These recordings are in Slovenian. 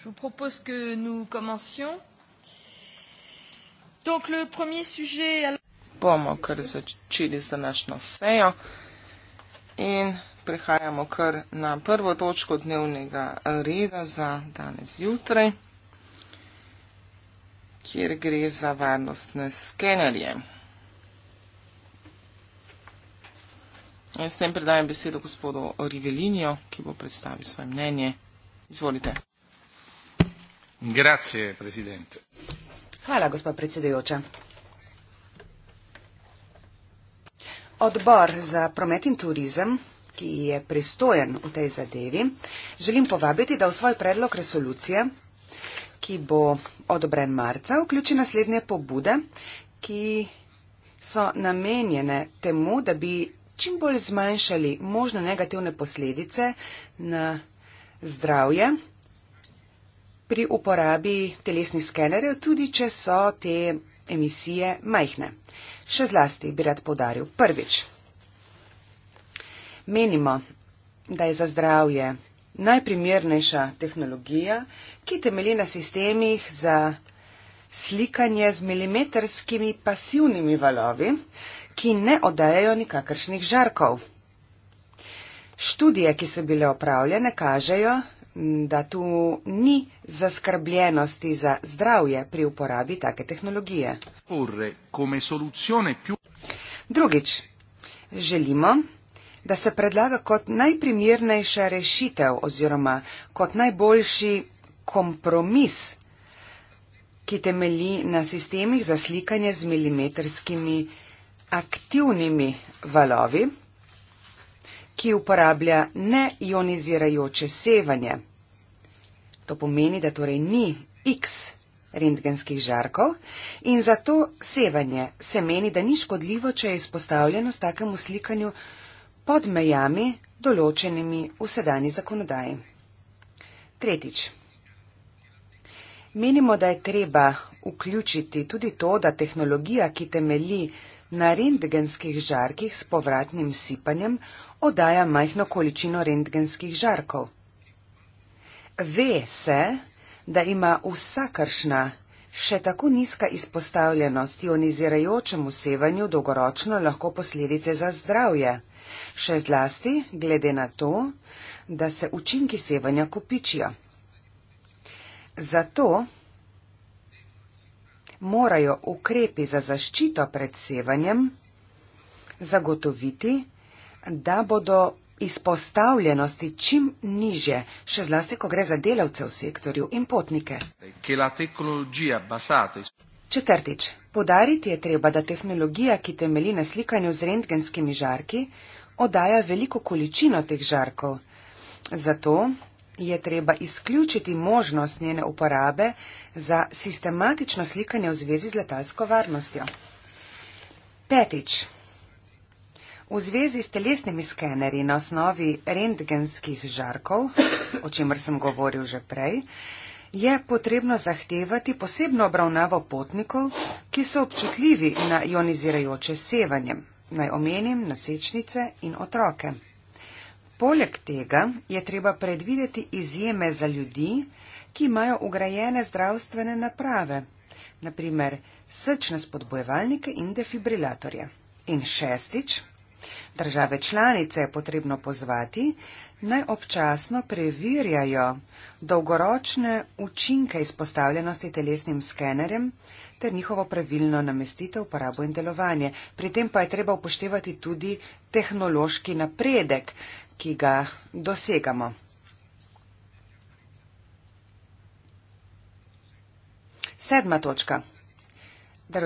Je vous propose que nous commencions. Donc le premier sujet. Bomo kar začeli z današnjo sejo in prehajamo kar na prvo točko dnevnega reda za danes jutraj, kjer gre za varnostne skenerje. In s tem predajem besedo gospodu Rivelinijo, ki bo predstavil svoje mnenje. Izvolite. Grazie, presidente. Hvala, gospod predsedujoča. Odbor za promet in turizem, ki je pristojen v tej zadevi, želim povabiti, da v svoj predlog resolucije, ki bo odobren marca, vključi naslednje pobude, ki so namenjene temu, da bi čim bolj zmanjšali možno negativne posledice na zdravje pri uporabi telesnih skenerjev, tudi če so te emisije majhne. Še zlasti bi rad podaril. Prvič, menimo, da je za zdravje najprimernejša tehnologija, ki temelji na sistemih za slikanje z milimetrskimi pasivnimi valovi, ki ne odajajo nikakršnih žarkov. Študije, ki so bile opravljene, kažejo, da tu ni zaskrbljenosti za zdravje pri uporabi take tehnologije. Drugič, želimo, da se predlaga kot najprimernejša rešitev oziroma kot najboljši kompromis, ki temelji na sistemih za slikanje z milimetrskimi aktivnimi valovi ki uporablja neionizirajoče sevanje. To pomeni, da torej ni X rentgenskih žarkov in zato sevanje se meni, da ni škodljivo, če je izpostavljeno s takemu slikanju pod mejami, določenimi v sedanji zakonodaji. Tretjič. Menimo, da je treba vključiti tudi to, da tehnologija, ki temelji na rentgenskih žarkih s povratnim sipanjem, oddaja majhno količino rentgenskih žarkov. Ve se, da ima vsakršna še tako nizka izpostavljenost ionizirajočemu sevanju dolgoročno lahko posledice za zdravje, še zlasti glede na to, da se učinki sevanja kopičijo. Zato morajo ukrepi za zaščito pred sevanjem zagotoviti, da bodo izpostavljenosti čim niže, še zlasti, ko gre za delavce v sektorju in potnike. Četrtič, podariti je treba, da tehnologija, ki temeli na slikanju z rentgenskimi žarki, odaja veliko količino teh žarkov. Zato je treba izključiti možnost njene uporabe za sistematično slikanje v zvezi z letalsko varnostjo. Petič, V zvezi s telesnimi skeneri na osnovi rentgenskih žarkov, o čemer sem govoril že prej, je potrebno zahtevati posebno obravnavo potnikov, ki so občutljivi na ionizirajoče sevanje, naj omenim nosečnice in otroke. Poleg tega je treba predvideti izjeme za ljudi, ki imajo ugrajene zdravstvene naprave, naprimer srčne spodbojevalnike in defibrilatorje. In šestič, Države članice je potrebno pozvati, naj občasno preverjajo dolgoročne učinke izpostavljenosti telesnim skenerjem ter njihovo pravilno namestitev, uporabo in delovanje. Pri tem pa je treba upoštevati tudi tehnološki napredek, ki ga dosegamo. Sedma točka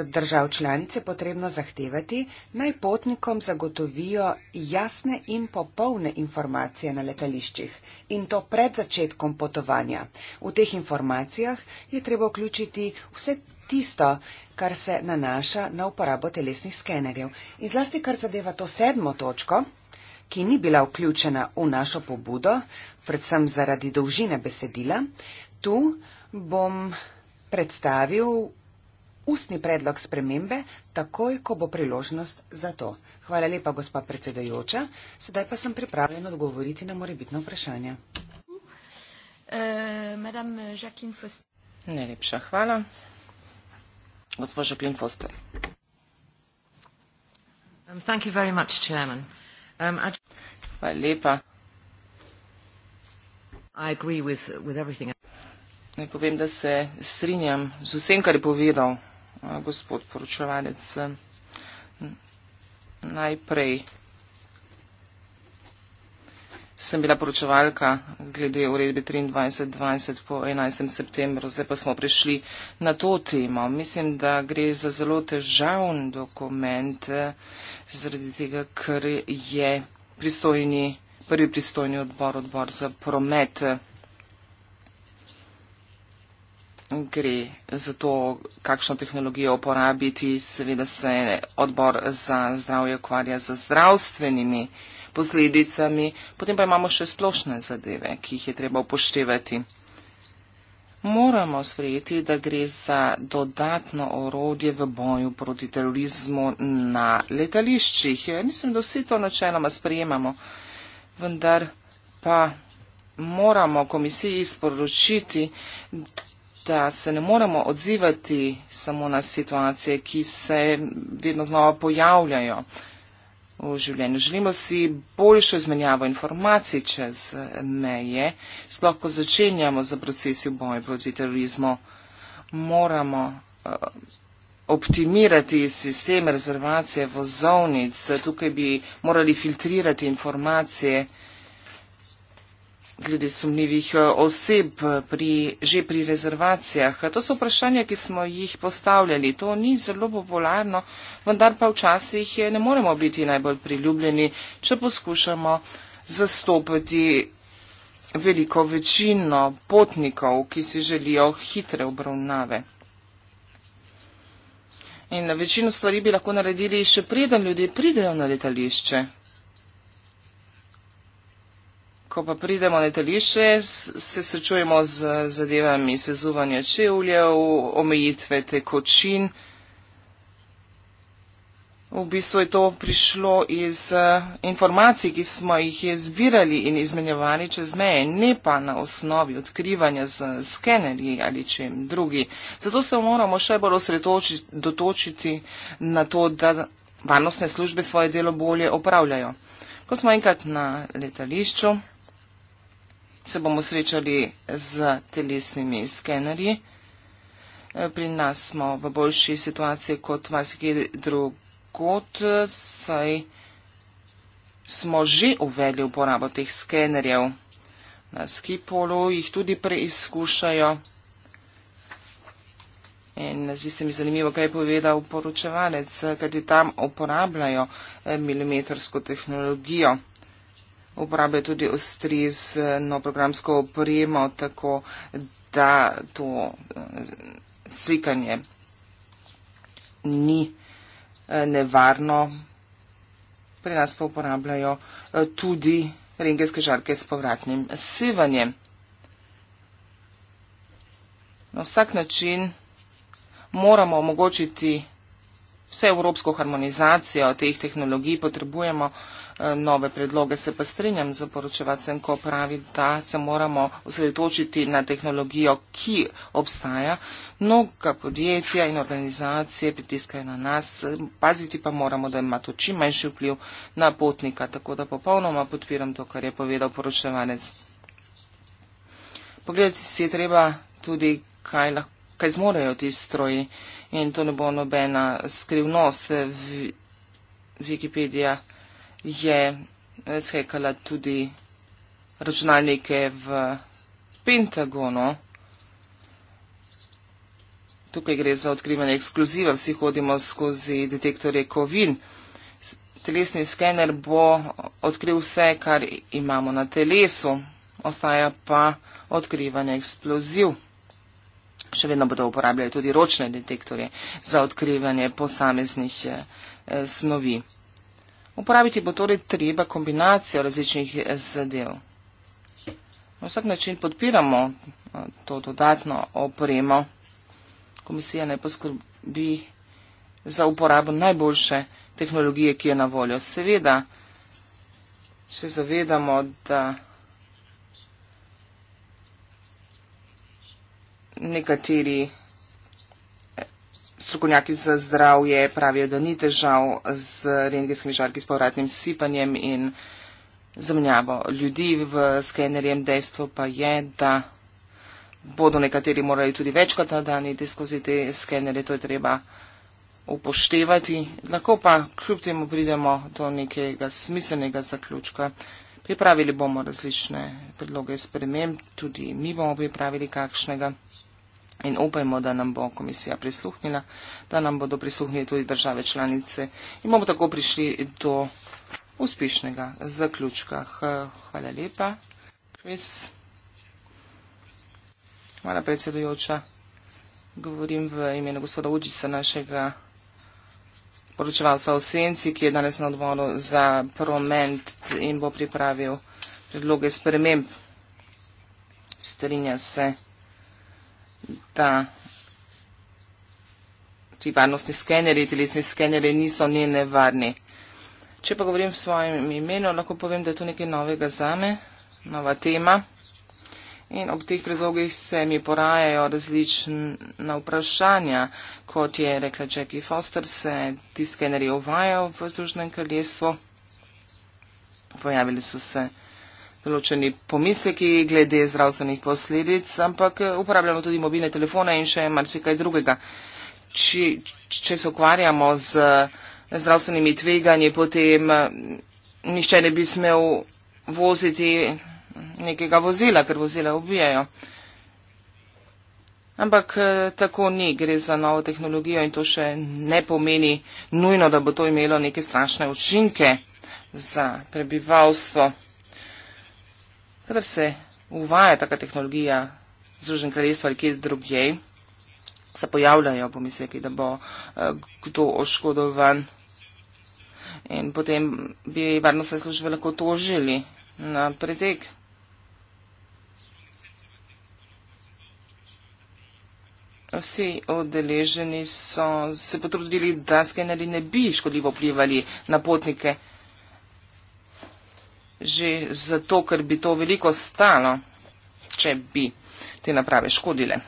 držav članice potrebno zahtevati, naj potnikom zagotovijo jasne in popolne informacije na letališčih in to pred začetkom potovanja. V teh informacijah je treba vključiti vse tisto, kar se nanaša na uporabo telesnih skenerjev. In zlasti, kar zadeva to sedmo točko, ki ni bila vključena v našo pobudo, predvsem zaradi dolžine besedila, tu bom predstavil ustni predlog spremembe, takoj, ko bo priložnost za to. Hvala lepa, gospa predsedajoča. Sedaj pa sem pripravljen odgovoriti na morebitno vprašanje. Eh, Najlepša hvala. Gospod Žaklin Foster. Um, um, hvala lepa. Naj povem, da se strinjam z vsem, kar je povedal Eh, gospod poročevalec. Eh, najprej sem bila poročevalka glede uredbe 2320 po 11. septembru, zdaj pa smo prišli na to temo. Mislim, da gre za zelo težavn dokument, eh, zaradi tega, ker je pristojni, prvi pristojni odbor, odbor za promet, gre za to, kakšno tehnologijo uporabiti, seveda se odbor za zdravje ukvarja z zdravstvenimi posledicami, potem pa imamo še splošne zadeve, ki jih je treba upoštevati. Moramo sprejeti, da gre za dodatno orodje v boju proti terorizmu na letališčih. Ja, mislim, da vsi to načeloma sprejemamo, vendar pa moramo komisiji sporočiti, da se ne moremo odzivati samo na situacije, ki se vedno znova pojavljajo v življenju. Želimo si boljšo izmenjavo informacij čez meje, sploh ko začenjamo za procesi v boju proti terorizmu, moramo eh, optimirati sistem rezervacije vozovnic, tukaj bi morali filtrirati informacije, glede sumljivih eh, oseb pri, že pri rezervacijah. To so vprašanja, ki smo jih postavljali. To ni zelo popularno, vendar pa včasih ne moremo biti najbolj priljubljeni, če poskušamo zastopati veliko večino potnikov, ki si želijo hitre obravnave. In večino stvari bi lahko naredili še preden ljudje pridejo na letališče ko pa pridemo na letališče, se srečujemo z zadevami sezuvanja čevljev, omejitve tekočin. V bistvu je to prišlo iz eh, informacij, ki smo jih zbirali in izmenjevali čez meje, ne pa na osnovi odkrivanja z skenerji ali čem drugi. Zato se moramo še bolj osredotočiti na to, da varnostne službe svoje delo bolje opravljajo. Ko smo enkrat na letališču, se bomo srečali z telesnimi skenerji. E, pri nas smo v boljši situaciji kot marsikaj drugot, saj smo že uvedli uporabo teh skenerjev. Na skipolu jih tudi preizkušajo. In zdi se mi zanimivo, kaj je povedal poročevalec, kajti tam uporabljajo e, milimetrsko tehnologijo uporablja tudi ustrezno programsko opremo, tako da to eh, slikanje ni eh, nevarno. Pri nas pa uporabljajo eh, tudi rengenske žarke s povratnim sevanjem. Na vsak način moramo omogočiti vse evropsko harmonizacijo teh tehnologij potrebujemo eh, nove predloge. Se pa strinjam z poročevacem, ko pravi, da se moramo osredotočiti na tehnologijo, ki obstaja. Mnoga podjetja in organizacije pritiskajo na nas, paziti pa moramo, da ima to čim manjši vpliv na potnika. Tako da popolnoma podpiram to, kar je povedal poročevalec. Pogledati si je treba tudi, kaj, lahko, kaj zmorejo ti stroji in to ne bo nobena skrivnost. Wikipedija je eh, skekala tudi računalnike v Pentagonu. Tukaj gre za odkrivanje ekskluziva, vsi hodimo skozi detektorje kovin. Telesni skener bo odkril vse, kar imamo na telesu, ostaja pa odkrivanje eksploziv še vedno bodo uporabljali tudi ročne detektorje za odkrivanje posameznih eh, eh, snovi. Uporabiti bo torej treba kombinacijo različnih eh, zadev. Na vsak način podpiramo to dodatno opremo. Komisija ne poskrbi za uporabo najboljše tehnologije, ki je na voljo. Seveda se zavedamo, da. nekateri eh, strokovnjaki za zdravje pravijo, da ni težav z rengijskimi žarki s povratnim sipanjem in zamenjavo ljudi v skenerjem. Dejstvo pa je, da bodo nekateri morali tudi večkrat na dan iti skozi te skenere, to je treba upoštevati. Lahko pa kljub temu pridemo do nekega smiselnega zaključka. Pripravili bomo različne predloge sprememb, tudi mi bomo pripravili kakšnega. In upajmo, da nam bo komisija prisluhnila, da nam bodo prisluhnili tudi države članice in bomo tako prišli do uspešnega zaključka. Hvala lepa. Kris. Hvala predsedujoča. Govorim v imenu gospoda Udžica, našega poročevalca v Senci, ki je danes na odboru za promet in bo pripravil predloge sprememb. Strinja se da ti varnostni skenerji, telesni skenerji niso ne nevarni. Če pa govorim v svojem imenu, lahko povem, da je to nekaj novega zame, nova tema. In ob teh predlogih se mi porajajo različna vprašanja, kot je rekla Jackie Foster, se ti skenerji uvajajo v združnem kraljestvu. Pojavili so se določeni pomisleki glede zdravstvenih posledic, ampak eh, uporabljamo tudi mobilne telefone in še marsikaj drugega. Če, če se ukvarjamo z eh, zdravstvenimi tveganji, potem eh, nišče ne bi smel voziti nekega vozila, ker vozila ubijajo. Ampak tako ni, gre za novo tehnologijo in to še ne pomeni nujno, da bo to imelo neke strašne učinke za prebivalstvo kadar se uvaja taka tehnologija v Združenem kraljestvu ali kje drugje, se pojavljajo pomisleki, da bo eh, kdo oškodovan. In potem bi varnostne službe lahko tožili na pretek. Vsi odeleženi so se potrudili, da skeneri ne bi škodljivo vplivali na potnike že zato, ker bi to veliko stalo, če bi te naprave škodile.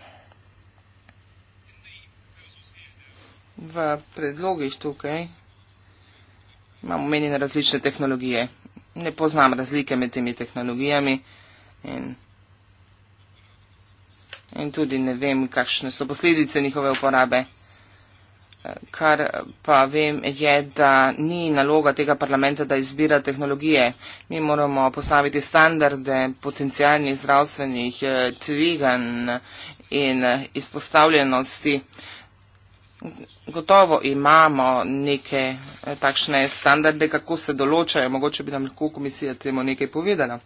V predlogih tukaj imamo menjene različne tehnologije. Ne poznam razlike med temi tehnologijami in, in tudi ne vem, kakšne so posledice njihove uporabe. Kar pa vem je, da ni naloga tega parlamenta, da izbira tehnologije. Mi moramo postaviti standarde potencijalnih zdravstvenih eh, tvegan in eh, izpostavljenosti. Gotovo imamo neke eh, takšne standarde, kako se določajo. Mogoče bi nam lahko komisija temu nekaj povedala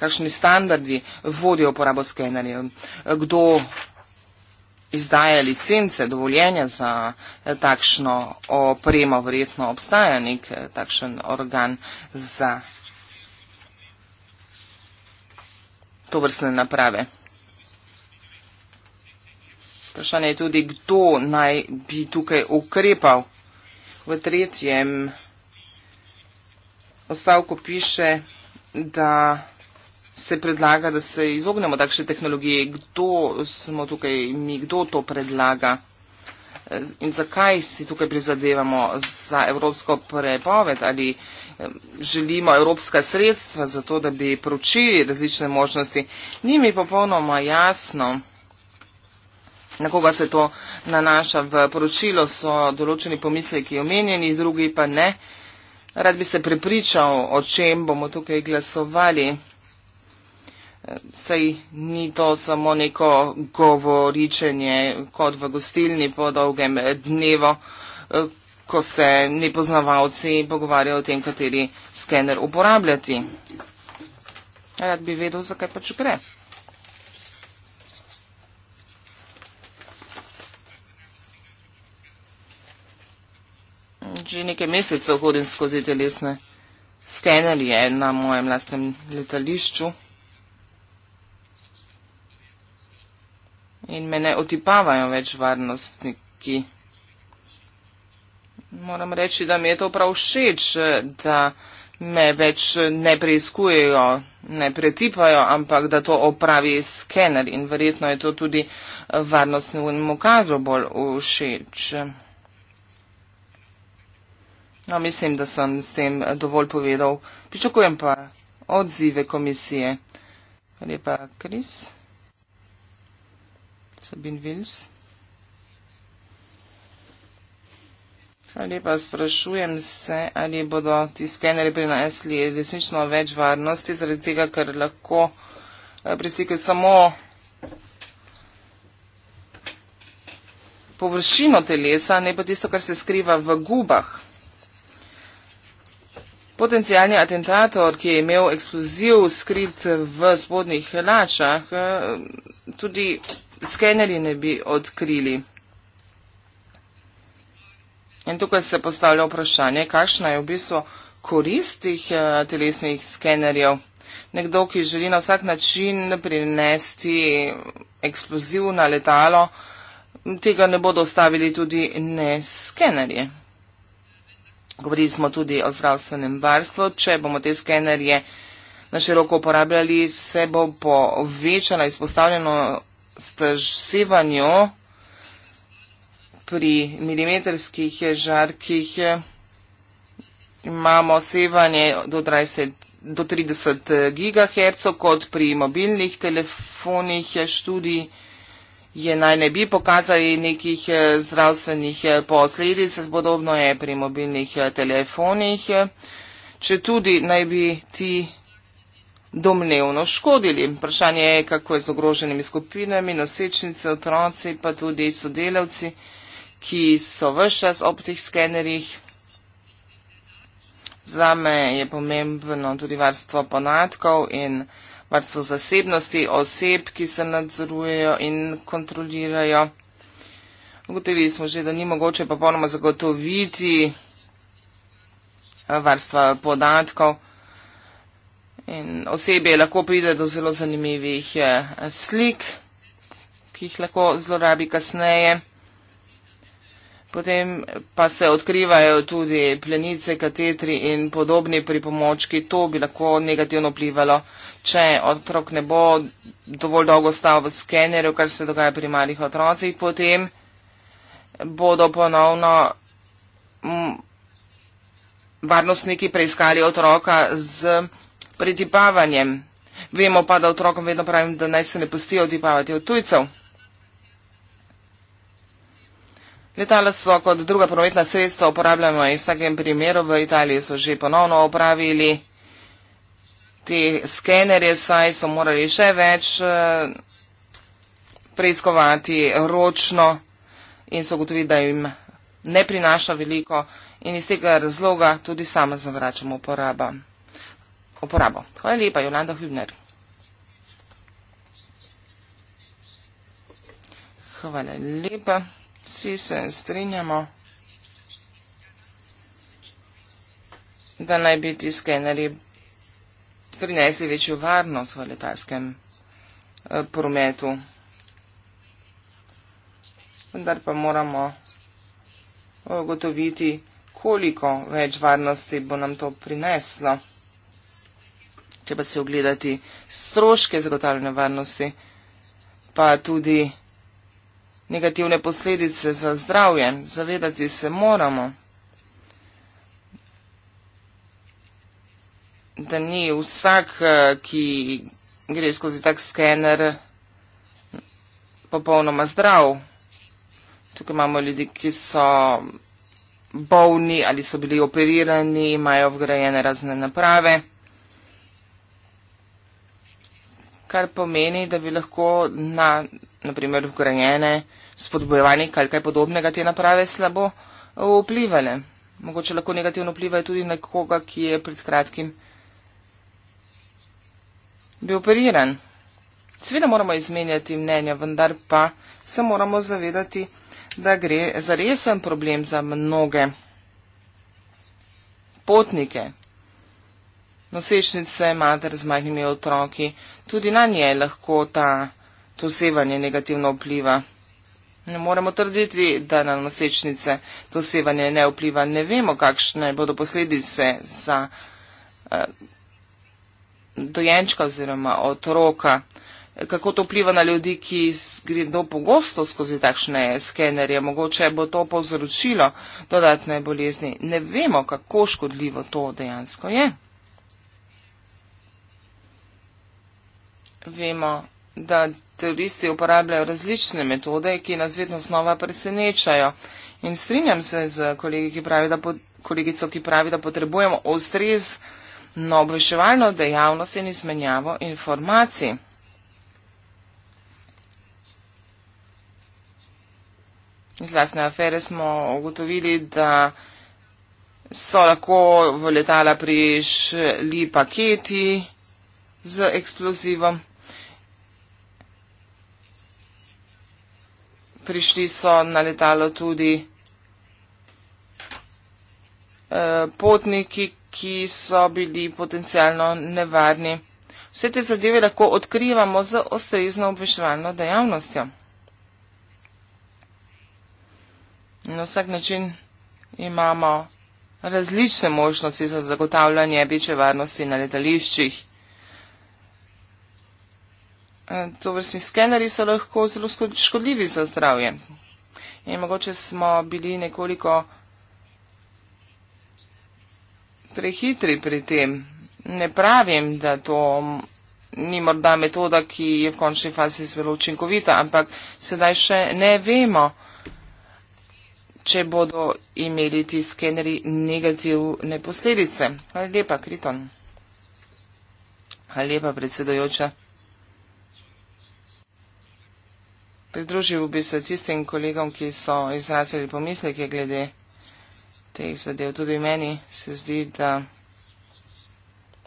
kakšni standardi vodijo uporabo skenerjev, kdo izdaje licence, dovoljenja za eh, takšno opremo, verjetno obstaja nek eh, takšen organ za to vrstne naprave. Vprašanje je tudi, kdo naj bi tukaj ukrepal. V tretjem ostavku piše, da se predlaga, da se izognemo takšne tehnologije. Kdo smo tukaj mi, kdo to predlaga eh, in zakaj si tukaj prizadevamo za evropsko prepoved ali eh, želimo evropska sredstva za to, da bi pročili različne možnosti. Ni mi popolnoma jasno, na koga se to nanaša. V poročilu so določeni pomisleki omenjeni, drugi pa ne. Rad bi se prepričal, o čem bomo tukaj glasovali. Sej ni to samo neko govoričenje kot v gostilni po dolgem dnevu, ko se nepoznavalci pogovarjajo o tem, kateri skener uporabljati. Rad bi vedel, zakaj pač gre. Že nekaj mesecev hodim skozi telesne skenerje na mojem lastnem letališču. in me ne otipavajo več varnostniki. Moram reči, da mi je to prav všeč, da me več ne preizkujejo, ne pretipajo, ampak da to opravi skener in verjetno je to tudi varnostnemu kadru bolj všeč. No, mislim, da sem s tem dovolj povedal. Pričakujem pa odzive komisije. Lepa, Kris. Sabine Wilms. Hvala lepa, sprašujem se, ali bodo ti skeneri prinesli resnično več varnosti, zaradi tega, ker lahko eh, preslike samo površino telesa, ne pa tisto, kar se skriva v gubah. Potencijalni atentator, ki je imel eksploziv skrit v spodnjih hlačah, eh, tudi skenerji ne bi odkrili. In tukaj se postavlja vprašanje, kakšna je v bistvu korist tih eh, telesnih skenerjev. Nekdo, ki želi na vsak način prinesti eksplozivno letalo, tega ne bodo ostavili tudi ne skenerje. Govorili smo tudi o zdravstvenem varstvu. Če bomo te skenerje na široko uporabljali, se bo povečala izpostavljeno sta sevanju pri milimetrskih žarkih imamo sevanje do 20 do 30 GHz, kot pri mobilnih telefonih študij je naj ne bi pokazali nekih eh, zdravstvenih eh, posledic, podobno je pri mobilnih eh, telefonih, če tudi naj bi ti domnevno škodili. Vprašanje je, kako je z ogroženimi skupinami, nosečnice, otroci, pa tudi sodelavci, ki so vse čas ob teh skenerjih. Za me je pomembno tudi varstvo podatkov in varstvo zasebnosti oseb, ki se nadzorujejo in kontrolirajo. Ugotovili smo že, da ni mogoče popolnoma zagotoviti varstva podatkov in osebje lahko pride do zelo zanimivih eh, slik, ki jih lahko zlorabi kasneje. Potem pa se odkrivajo tudi plenice, katetri in podobni pripomočki. To bi lahko negativno vplivalo, če otrok ne bo dovolj dolgo stal v skenerju, kar se dogaja pri malih otrocih. Potem bodo ponovno mm, varnostniki preiskali otroka z pretipavanjem. Vemo pa, da otrokom vedno pravim, da naj se ne pustijo otipavati od tujcev. Letala so kot druga prometna sredstva, uporabljamo jih v vsakem primeru. V Italiji so že ponovno upravili te skenerje, saj so morali še več eh, preiskovati ročno in so gotovi, da jim ne prinaša veliko in iz tega razloga tudi sama zavračamo uporabo uporabo. Hvala lepa, Jolanda Hübner. Hvala lepa, vsi se strinjamo, da naj bi ti skeneri prinesli večjo varnost v letalskem eh, prometu. Vendar pa moramo eh, ugotoviti, koliko več varnosti bo nam to prineslo treba si ogledati stroške zagotavljanja varnosti, pa tudi negativne posledice za zdravje. Zavedati se moramo, da ni vsak, eh, ki gre skozi tak skener, popolnoma zdrav. Tukaj imamo ljudi, ki so bolni ali so bili operirani, imajo vgrajene razne naprave. kar pomeni, da bi lahko na naprimer vgrajene spodbojevanje ali kaj podobnega te naprave slabo eh, vplivale. Mogoče lahko negativno vplivajo tudi na koga, ki je pred kratkim bil operiran. Seveda moramo izmenjati mnenja, vendar pa se moramo zavedati, da gre za resen problem za mnoge potnike, nosečnice, mater z majhnimi otroki, tudi na nje lahko ta, to sevanje negativno vpliva. Ne moremo trditi, da na nosečnice to sevanje ne vpliva. Ne vemo, kakšne bodo posledice za eh, dojenčka oziroma otroka, kako to vpliva na ljudi, ki gredo pogosto skozi takšne skenerje. Mogoče bo to povzročilo dodatne bolezni. Ne vemo, kako škodljivo to dejansko je. vemo, da teroristi uporabljajo različne metode, ki nas vedno znova presenečajo. In strinjam se z kolegi, ki pravi, da po, kolegico, ki pravi, da potrebujemo ustrezno obveščevalno dejavnost in izmenjavo informacij. Iz lastne afere smo ugotovili, da so lahko v letala prišli paketi z eksplozivom. prišli so na letalo tudi eh, potniki, ki so bili potencijalno nevarni. Vse te zadeve lahko odkrivamo z ostrezno obveščevalno dejavnostjo. Na vsak način imamo različne možnosti za zagotavljanje večje varnosti na letališčih. To vrstni skeneri so lahko zelo škodljivi za zdravje. In mogoče smo bili nekoliko prehitri pri tem. Ne pravim, da to ni morda metoda, ki je v končni fazi zelo učinkovita, ampak sedaj še ne vemo, če bodo imeli ti skeneri negativne posledice. Hvala lepa, Kriton. Hvala lepa, predsedojoča. pridružil bi se tistim kolegom, ki so izrazili pomisleke glede teh zadev. Tudi meni se zdi, da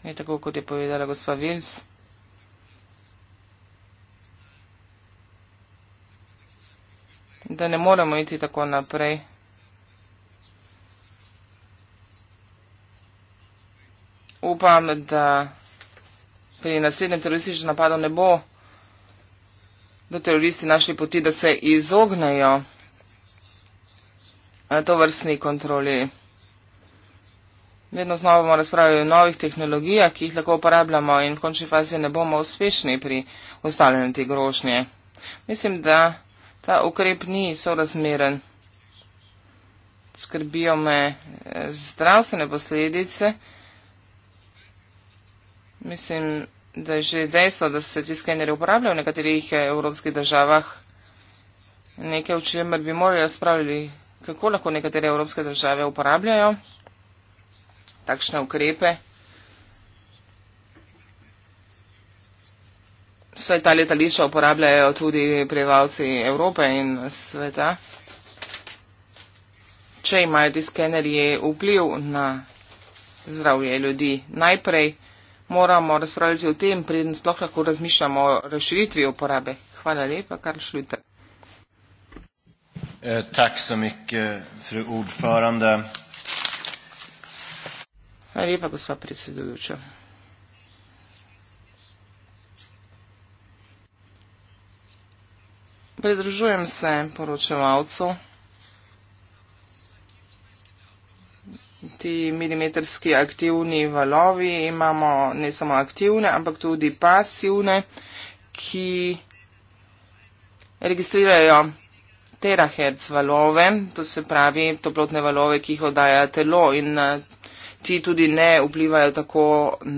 je tako, kot je povedala gospa Vils. da ne moremo iti tako naprej. Upam, da pri naslednjem terorističnem napadu ne bo do teroristi našli poti, da se izognejo eh, to vrstni kontroli. Vedno znova bomo razpravljali o novih tehnologijah, ki jih lahko uporabljamo in v končni fazi ne bomo uspešni pri ustavljanju te grožnje. Mislim, da ta ukrep ni sorazmeren. Skrbijo me eh, zdravstvene posledice. Mislim, da je že dejstvo, da se ti skeneri uporabljajo v nekaterih eh, evropskih državah, nekaj, o čemer bi morali razpravljati, kako lahko nekatere evropske države uporabljajo takšne ukrepe. Saj ta letališča uporabljajo tudi prebivalci Evrope in sveta. Če imajo ti skenerji vpliv na zdravje ljudi najprej, moramo razpravljati o tem, preden sploh lahko razmišljamo o razširitvi uporabe. Hvala lepa, Karl Šluter. Eh, tak so mi, eh, fru ordförande. Hvala lepa, gospa predsedujoča. Pridružujem se poročevalcu. ti milimetrski aktivni valovi, imamo ne samo aktivne, ampak tudi pasivne, ki registrirajo terahertz valove, to se pravi toplotne valove, ki jih oddaja telo in eh, ti tudi ne vplivajo tako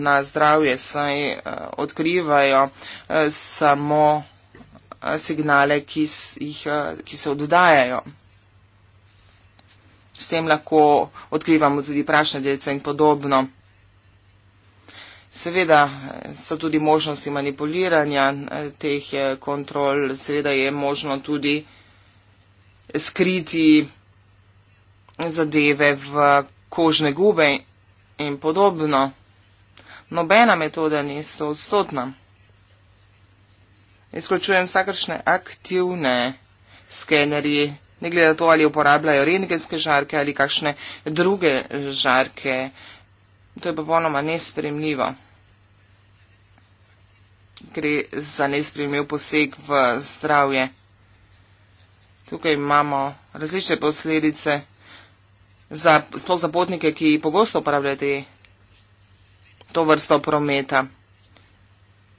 na zdravje, saj eh, odkrivajo eh, samo signale, ki, jih, ki se oddajajo. S tem lahko odkrivamo tudi prašne delce in podobno. Seveda so tudi možnosti manipuliranja teh eh, kontrol, seveda je možno tudi skriti zadeve v kožne gube in podobno. Nobena metoda ni stotna. Izključujem vsakršne aktivne skenerje ne glede na to, ali uporabljajo rengenske žarke ali kakšne druge žarke. To je popolnoma nespremljivo. Gre za nespremljiv poseg v zdravje. Tukaj imamo različne posledice, za, sploh za potnike, ki pogosto uporabljajo te, to vrsto prometa.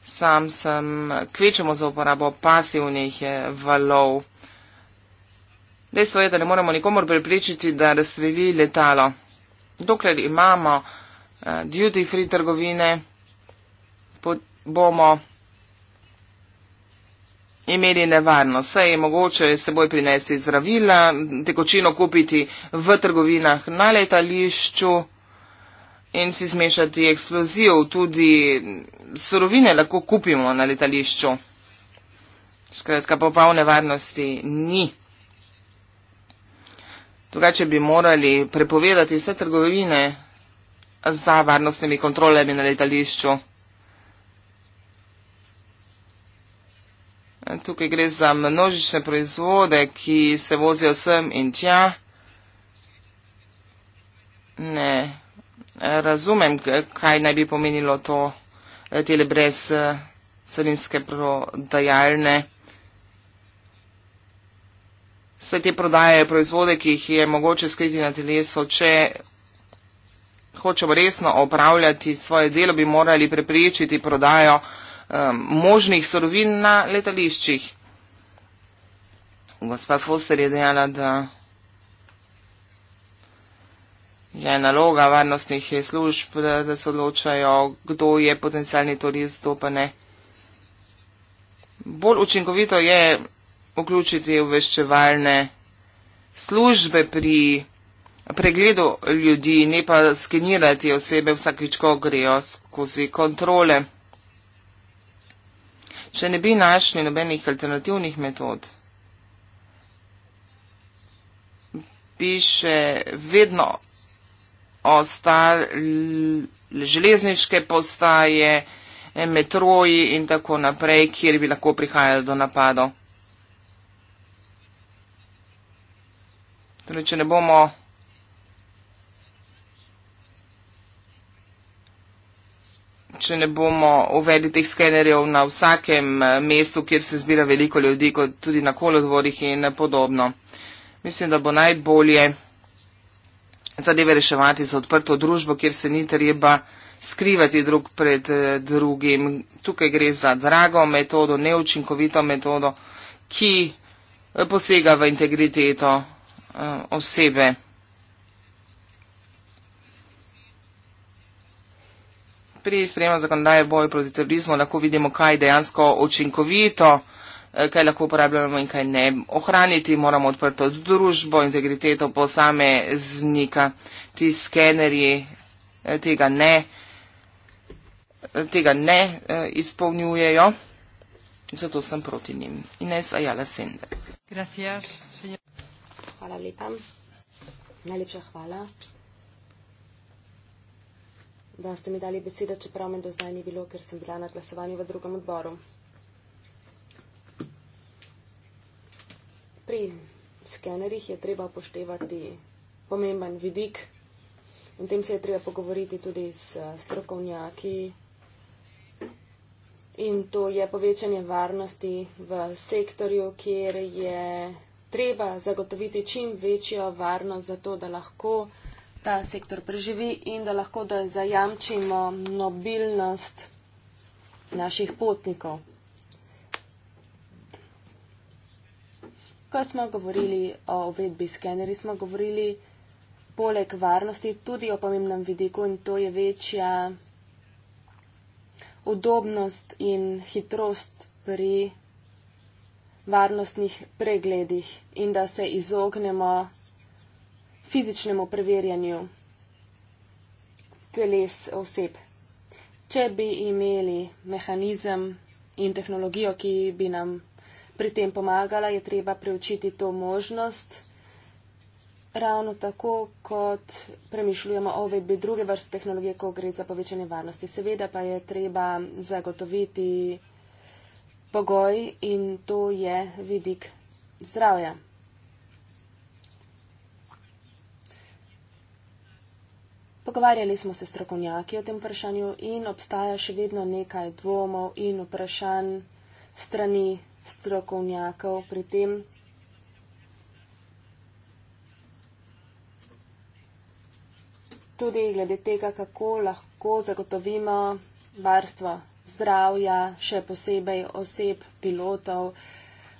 Sam sem kvečemo za uporabo pasivnih eh, valov. Dejstvo je, da ne moremo nikomor prepričati, da razstreli letalo. Dokler imamo eh, duty free trgovine, bomo imeli nevarno. Vse je mogoče seboj prinesti zdravila, tekočino kupiti v trgovinah na letališču in si zmešati eksploziv. Tudi surovine lahko kupimo na letališču. Skratka, popolne varnosti ni drugače bi morali prepovedati vse trgovine za varnostnimi kontrolami na letališču. Tukaj gre za množične proizvode, ki se vozijo sem in tja. Ne razumem, kaj naj bi pomenilo to tele brez eh, carinske prodajalne proizvode vse te prodaje, proizvode, ki jih je mogoče skriti na telesu, če hočemo resno opravljati svoje delo, bi morali preprečiti prodajo um, možnih sorovin na letališčih. Gospa Foster je dejala, da je naloga varnostnih služb, da, da se odločajo, kdo je potencialni turist, kdo pa ne. Bolj učinkovito je vključiti obveščevalne službe pri pregledu ljudi, ne pa skenirati osebe vsakič, ko grejo skozi kontrole. Če ne bi našli nobenih alternativnih metod, bi še vedno ostale železniške postaje, metroji in tako naprej, kjer bi lahko prihajalo do napadov. Torej, če ne bomo Če ne bomo uvedli teh skenerjev na vsakem eh, mestu, kjer se zbira veliko ljudi, kot tudi na kolodvorih in podobno, mislim, da bo najbolje zadeve reševati za odprto družbo, kjer se ni treba skrivati drug pred eh, drugim. Tukaj gre za drago metodo, neučinkovito metodo, ki eh, posega v integriteto Eh, osebe. Pri sprejemu zakonodaje boju proti terorizmu lahko vidimo, kaj je dejansko očinkovito, eh, kaj lahko uporabljamo in kaj ne. Ohraniti moramo odprto družbo, integriteto posameznika. Ti skenerji eh, tega ne, tega ne izpolnjujejo. Zato sem proti njim. Ines Ayala Sende. Gracias, señor. Hvala lepa. Najlepša hvala, da ste mi dali besedo, čeprav me do zdaj ni bilo, ker sem bila na glasovanju v drugem odboru. Pri skenerjih je treba upoštevati pomemben vidik in tem se je treba pogovoriti tudi s eh, strokovnjaki. In to je povečanje varnosti v sektorju, kjer je treba zagotoviti čim večjo varnost za to, da lahko ta sektor preživi in da lahko da zajamčimo mobilnost naših potnikov. Ko smo govorili o uvedbi skeneri, smo govorili poleg varnosti tudi o pomembnem vidiku in to je večja udobnost in hitrost pri varnostnih pregledih in da se izognemo fizičnemu preverjanju teles oseb. Če bi imeli mehanizem in tehnologijo, ki bi nam pri tem pomagala, je treba preučiti to možnost, ravno tako, kot premišljujemo o uvedbi druge vrste tehnologije, ko gre za povečanje varnosti. Seveda pa je treba zagotoviti pogoj in to je vidik zdravja. Pogovarjali smo se strokovnjaki o tem vprašanju in obstaja še vedno nekaj dvomov in vprašanj strani strokovnjakov pri tem. Tudi glede tega, kako lahko zagotovimo varstvo zdravja, še posebej oseb pilotov,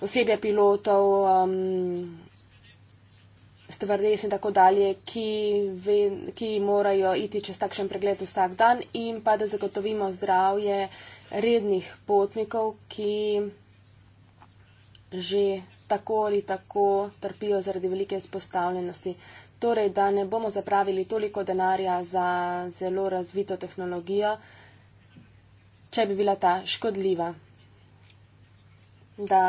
osebja pilotov, um, stvardes in tako dalje, ki, ve, ki morajo iti čez takšen pregled vsak dan in pa da zagotovimo zdravje rednih potnikov, ki že tako ali tako trpijo zaradi velike izpostavljenosti. Torej, da ne bomo zapravili toliko denarja za zelo razvito tehnologijo, če bi bila ta škodljiva, da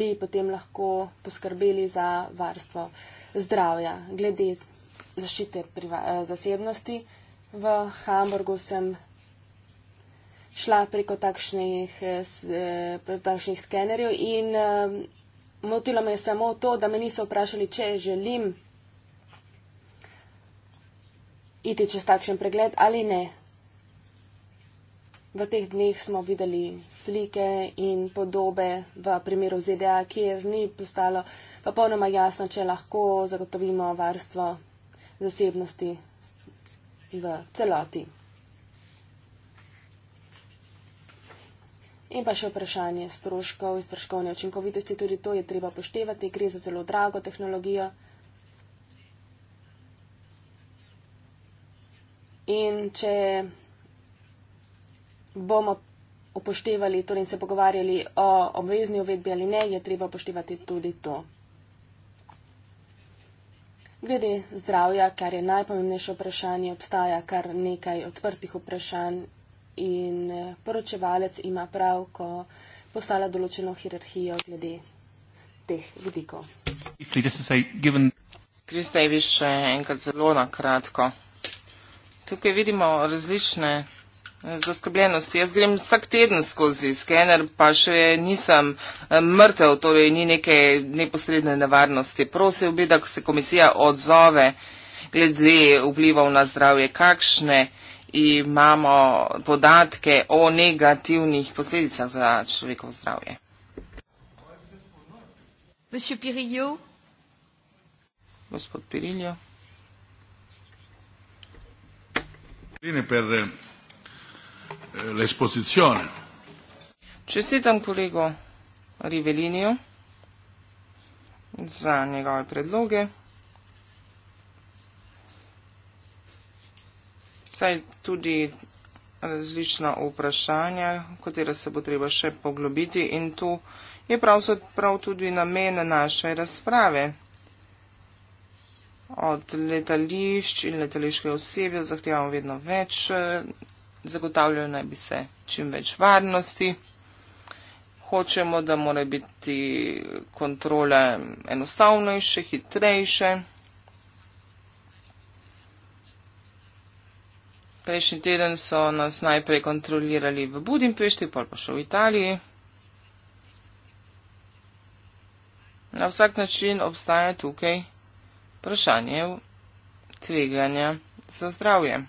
bi potem lahko poskrbeli za varstvo zdravja. Glede zaščite eh, zasebnosti v Hamburgu sem šla preko takšnih, eh, eh, takšnih skenerjev in eh, motilo me je samo to, da me niso vprašali, če želim iti čez takšen pregled ali ne. V teh dneh smo videli slike in podobe v primeru ZDA, kjer ni postalo popolnoma jasno, če lahko zagotovimo varstvo zasebnosti v celoti. In pa še vprašanje stroškov in stroškovne učinkovitosti, tudi to je treba poštevati, gre za zelo drago tehnologijo. In če bomo upoštevali torej in se pogovarjali o obvezni uvedbi ali ne, je treba upoštevati tudi to. Glede zdravja, kar je najpomembnejše vprašanje, obstaja kar nekaj odprtih vprašanj in eh, poročevalec ima prav, ko postala določeno hierarhijo glede teh vidikov. Kristej, vi še enkrat zelo na kratko. Tukaj vidimo različne zaskrbljenosti. Jaz grem vsak teden skozi skener, pa še nisem eh, mrtev, torej ni neke neposredne nevarnosti. Prosil bi, da se komisija odzove glede vplivov na zdravje, kakšne imamo podatke o negativnih posledicah za človekovo zdravje. Gospod Pirilijo l'esposizione. Čestitam kolego Riveliniju za njegove predloge. Saj tudi različna vprašanja, katera se bo treba še poglobiti in to je pravzaprav tudi namen naše razprave. Od letališč in letališke osebe zahtevamo vedno več zagotavljajo naj bi se čim več varnosti. Hočemo, da mora biti kontrole enostavnejše, hitrejše. Prejšnji teden so nas najprej kontrolirali v Budimpešti, pol pa še v Italiji. Na vsak način obstaja tukaj vprašanje tveganja za zdravje.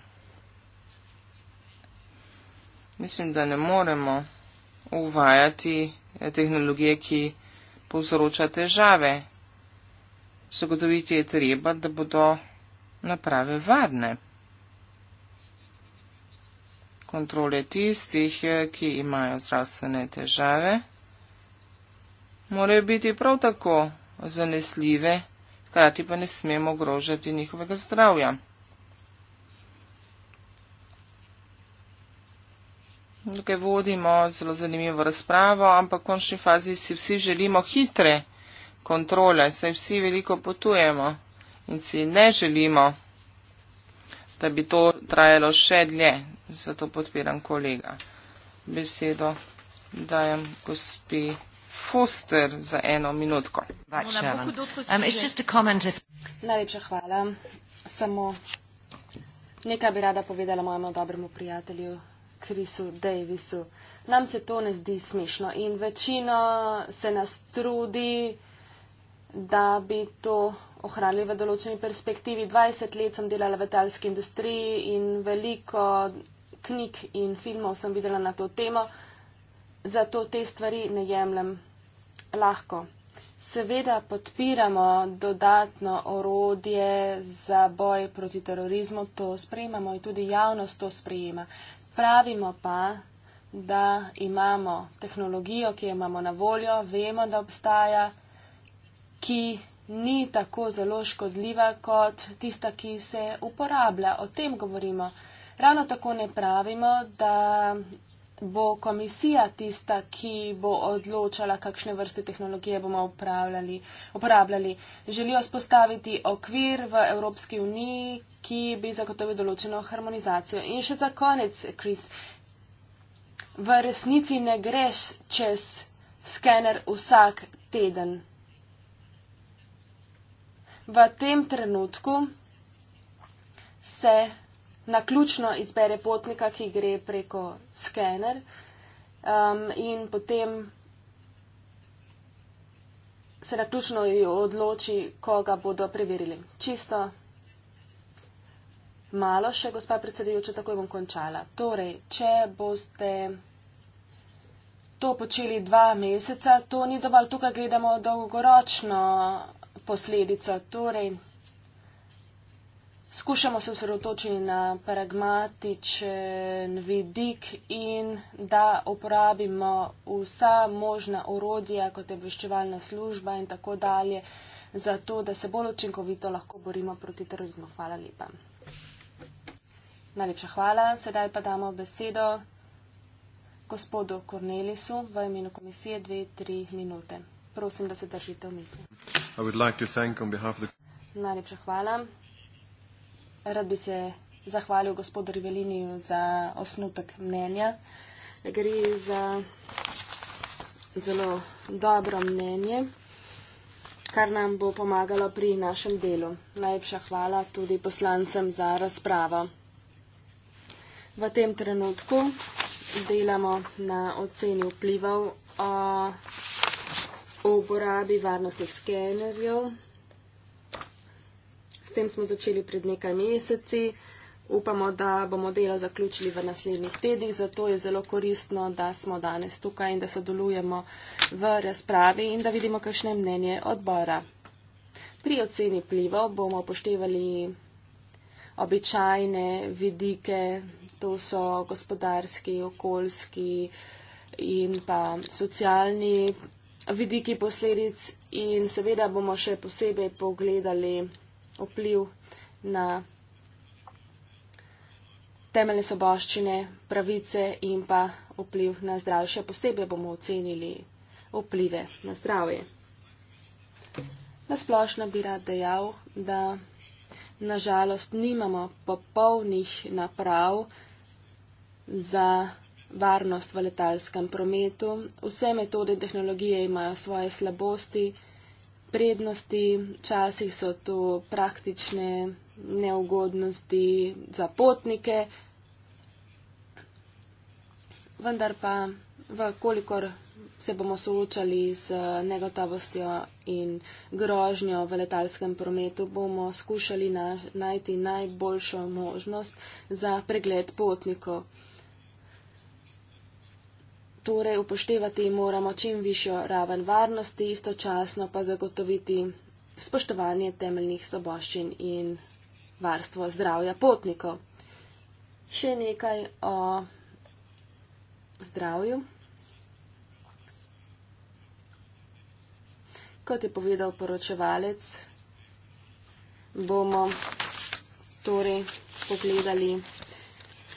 Mislim, da ne moremo uvajati eh, tehnologije, ki povzroča težave. Zagotoviti je treba, da bodo naprave varne. Kontrole tistih, eh, ki imajo zdravstvene težave, morajo biti prav tako zanesljive, krati pa ne smemo ogrožati njihovega zdravja. Tukaj vodimo zelo zanimivo razpravo, ampak v končni fazi si vsi želimo hitre kontrole, saj vsi veliko potujemo in si ne želimo, da bi to trajalo še dlje. Zato podpiram kolega. Besedo dajem gospi Foster za eno minutko. Um, Najlepša hvala. Samo nekaj bi rada povedala mojemu dobremu prijatelju Krisu Davisu. Nam se to ne zdi smešno in večino se nas trudi, da bi to ohranili v določeni perspektivi. 20 let sem delala v talski industriji in veliko knjig in filmov sem videla na to temo, zato te stvari ne jemljem lahko. Seveda podpiramo dodatno orodje za boj proti terorizmu, to sprejemamo in tudi javnost to sprejema. Pravimo pa, da imamo tehnologijo, ki jo imamo na voljo, vemo, da obstaja, ki ni tako zelo škodljiva kot tista, ki se uporablja. O tem govorimo. Ravno tako ne pravimo, da bo komisija tista, ki bo odločala, kakšne vrste tehnologije bomo uporabljali. Želijo spostaviti okvir v Evropski uniji, ki bi zagotovil določeno harmonizacijo. In še za konec, Kris, v resnici ne greš čez skener vsak teden. V tem trenutku se naključno izbere potnika, ki gre preko skener um, in potem se naključno odloči, koga bodo preverili. Čisto malo še, gospa predsedujoča, takoj bom končala. Torej, če boste. To počeli dva meseca, to ni dovolj, tukaj gledamo dolgoročno posledico. Torej, skušamo se osredotočiti na pragmatičen vidik in da uporabimo vsa možna orodja, kot je obveščevalna služba in tako dalje, zato da se bolj učinkovito lahko borimo proti terorizmu. Hvala lepa. Najlepša hvala. Sedaj pa damo besedo gospodu Kornelisu v imenu komisije dve, tri minute. Prosim, da se držite v misli. Like the... Najlepša hvala. Rad bi se zahvalil gospodu Riveliniju za osnutek mnenja. Gre za zelo dobro mnenje, kar nam bo pomagalo pri našem delu. Najlepša hvala tudi poslancem za razpravo. V tem trenutku delamo na oceni vplivov o uporabi varnostnih skenerjev S tem smo začeli pred nekaj meseci. Upamo, da bomo delo zaključili v naslednjih tednih, zato je zelo koristno, da smo danes tukaj in da sodelujemo v razpravi in da vidimo, kakšne mnenje odbora. Pri oceni plivov bomo upoštevali običajne vidike, to so gospodarski, okoljski in pa socialni vidiki posledic in seveda bomo še posebej pogledali vpliv na temeljne soboščine, pravice in pa vpliv na zdravje. Še posebej bomo ocenili vplive na zdravje. Nasplošno bi rad dejal, da nažalost nimamo popolnih naprav za varnost v letalskem prometu. Vse metode in tehnologije imajo svoje slabosti prednosti, včasih so to praktične neugodnosti za potnike, vendar pa, kolikor se bomo soočali z negotovostjo in grožnjo v letalskem prometu, bomo skušali na, najti najboljšo možnost za pregled potnikov torej upoštevati moramo čim višjo raven varnosti, istočasno pa zagotoviti spoštovanje temeljnih soboščin in varstvo zdravja potnikov. Še nekaj o zdravju. Kot je povedal poročevalec, bomo torej pogledali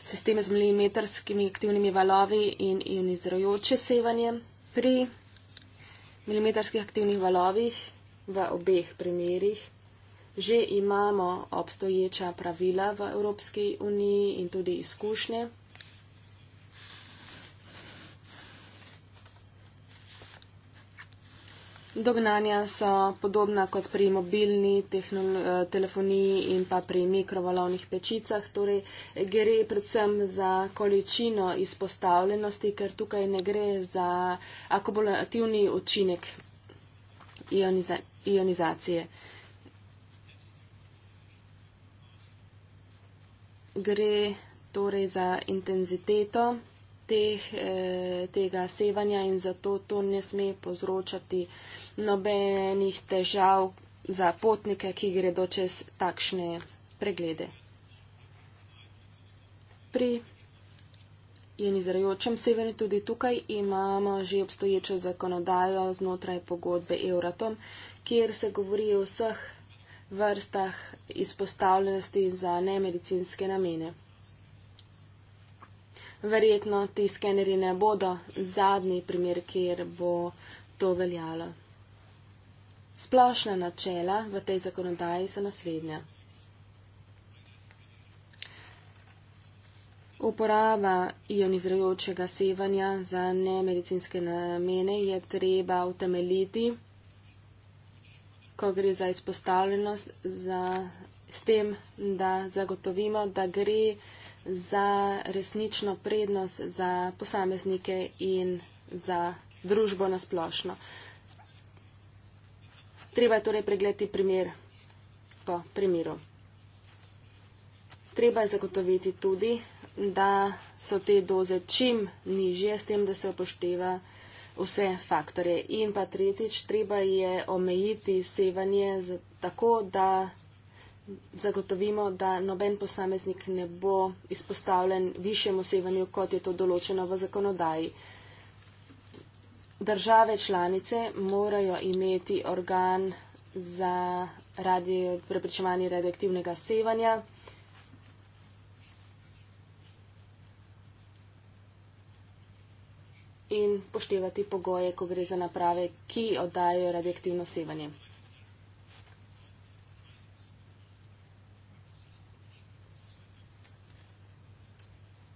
sisteme z milimetrskimi aktivnimi valovi in ionizirajoče sevanje. Pri milimetrskih aktivnih valovih v obeh primerjih že imamo obstoječa pravila v Evropski uniji in tudi izkušnje. Dognanja so podobna kot pri mobilni telefoniji in pa pri mikrovalovnih pečicah, torej gre predvsem za količino izpostavljenosti, ker tukaj ne gre za akumulativni učinek ioniza ionizacije. Gre torej za intenziteto teh, eh, tega sevanja in zato to ne sme povzročati nobenih težav za potnike, ki gredo čez takšne preglede. Pri jenizrajočem severu tudi tukaj imamo že obstoječo zakonodajo znotraj pogodbe Euratom, kjer se govori o vseh vrstah izpostavljenosti za nemedicinske namene verjetno ti skeneri ne bodo zadnji primer, kjer bo to veljalo. Splošna načela v tej zakonodaji so naslednja. Uporaba ionizirajočega sevanja za nemedicinske namene je treba utemeljiti, ko gre za izpostavljenost, za, s tem, da zagotovimo, da gre za resnično prednost za posameznike in za družbo nasplošno. Treba je torej pregledati primer po primeru. Treba je zagotoviti tudi, da so te doze čim nižje, s tem, da se upošteva vse faktore. In pa tretjič, treba je omejiti sevanje tako, da zagotovimo, da noben posameznik ne bo izpostavljen višjemu sevanju, kot je to določeno v zakonodaji. Države članice morajo imeti organ za radi preprečevanje radioaktivnega sevanja. in poštevati pogoje, ko gre za naprave, ki oddajajo radioaktivno sevanje.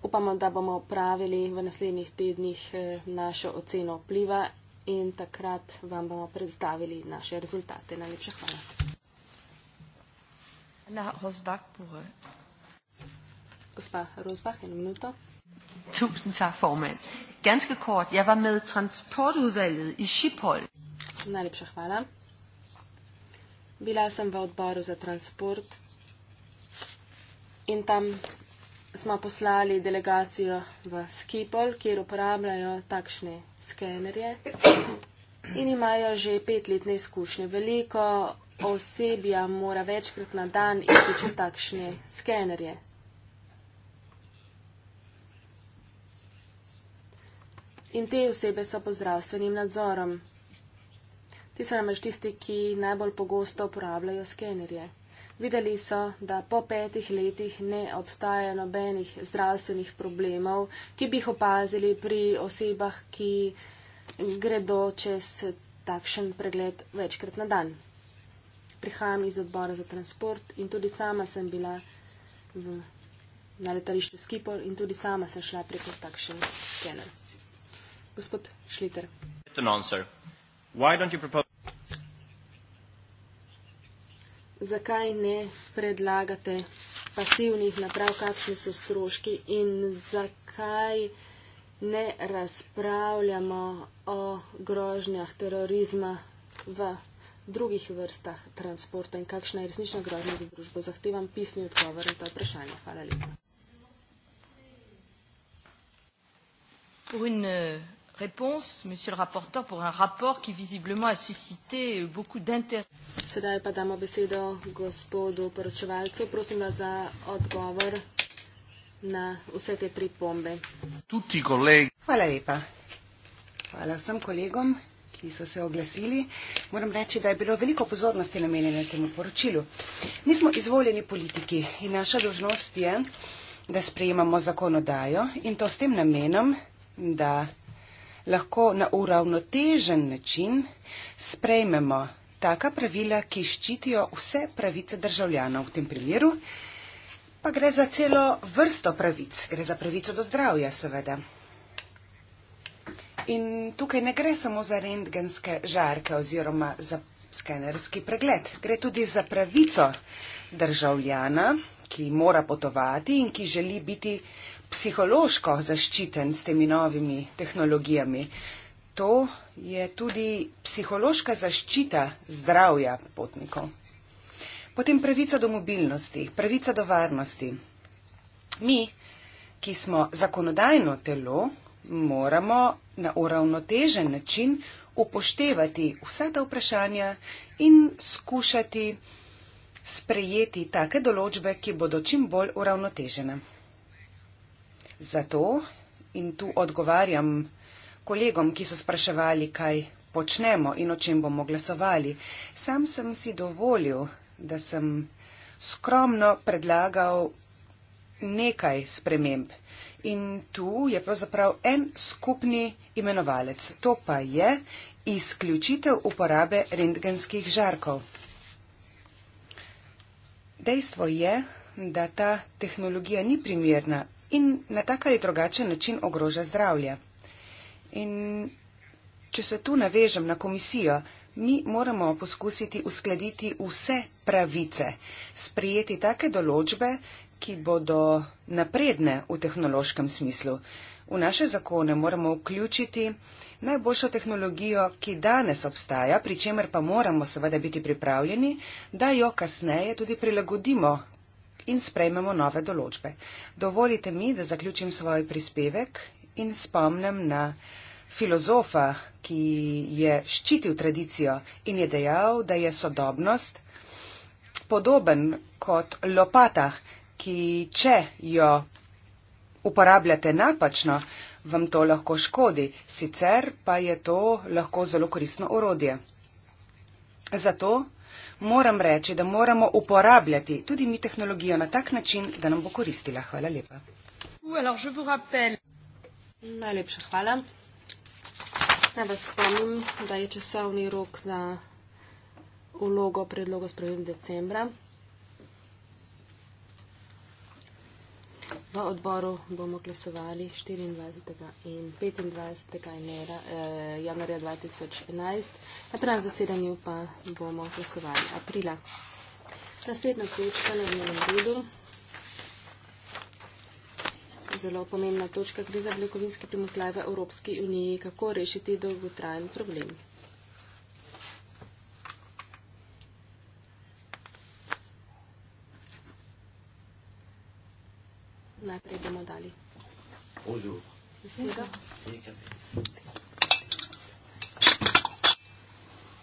upamo, da bomo opravili v naslednjih tednih eh, našo oceno vpliva in takrat vam bomo predstavili naše rezultate. Najlepša hvala. Gospa Rosbach, eno minuto. Tusind tak, formand. Ganske kort, jeg var med transportudvalget i Schiphol. Najlepša hvala. Bila sem v odboru za transport in tam smo poslali delegacijo v Skipol, kjer uporabljajo takšne skenerje in imajo že petletne izkušnje. Veliko osebja mora večkrat na dan iti čez takšne skenerje. In te osebe so pod zdravstvenim nadzorom. Ti so namreč tisti, ki najbolj pogosto uporabljajo skenerje. Videli so, da po petih letih ne obstaja nobenih zdravstvenih problemov, ki bi jih opazili pri osebah, ki gredo čez takšen pregled večkrat na dan. Prihajam iz odbora za transport in tudi sama sem bila v, na letališču Skipor in tudi sama sem šla preko takšen skener. Gospod Šliter. zakaj ne predlagate pasivnih naprav, kakšni so stroški in zakaj ne razpravljamo o grožnjah terorizma v drugih vrstah transporta in kakšna je resnična grožnja za družbo. Zahtevam pisni odgovor na ta vprašanja. Hvala lepa. Une, réponse, monsieur le rapporteur, pour un rapport qui visiblement a suscité beaucoup d'intérêt. Sedaj pa damo besedo gospodu poročevalcu. Prosim vas za odgovor na vse te pripombe. Tutti kolegi. Hvala lepa. Hvala vsem kolegom, ki so se oglasili. Moram reči, da je bilo veliko pozornosti namenjeno temu poročilu. Mi smo izvoljeni politiki in naša dožnost je, da sprejemamo zakonodajo in to s tem namenom, da lahko na uravnotežen način sprejmemo taka pravila, ki ščitijo vse pravice državljanov v tem primeru, pa gre za celo vrsto pravic, gre za pravico do zdravja seveda. In tukaj ne gre samo za rentgenske žarke oziroma za skenerski pregled. Gre tudi za pravico državljana, ki mora potovati in ki želi biti psihološko zaščiten s temi novimi tehnologijami. To je tudi psihološka zaščita zdravja potnikov. Potem pravica do mobilnosti, pravica do varnosti. Mi, ki smo zakonodajno telo, moramo na uravnotežen način upoštevati vsa ta vprašanja in skušati sprejeti take določbe, ki bodo čim bolj uravnotežene. Zato in tu odgovarjam kolegom, ki so spraševali, kaj počnemo in o čem bomo glasovali. Sam sem si dovolil, da sem skromno predlagal nekaj sprememb. In tu je pravzaprav en skupni imenovalec. To pa je izključitev uporabe rentgenskih žarkov. Dejstvo je, da ta tehnologija ni primerna in na tak ali drugačen način ogroža zdravje. In če se tu navežem na komisijo, mi moramo poskusiti uskladiti vse pravice, sprijeti take določbe, ki bodo napredne v tehnološkem smislu. V naše zakone moramo vključiti najboljšo tehnologijo, ki danes obstaja, pri čemer pa moramo seveda biti pripravljeni, da jo kasneje tudi prilagodimo in sprejmemo nove določbe. Dovolite mi, da zaključim svoj prispevek in spomnem na filozofa, ki je ščitil tradicijo in je dejal, da je sodobnost podoben kot lopata, ki če jo uporabljate napačno, vam to lahko škodi, sicer pa je to lahko zelo koristno orodje. Zato moram reči, da moramo uporabljati tudi mi tehnologijo na tak način, da nam bo koristila. Hvala lepa. Najlepša hvala. Naj vas spomnim, da je časovni rok za vlogo predlogo sprejem decembra. V odboru bomo glasovali 24. in 25. Enera, eh, januarja 2011, na prvem zasedanju pa bomo glasovali aprila. Naslednja točka na dnevnem redu, zelo pomembna točka, gre za beljakovinske primokljave v Evropski uniji, kako rešiti dolgotrajen problem. najprej bomo dali.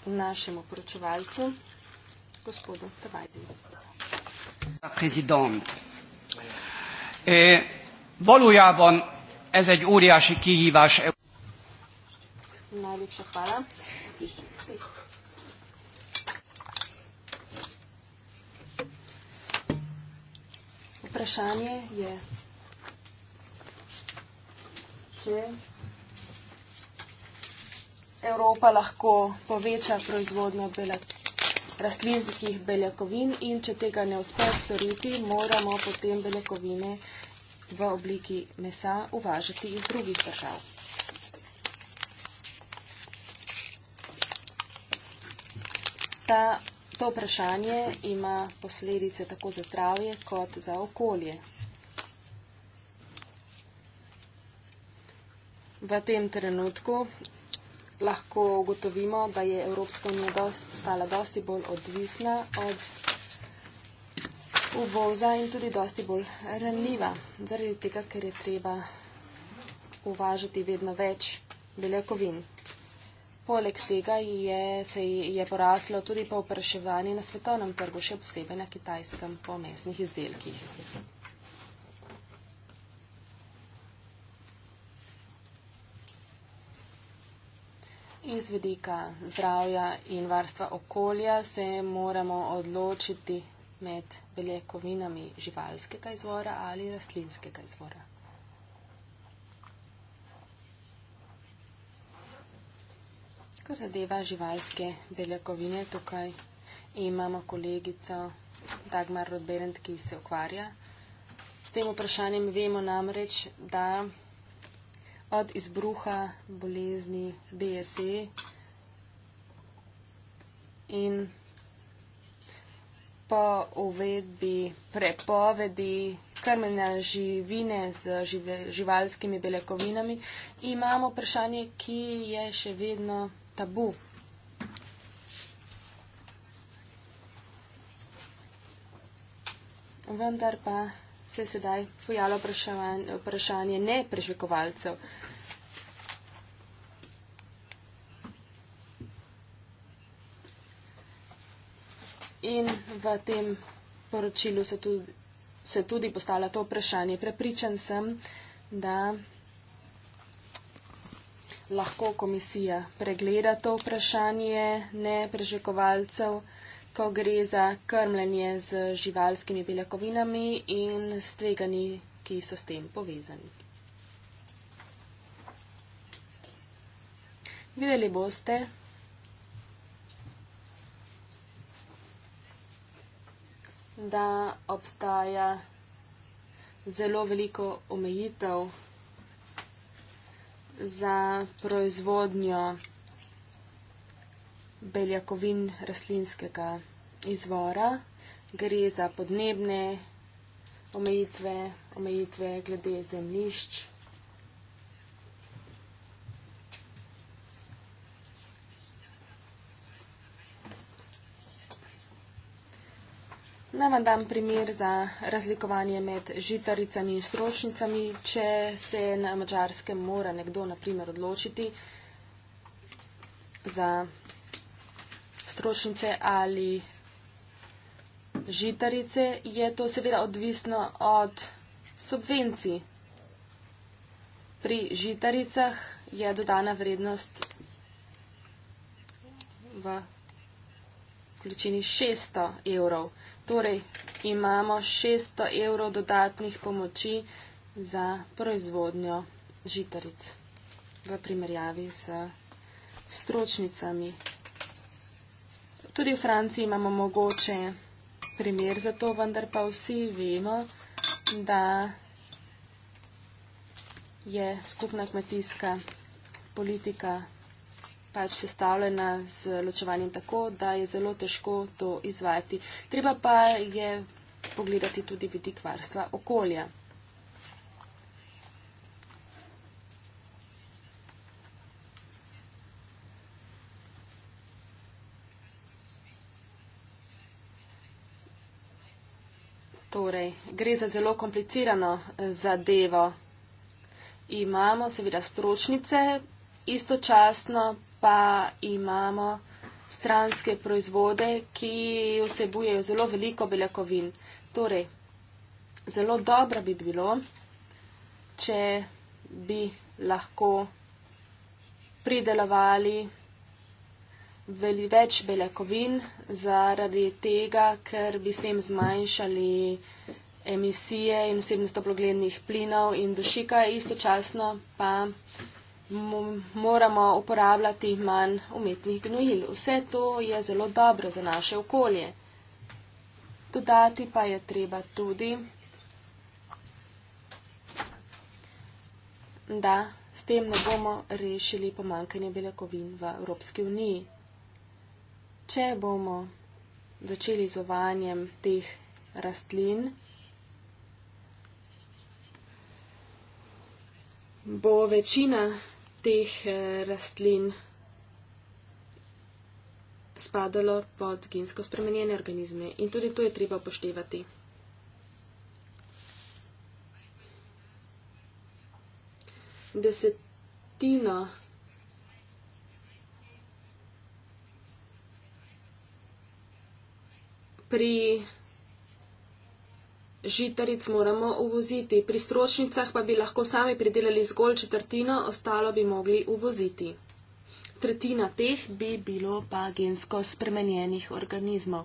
Našemu poročevalcu, gospodu Tavajdinu. Prezident. E, valójában ez egy óriási kihívás. Najlepša hvala. Vprašanje je če Evropa lahko poveča proizvodno rastlinskih beljakovin in če tega ne uspe storiti, moramo potem beljakovine v obliki mesa uvažati iz drugih držav. Ta, to vprašanje ima posledice tako za zdravje kot za okolje. v tem trenutku lahko ugotovimo, da je Evropska unija dost, postala dosti bolj odvisna od uvoza in tudi dosti bolj ranljiva, zaradi tega, ker je treba uvažati vedno več beljakovin. Poleg tega je, se je poraslo tudi povpraševanje na svetovnem trgu, še posebej na kitajskem, po mesnih izdelkih. iz vedika zdravja in varstva okolja se moramo odločiti med beljakovinami živalskega izvora ali rastlinskega izvora. Kar zadeva živalske beljakovine, tukaj imamo kolegico Dagmar Rodberend, ki se ukvarja s tem vprašanjem. Vemo namreč, da od izbruha bolezni BSE in po uvedbi prepovedi krmljene živine z živalskimi beljakovinami, imamo vprašanje, ki je še vedno tabu. Vendar pa se sedaj pojalo vprašanje, vprašanje ne prežvekovalcev. in v tem poročilu se tudi, se tudi postavlja to vprašanje. Prepričan sem, da lahko komisija pregleda to vprašanje neprežekovalcev, ko gre za krmljenje z živalskimi beljakovinami in stvegani, ki so s tem povezani. Videli boste, da obstaja zelo veliko omejitev za proizvodnjo beljakovin rastlinskega izvora. Gre za podnebne omejitve, omejitve glede zemlišč. Naj vam dam primer za razlikovanje med žitaricami in strošnicami, če se na mačarskem mora nekdo naprimer odločiti za strošnice ali žitarice, je to seveda odvisno od subvencij. Pri žitaricah je dodana vrednost v količini 600 evrov. Torej, imamo 600 evrov dodatnih pomoči za proizvodnjo žitaric v primerjavi s stročnicami. Tudi v Franciji imamo mogoče primer za to, vendar pa vsi vemo, da je skupna kmetijska politika pač sestavljena z ločevanjem tako, da je zelo težko to izvajati. Treba pa je pogledati tudi vidik varstva okolja. Torej, gre za zelo komplicirano eh, zadevo. Imamo seveda stročnice, istočasno pa imamo stranske proizvode, ki vsebujejo zelo veliko beljakovin. Torej, zelo dobro bi bilo, če bi lahko pridelovali več beljakovin zaradi tega, ker bi s tem zmanjšali emisije in vsebnost toplogrednih plinov in dušika, istočasno pa moramo uporabljati manj umetnih gnojil. Vse to je zelo dobro za naše okolje. Dodati pa je treba tudi, da s tem ne bomo rešili pomankanje beljakovin v Evropski uniji. Če bomo začeli z ovanjem teh rastlin, bo večina teh eh, rastlin spadalo pod gensko spremenjene organizme in tudi to je treba upoštevati. Desetino pri žitaric moramo uvoziti, pri stročnicah pa bi lahko sami pridelali zgolj četrtino, ostalo bi mogli uvoziti. Tretjina teh bi bilo pa gensko spremenjenih organizmov.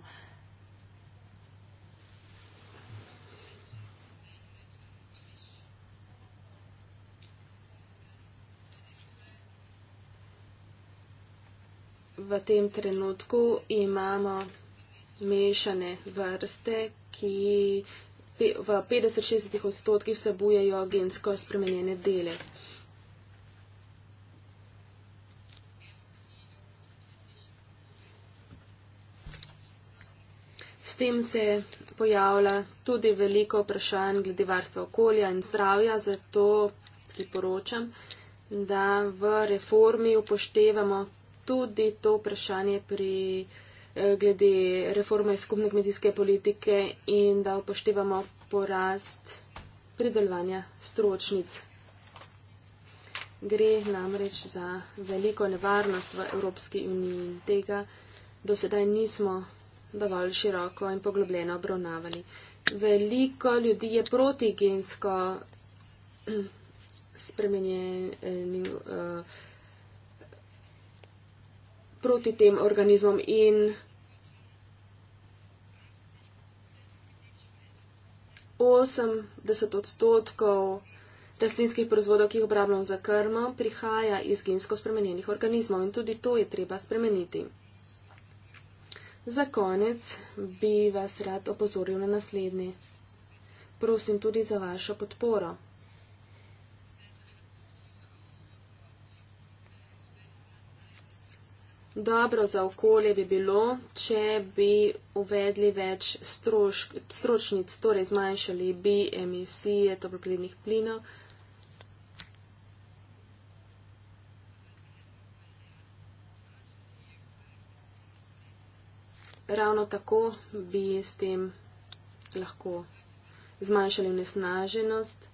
V tem trenutku imamo mešane vrste, ki v 50-60 odstotkih vsebujejo gensko spremenjene dele. S tem se pojavlja tudi veliko vprašanj glede varstva okolja in zdravja, zato priporočam, da v reformi upoštevamo tudi to vprašanje pri glede reforme skupne kmetijske politike in da upoštevamo porast pridelovanja stročnic. Gre namreč za veliko nevarnost v Evropski uniji in tega do sedaj nismo dovolj široko in poglobljeno obravnavali. Veliko ljudi je proti gensko spremenjenim eh, proti tem organizmom in 80 odstotkov rastlinskih proizvodov, ki jih uporabljamo za krmo, prihaja iz gensko spremenjenih organizmov in tudi to je treba spremeniti. Za konec bi vas rad opozoril na naslednji. Prosim tudi za vašo podporo. dobro za okolje bi bilo, če bi uvedli več stročnic, torej zmanjšali bi emisije toplogrednih plinov. Ravno tako bi s tem lahko zmanjšali nesnaženost.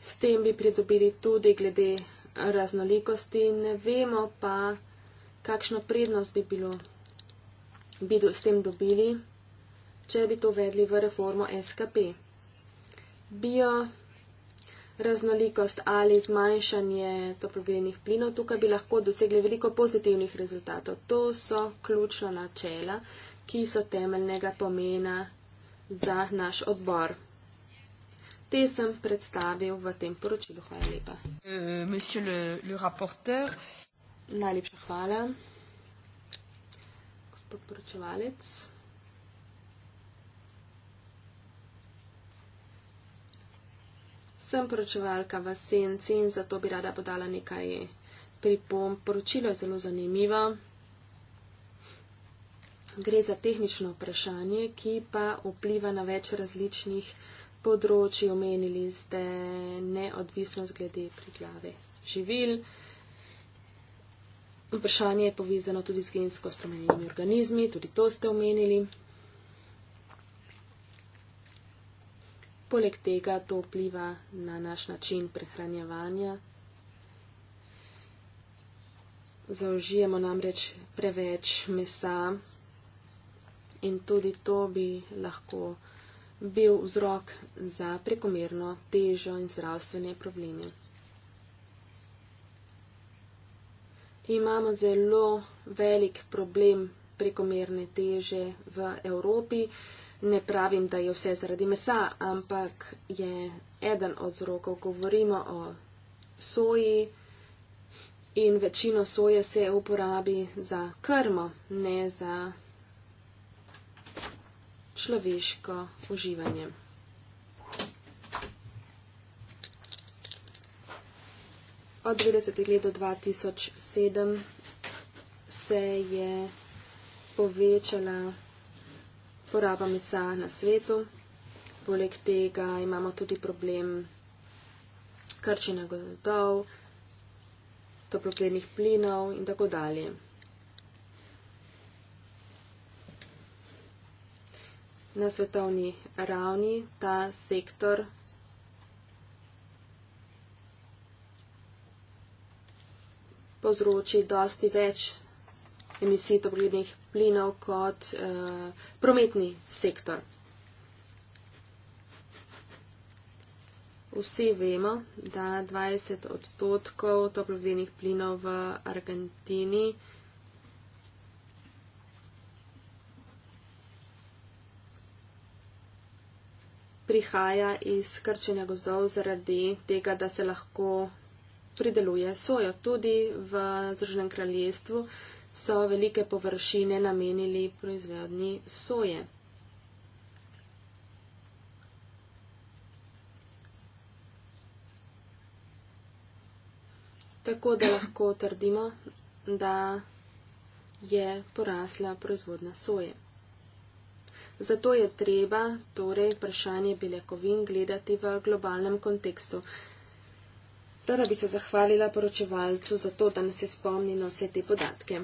S tem bi pridobili tudi glede raznolikosti, ne vemo pa, kakšno prednost bi bilo, bi do, s tem dobili, če bi to vedli v reformo SKP. Bio raznolikost ali zmanjšanje toplogrednih plinov, tukaj bi lahko dosegli veliko pozitivnih rezultatov. To so ključna načela, ki so temeljnega pomena za naš odbor te sem predstavil v tem poročilu. Hvala lepa. Euh, monsieur le, le rapporteur. Najlepša hvala, gospod poročevalec. Sem poročevalka v senci in zato bi rada podala nekaj pripomb. Poročilo je zelo zanimivo. Gre za tehnično vprašanje, ki pa vpliva na več različnih področji omenili ste neodvisnost glede priglave živil. Vprašanje je povezano tudi z gensko spremenjenimi organizmi, tudi to ste omenili. Poleg tega to vpliva na naš način prehranjevanja. Zaužijemo namreč preveč mesa in tudi to bi lahko bil vzrok za prekomerno težo in zdravstvene probleme. Imamo zelo velik problem prekomerne teže v Evropi. Ne pravim, da je vse zaradi mesa, ampak je eden od vzrokov. Govorimo o soji in večino soje se uporabi za krmo, ne za človeško uživanje. Od 90. let do 2007 se je povečala poraba mesa na svetu. Poleg tega imamo tudi problem krčenja gozdov, toplogrednih plinov in tako dalje. na svetovni ravni ta sektor povzroči dosti več emisij toplogrednih plinov kot eh, prometni sektor. Vsi vemo, da 20 odstotkov toplogrednih plinov v Argentini eh, prihaja iz krčenja gozdov zaradi tega, da se lahko prideluje sojo. Tudi v Združenem kraljestvu so velike površine namenili proizvodni soje. Tako da lahko trdimo, da je porasla proizvodna soje. Zato je treba torej vprašanje beljakovin gledati v globalnem kontekstu. Rada bi se zahvalila poročevalcu za to, da nas je spomnil na vse te podatke.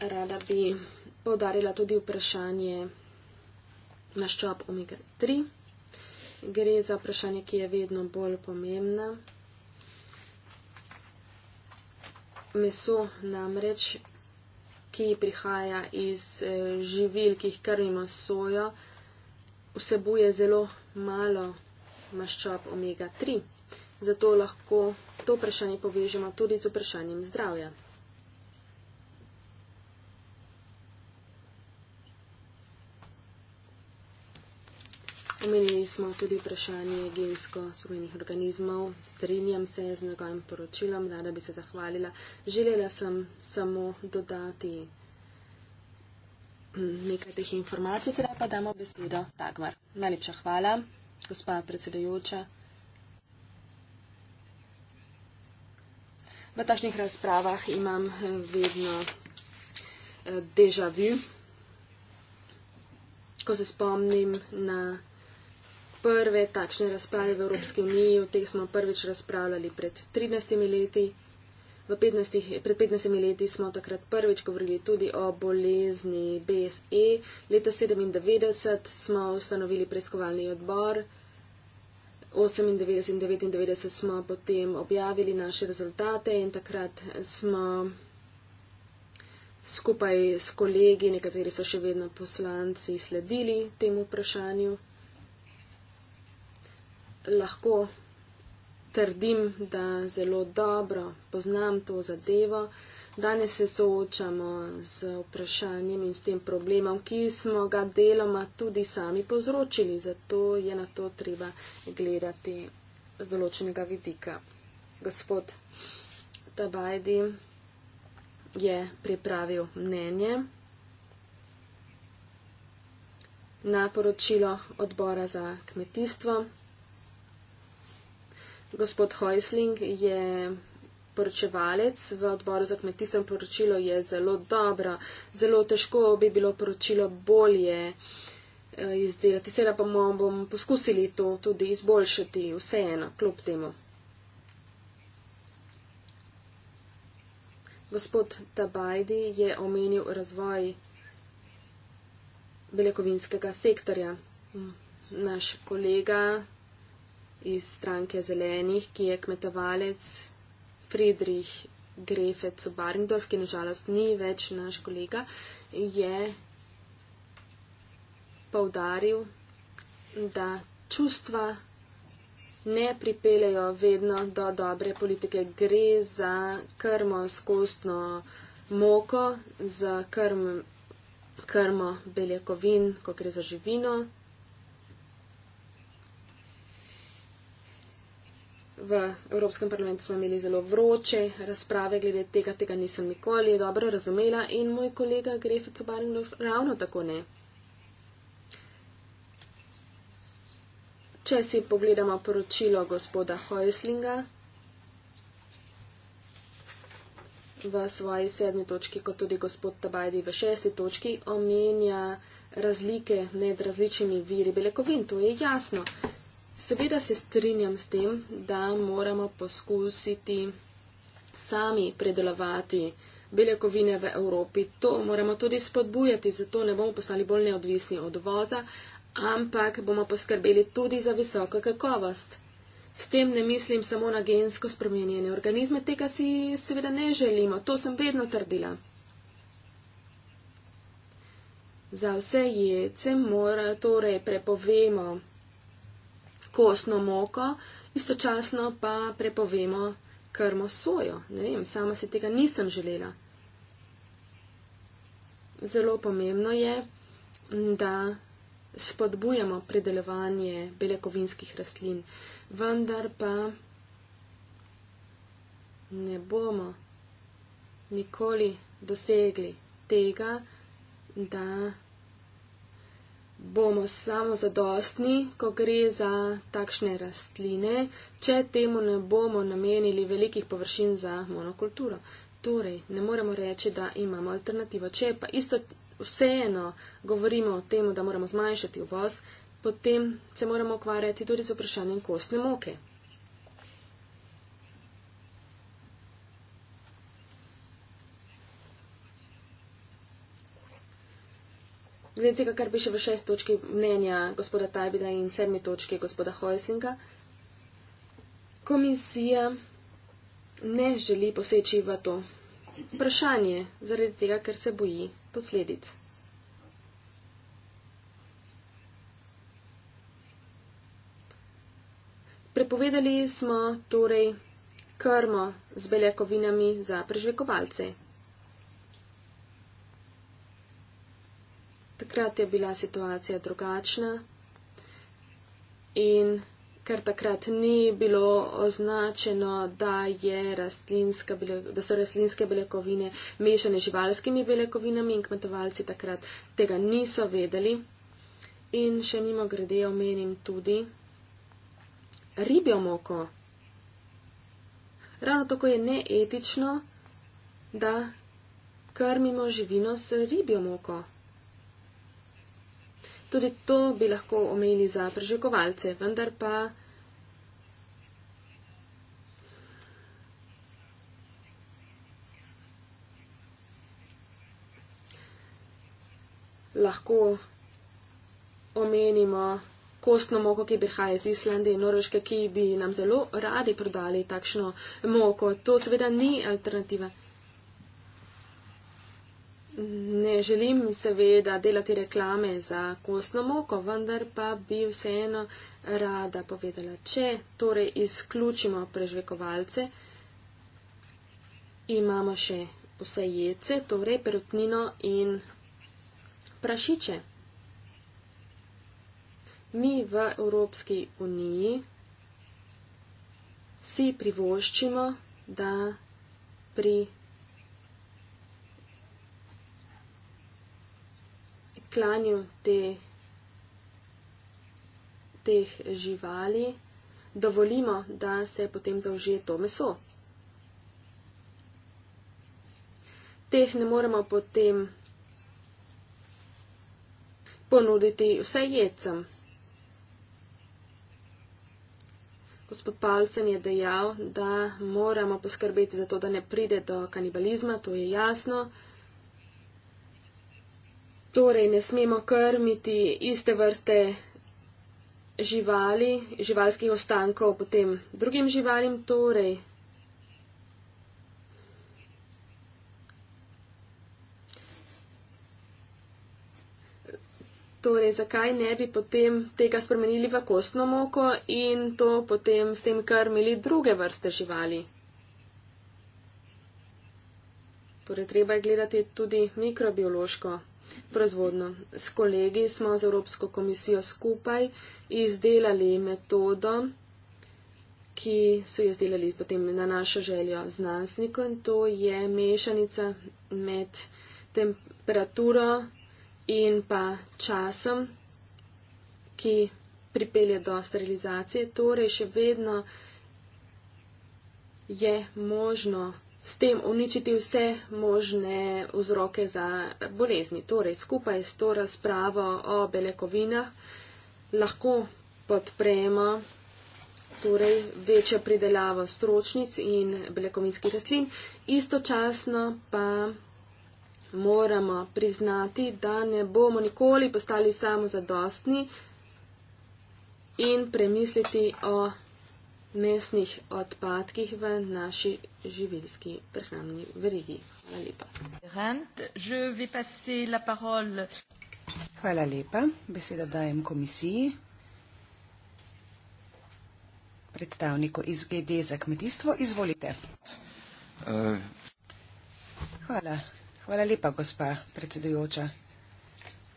Rada bi povdarila tudi vprašanje maščob omega 3. Gre za vprašanje, ki je vedno bolj pomembna. Meso namreč ki prihaja iz eh, živil, ki jih krmimo sojo, vsebuje zelo malo maščob omega 3. Zato lahko to vprašanje povežemo tudi z vprašanjem zdravja. Omenili smo tudi vprašanje gensko spremenjenih organizmov. Strinjam se z njegovim poročilom, rada bi se zahvalila. Želela sem samo dodati nekaj teh informacij, sedaj pa damo besedo Dagmar. Najlepša hvala, gospa predsedujoča. V takšnih razpravah imam eh, vedno eh, deja vu, ko se spomnim na prve takšne razprave v Evropski uniji, o teh smo prvič razpravljali pred 13 leti. 15, pred 15 leti smo takrat prvič govorili tudi o bolezni BSE. Leta 97 smo ustanovili preiskovalni odbor. 98 in 99 smo potem objavili naše rezultate in takrat smo skupaj s kolegi, nekateri so še vedno poslanci, sledili temu vprašanju lahko trdim, da zelo dobro poznam to zadevo. Danes se soočamo z vprašanjem in s tem problemom, ki smo ga deloma tudi sami povzročili, zato je na to treba gledati z določenega vidika. Gospod Tabajdi je pripravil mnenje na poročilo odbora za kmetijstvo. Gospod Heusling je poročevalec v odboru za kmetijstvo in poročilo je zelo dobro. Zelo težko bi bilo poročilo bolje eh, izdelati. Seveda pa bomo bom poskusili to tudi izboljšati, vseeno, kljub temu. Gospod Tabajdi je omenil razvoj beljakovinskega sektorja. Naš kolega iz stranke zelenih, ki je kmetovalec Friedrich Grefe zu Barndorf, ki nažalost ni več naš kolega, je povdaril, da čustva ne pripeljejo vedno do dobre politike. Gre za krmo s kostno moko, za krm, krmo beljakovin, ko gre za živino, v Evropskem parlamentu smo imeli zelo vroče razprave glede tega, tega nisem nikoli dobro razumela in moj kolega Grefec Obarnov ravno tako ne. Če si pogledamo poročilo gospoda Hojslinga v svoji sedmi točki, kot tudi gospod Tabajdi v šesti točki, omenja razlike med različnimi viri beljakovin. To je jasno. Seveda se strinjam s tem, da moramo poskusiti sami predelovati beljakovine v Evropi. To moramo tudi spodbujati, zato ne bomo postali bolj neodvisni od voza, ampak bomo poskrbeli tudi za visoko kakovost. S tem ne mislim samo na gensko spremenjene organizme, tega si seveda ne želimo, to sem vedno trdila. Za vse jece mora torej prepovemo kostno moko, istočasno pa prepovemo krmo sojo. Ne vem, sama si tega nisem želela. Zelo pomembno je, da spodbujamo predelovanje beljakovinskih rastlin, vendar pa ne bomo nikoli dosegli tega, da bomo samo zadostni, ko gre za takšne rastline, če temu ne bomo namenili velikih površin za monokulturo. Torej, ne moremo reči, da imamo alternativo. Če pa isto vseeno govorimo o tem, da moramo zmanjšati uvoz, potem se moramo ukvarjati tudi z vprašanjem kostne moke. glede tega, kar piše v šest točki mnenja gospoda Tajbida in sedmi točki gospoda Hojsinga, komisija ne želi poseči v to. Vprašanje zaradi tega, ker se boji posledic. Prepovedali smo torej krmo z beljakovinami za prežvekovalce. takrat je bila situacija drugačna in ker takrat ni bilo označeno, da, da so rastlinske beljakovine mešane z živalskimi beljakovinami in kmetovalci takrat tega niso vedeli. In še mimo grede omenim tudi ribjo moko. Ravno tako je neetično, da krmimo živino s ribjo moko. Tudi to bi lahko omenili za prežekovalce, vendar pa. Lahko omenimo kostno moko, ki prihaja iz Islande in Norveške, ki bi nam zelo radi prodali takšno moko. To seveda ni alternativa ne želim seveda delati reklame za kostno moko, vendar pa bi vseeno rada povedala, če torej izključimo prežvekovalce, imamo še vse jece, torej perutnino in prašiče. Mi v Evropski uniji si privoščimo, da pri klanju te, teh živali, dovolimo, da se potem zaužije to meso. Teh ne moremo potem ponuditi vse jedcem. Gospod Palcen je dejal, da moramo poskrbeti za to, da ne pride do kanibalizma, to je jasno. Torej, ne smemo krmiti iste vrste živali, živalskih ostankov potem drugim živalim. Torej, torej, zakaj ne bi potem tega spremenili v kostno moko in to potem s tem krmili druge vrste živali? Torej, treba je gledati tudi mikrobiološko proizvodno. S kolegi smo z Evropsko komisijo skupaj izdelali metodo, ki so jo izdelali potem na našo željo znanstvenikov in to je mešanica med temperaturo in pa časom, ki pripelje do sterilizacije. Torej, še vedno je možno s tem uničiti vse možne vzroke za bolezni. Torej, skupaj s to razpravo o beljakovinah lahko podpremo torej, večjo pridelavo stročnic in beljakovinskih rastlin. Istočasno pa moramo priznati, da ne bomo nikoli postali samozadostni in premisliti o mesnih odpadkih v naši živilski prehrambni verigi. Hvala lepa. Hvala lepa. Beseda dajem komisiji, predstavniku iz GD za kmetijstvo. Izvolite. Eh. Hvala. Hvala lepa, gospa predsedujoča.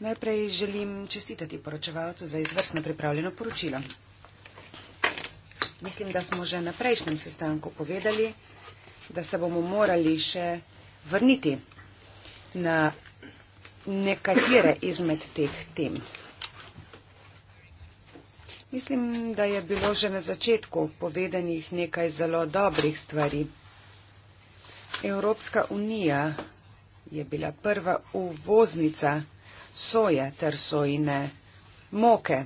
Najprej želim čestitati poročevalcu za izvrstno pripravljeno poročilo. Mislim, da smo že na prejšnjem sestanku povedali, da se bomo morali še vrniti na nekatere izmed teh tem. Mislim, da je bilo že na začetku povedanih nekaj zelo dobrih stvari. Evropska unija je bila prva uvoznica soje ter sojine moke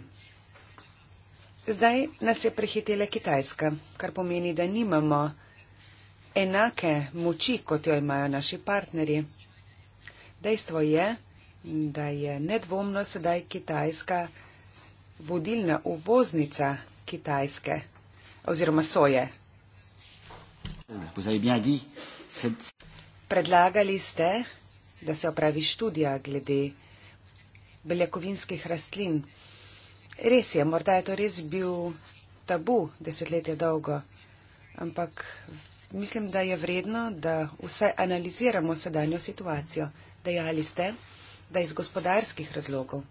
Zdaj nas je prehitela Kitajska, kar pomeni, da nimamo enake moči, kot jo imajo naši partnerji. Dejstvo je, da je nedvomno sedaj Kitajska vodilna uvoznica Kitajske oziroma soje. Predlagali ste, da se opravi študija glede beljakovinskih rastlin. Res je, morda je to res bil tabu desetletje dolgo, ampak mislim, da je vredno, da vse analiziramo sedanjo situacijo. Dejali ste, da iz gospodarskih razlogov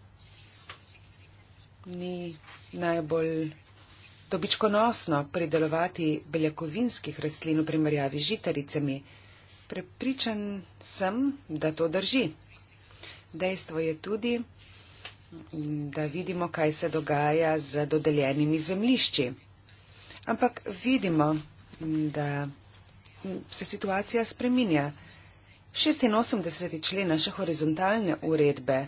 ni najbolj dobičkonosno pridelovati beljakovinskih rastlin v primerjavi z žitaricami. Prepričan sem, da to drži. Dejstvo je tudi, da vidimo, kaj se dogaja z dodeljenimi zemlišči. Ampak vidimo, da se situacija spreminja. 86. člen naše horizontalne uredbe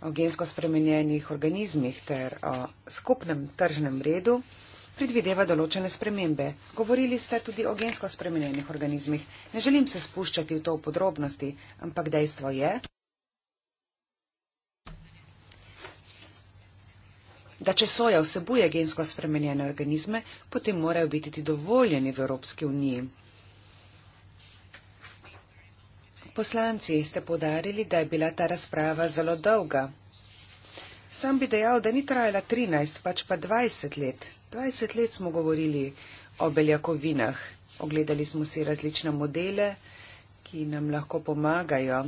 o gensko spremenjenih organizmih ter o skupnem tržnem redu predvideva določene spremembe. Govorili ste tudi o gensko spremenjenih organizmih. Ne želim se spuščati v to v podrobnosti, ampak dejstvo je. da če soja vsebuje gensko spremenjene organizme, potem morajo biti ti dovoljeni v Evropski uniji. Poslanci ste podarili, da je bila ta razprava zelo dolga. Sam bi dejal, da ni trajala 13, pač pa 20 let. 20 let smo govorili o beljakovinah. Ogledali smo si različne modele, ki nam lahko pomagajo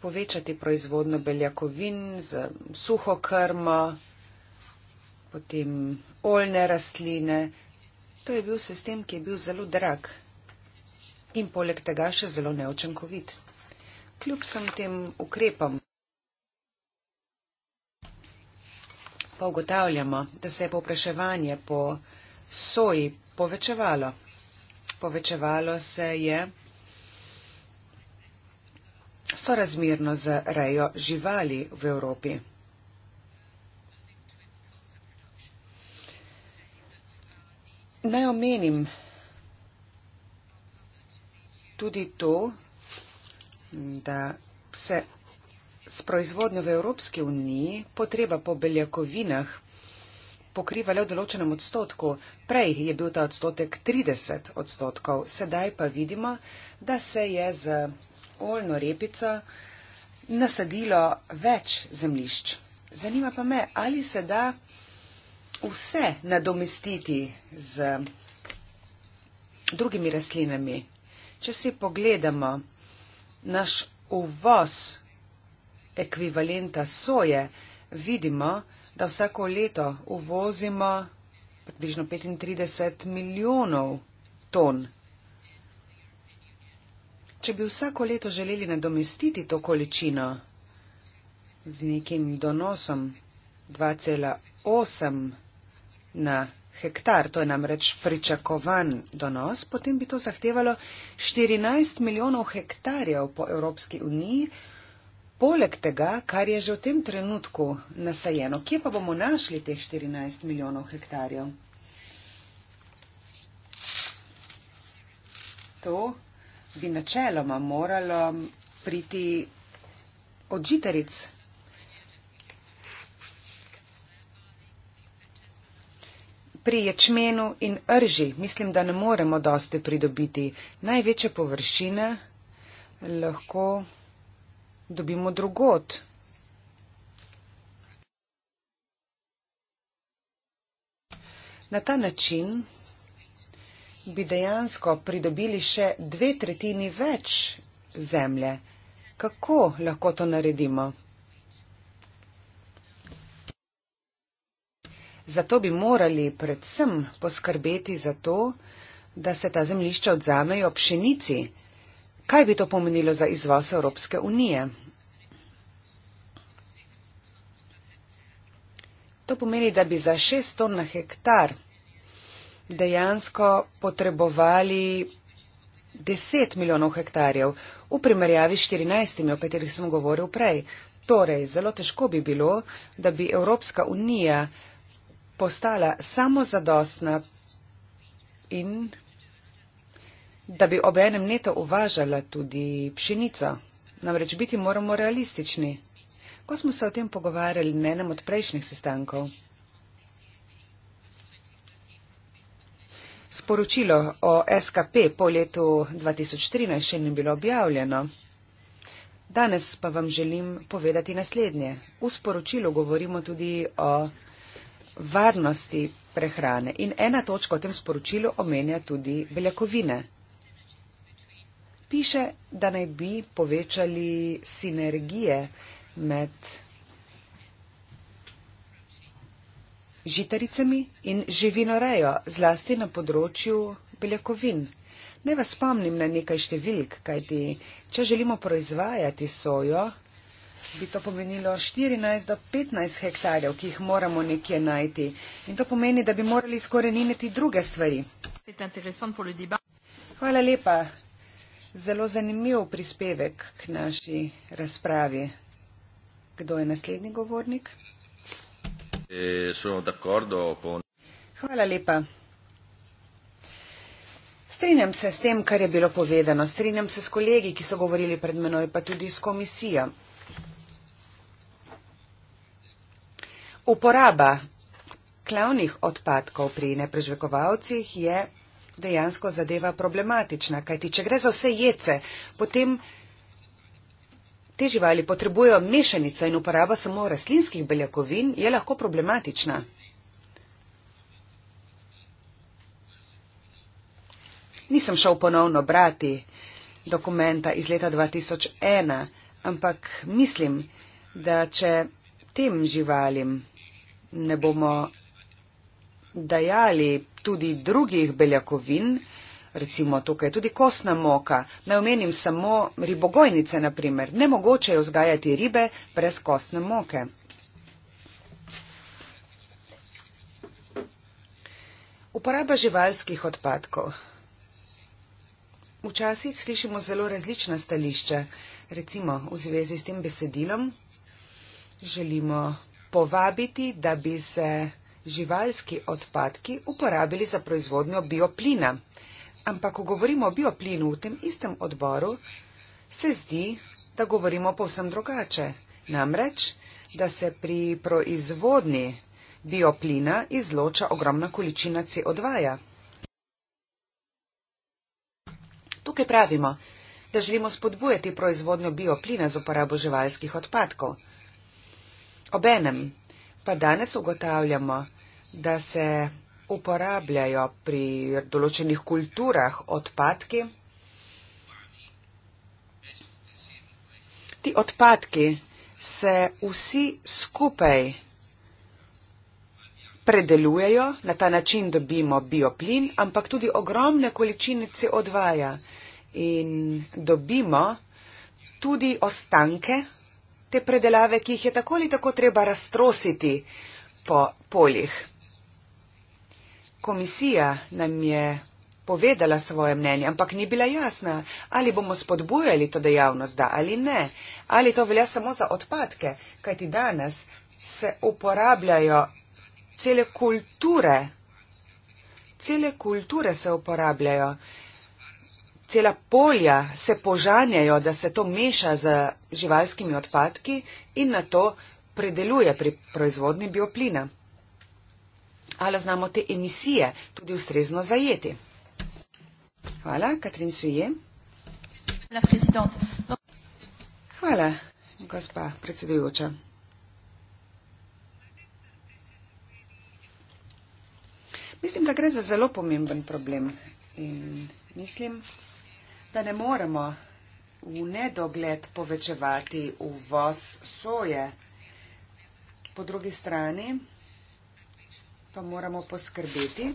povečati proizvodno beljakovin z suho krmo, potem oljne rastline. To je bil sistem, ki je bil zelo drag in poleg tega še zelo neočankovit. Kljub sem tem ukrepom. Pa ugotavljamo, da se je povpraševanje po soji povečevalo. Povečevalo se je sorazmerno z rejo živali v Evropi. Naj omenim tudi to, da se s proizvodnjo v Evropski uniji potreba po beljakovinah pokriva le v določenem odstotku. Prej je bil ta odstotek 30 odstotkov, sedaj pa vidimo, da se je z oljno repico nasadilo več zemlišč. Zanima pa me, ali se da vse nadomestiti z drugimi rastlinami. Če si pogledamo naš uvoz ekvivalenta soje, vidimo, da vsako leto uvozimo približno 35 milijonov ton če bi vsako leto želeli nadomestiti to količino z nekim donosom 2,8 na hektar, to je namreč pričakovan donos, potem bi to zahtevalo 14 milijonov hektarjev po Evropski uniji, poleg tega, kar je že v tem trenutku nasajeno. Kje pa bomo našli teh 14 milijonov hektarjev? To bi načeloma moralo priti od žitaric. Pri ječmenu in rži mislim, da ne moremo doste pridobiti. Največje površine lahko dobimo drugot. Na ta način bi dejansko pridobili še dve tretjini več zemlje. Kako lahko to naredimo? Zato bi morali predvsem poskrbeti za to, da se ta zemljišča odzamejo pšenici. Kaj bi to pomenilo za izvoz Evropske unije? To pomeni, da bi za šest ton na hektar dejansko potrebovali 10 milijonov hektarjev v primerjavi s 14, o katerih sem govoril prej. Torej, zelo težko bi bilo, da bi Evropska unija postala samozadostna in da bi ob enem neto uvažala tudi pšenico. Namreč biti moramo realistični. Ko smo se o tem pogovarjali na enem od prejšnjih sestankov, Sporočilo o SKP po letu 2013 še ni bilo objavljeno. Danes pa vam želim povedati naslednje. V sporočilu govorimo tudi o varnosti prehrane in ena točka v tem sporočilu omenja tudi beljakovine. Piše, da naj bi povečali sinergije med žitaricami in živinorejo, zlasti na področju beljakovin. Ne vas spomnim na nekaj številk, kajti če želimo proizvajati sojo, bi to pomenilo 14 do 15 hektarjev, ki jih moramo nekje najti. In to pomeni, da bi morali skoreniniti druge stvari. Hvala lepa. Zelo zanimiv prispevek k naši razpravi. Kdo je naslednji govornik? E, sono d'accordo con. Hvala lepa. Strinjam se s tem, kar je bilo povedano. Strinjam se s kolegi, ki so govorili pred menoj, pa tudi s komisijo. Uporaba klavnih odpadkov pri neprežvekovalcih je dejansko zadeva problematična, kajti če gre za vse jece, potem Te živali potrebujejo mešanica in uporaba samo rastlinskih beljakovin je lahko problematična. Nisem šel ponovno brati dokumenta iz leta 2001, ampak mislim, da če tem živalim ne bomo dajali tudi drugih beljakovin, recimo tukaj, tudi kostna moka. Naj omenim samo ribogojnice, naprimer. Nemogoče je vzgajati ribe brez kostne moke. Uporaba živalskih odpadkov. Včasih slišimo zelo različna stališča. Recimo v zvezi s tem besedilom želimo povabiti, da bi se živalski odpadki uporabili za proizvodnjo bioplina. Ampak, ko govorimo o bioplinu v tem istem odboru, se zdi, da govorimo povsem drugače. Namreč, da se pri proizvodni bioplina izloča ogromna količina CO2. Tukaj pravimo, da želimo spodbujati proizvodnjo bioplina z uporabo živalskih odpadkov. Obenem pa danes ugotavljamo, da se uporabljajo pri določenih kulturah odpadki. Ti odpadki se vsi skupaj predelujejo, na ta način dobimo bioplin, ampak tudi ogromne količine CO2 -ja in dobimo tudi ostanke te predelave, ki jih je tako ali tako treba raztrositi po poljih komisija nam je povedala svoje mnenje, ampak ni bila jasna, ali bomo spodbujali to dejavnost, da ali ne, ali to velja samo za odpadke, kajti danes se uporabljajo cele kulture, cele kulture se uporabljajo, cela polja se požanjajo, da se to meša z živalskimi odpadki in na to predeluje pri proizvodni bioplina ali znamo te emisije tudi ustrezno zajeti. Hvala, Katrin Suje. Hvala, gospa predsedujoča. Mislim, da gre za zelo pomemben problem in mislim, da ne moremo v nedogled povečevati uvoz soje. Po drugi strani, pa moramo poskrbeti,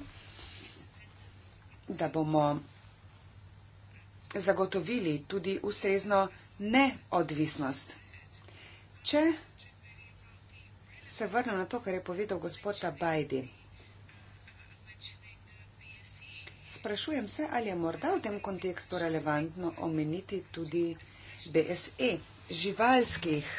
da bomo zagotovili tudi ustrezno neodvisnost. Če se vrnem na to, kar je povedal gospod Abajdi, sprašujem se, ali je morda v tem kontekstu relevantno omeniti tudi BSE živalskih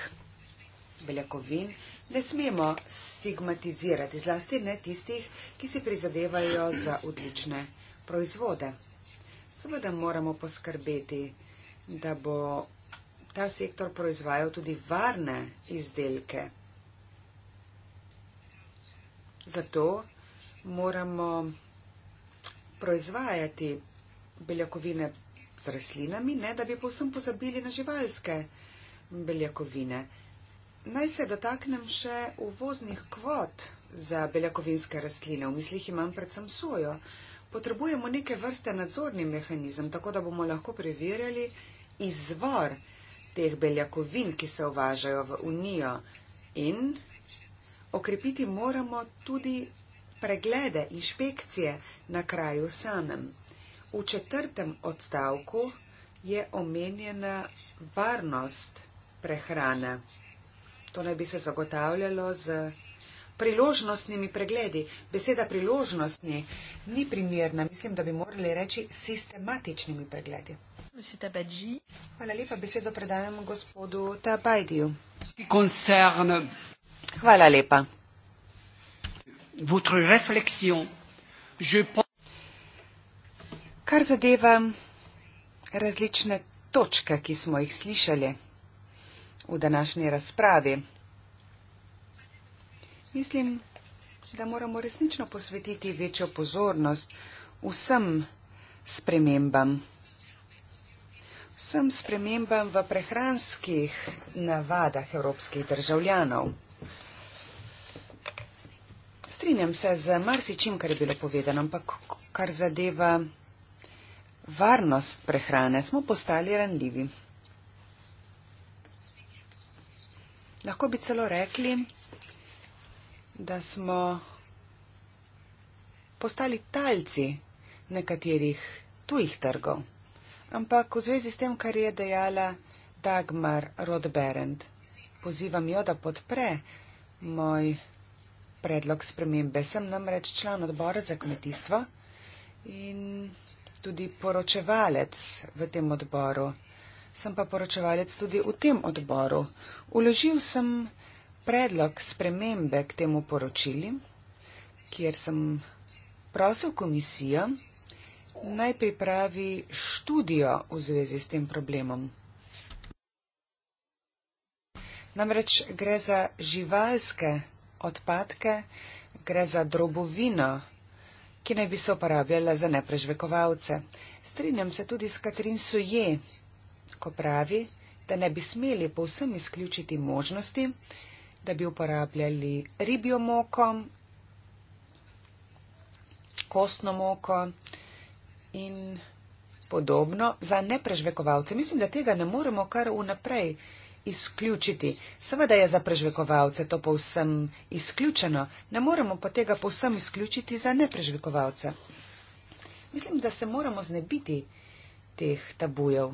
beljakovin ne smemo stigmatizirati, zlasti ne tistih, ki si prizadevajo za odlične proizvode. Seveda moramo poskrbeti, da bo ta sektor proizvajal tudi varne izdelke. Zato moramo proizvajati beljakovine z rastlinami, ne da bi povsem pozabili na živalske beljakovine. Naj se dotaknem še uvoznih kvot za beljakovinske rastline. V mislih imam predvsem sojo. Potrebujemo neke vrste nadzorni mehanizem, tako da bomo lahko preverjali izvor teh beljakovin, ki se uvažajo v Unijo. In okrepiti moramo tudi preglede, inšpekcije na kraju samem. V četrtem odstavku je omenjena varnost prehrane. To naj bi se zagotavljalo z priložnostnimi pregledi. Beseda priložnostni ni primerna, mislim, da bi morali reči sistematičnimi pregledi. Hvala lepa, besedo predajam gospodu Tabajdiju. Hvala lepa. Kar zadeva različne točke, ki smo jih slišali, v današnji razpravi. Mislim, da moramo resnično posvetiti večjo pozornost vsem spremembam. Vsem spremembam v prehranskih navadah evropskih državljanov. Strinjam se z marsičim, kar je bilo povedano, ampak kar zadeva varnost prehrane, smo postali ranljivi. Lahko bi celo rekli, da smo postali talci nekaterih tujih trgov. Ampak v zvezi s tem, kar je dejala Dagmar Rodberend, pozivam jo, da podpre moj predlog spremembe. Sem namreč član odbora za kmetijstvo in tudi poročevalec v tem odboru sem pa poročevalec tudi v tem odboru. Uložil sem predlog spremembe k temu poročili, kjer sem prosil komisijo naj pripravi študijo v zvezi s tem problemom. Namreč gre za živalske odpadke, gre za drobovino, ki naj bi se uporabljala za neprežvekovalce. Strinjam se tudi s Katrin Suje, ko pravi, da ne bi smeli povsem izključiti možnosti, da bi uporabljali ribjo moko, kostno moko in podobno za neprežvekovalce. Mislim, da tega ne moremo kar vnaprej izključiti. Seveda je za prežvekovalce to povsem izključeno, ne moremo pa tega povsem izključiti za neprežvekovalce. Mislim, da se moramo znebiti teh tabujev.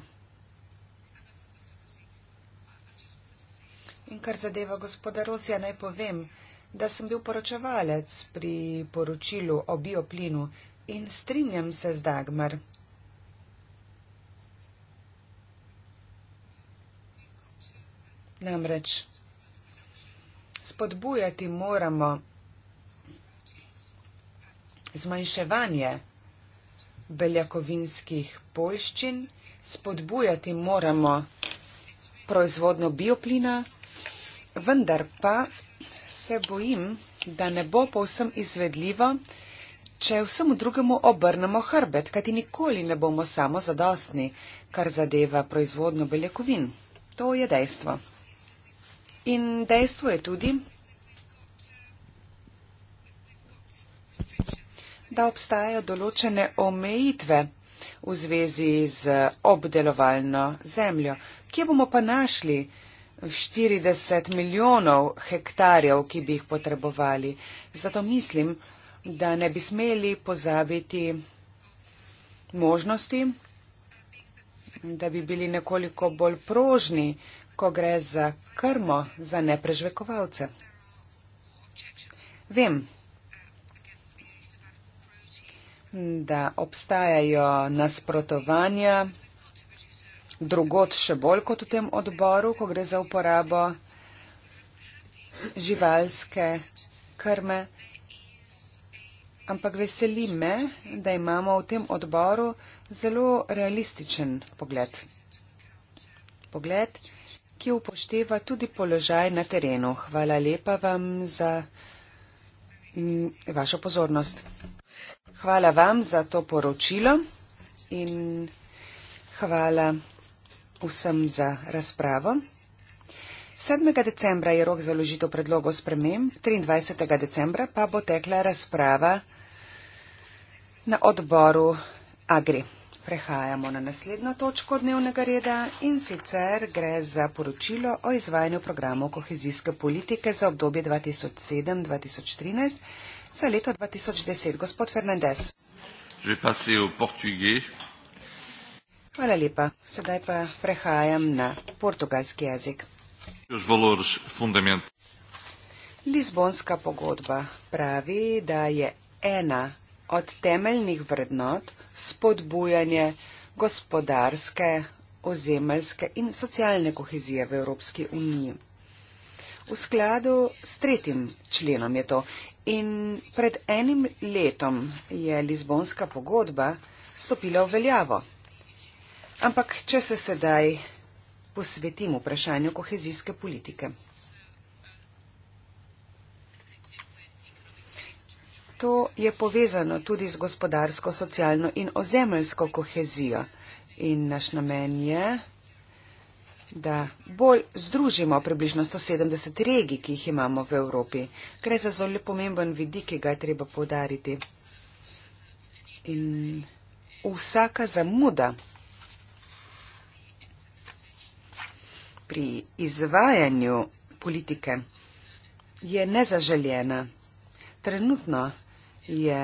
In kar zadeva gospoda Rosija, naj povem, da sem bil poročevalec pri poročilu o bioplinu in strinjam se z Dagmar. Namreč spodbujati moramo zmanjševanje beljakovinskih polščin, spodbujati moramo proizvodno bioplina, vendar pa se bojim, da ne bo povsem izvedljivo, če vsemu drugemu obrnemo hrbet, kajti nikoli ne bomo samo zadostni, kar zadeva proizvodno beljakovin. To je dejstvo. In dejstvo je tudi, da obstajajo določene omejitve v zvezi z obdelovalno zemljo. Kje bomo pa našli 40 milijonov hektarjev, ki bi jih potrebovali. Zato mislim, da ne bi smeli pozabiti možnosti, da bi bili nekoliko bolj prožni, ko gre za krmo, za neprežvekovalce. Vem, da obstajajo nasprotovanja drugot še bolj kot v tem odboru, ko gre za uporabo živalske krme. Ampak veseli me, da imamo v tem odboru zelo realističen pogled. Pogled, ki upošteva tudi položaj na terenu. Hvala lepa vam za mm, vašo pozornost. Hvala vam za to poročilo in hvala vsem za razpravo. 7. decembra je rok za ložitev predlogov spremem, 23. decembra pa bo tekla razprava na odboru Agri. Prehajamo na naslednjo točko dnevnega reda in sicer gre za poročilo o izvajanju programov kohezijske politike za obdobje 2007-2013 za leto 2010. Gospod Fernandez. Hvala lepa. Sedaj pa prehajam na portugalski jezik. Lizbonska pogodba pravi, da je ena od temeljnih vrednot spodbujanje gospodarske, ozemeljske in socialne kohezije v Evropski uniji. V skladu s tretjim členom je to. In pred enim letom je Lizbonska pogodba stopila v veljavo. Ampak če se sedaj posvetim vprašanju kohezijske politike. To je povezano tudi z gospodarsko, socialno in ozemeljsko kohezijo. In naš namen je, da bolj združimo približno 170 regij, ki jih imamo v Evropi. Gre za zelo pomemben vidik, ki ga je treba podariti. In vsaka zamuda pri izvajanju politike je nezaželjena. Trenutno je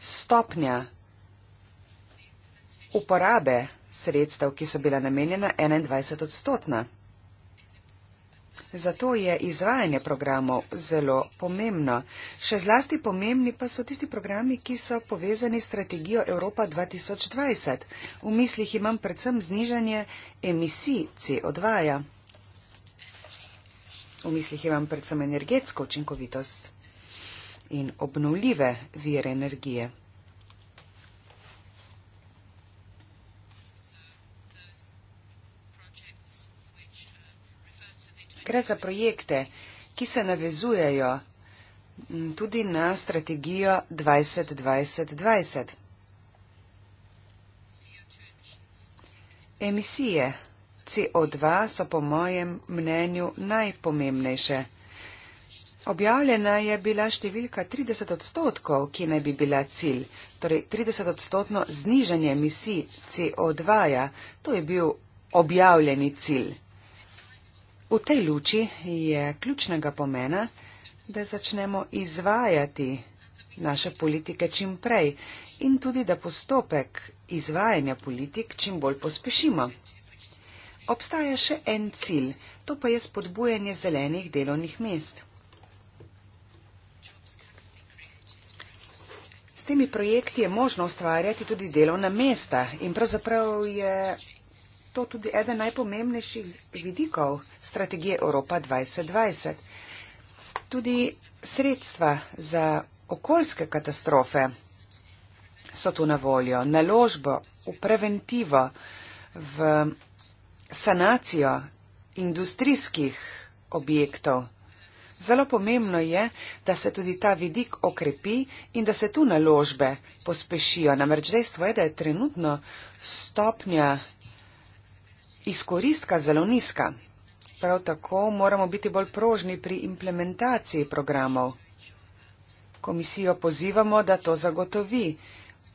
stopnja uporabe sredstev, ki so bila namenjena, 21 odstotna. Zato je izvajanje programov zelo pomembno. Še zlasti pomembni pa so tisti programi, ki so povezani s strategijo Evropa 2020. V mislih imam predvsem znižanje emisij CO2. -ja. V mislih imam predvsem energetsko učinkovitost in obnuljive vire energije. Gre za projekte, ki se navezujejo tudi na strategijo 2020. Emisije CO2 so po mojem mnenju najpomembnejše. Objavljena je bila številka 30 odstotkov, ki naj bi bila cilj, torej 30 odstotno znižanje emisij CO2. -ja. To je bil objavljeni cilj. V tej luči je ključnega pomena, da začnemo izvajati naše politike čim prej in tudi, da postopek izvajanja politik čim bolj pospešimo. Obstaja še en cilj, to pa je spodbujanje zelenih delovnih mest. S temi projekti je možno ustvarjati tudi delovna mesta in pravzaprav je to tudi eden najpomembnejših vidikov strategije Evropa 2020. Tudi sredstva za okoljske katastrofe so tu na voljo, naložbo v preventivo, v sanacijo industrijskih objektov. Zelo pomembno je, da se tudi ta vidik okrepi in da se tu naložbe pospešijo. Namreč dejstvo je, da je trenutno stopnja izkoristka zelo nizka. Prav tako moramo biti bolj prožni pri implementaciji programov. Komisijo pozivamo, da to zagotovi.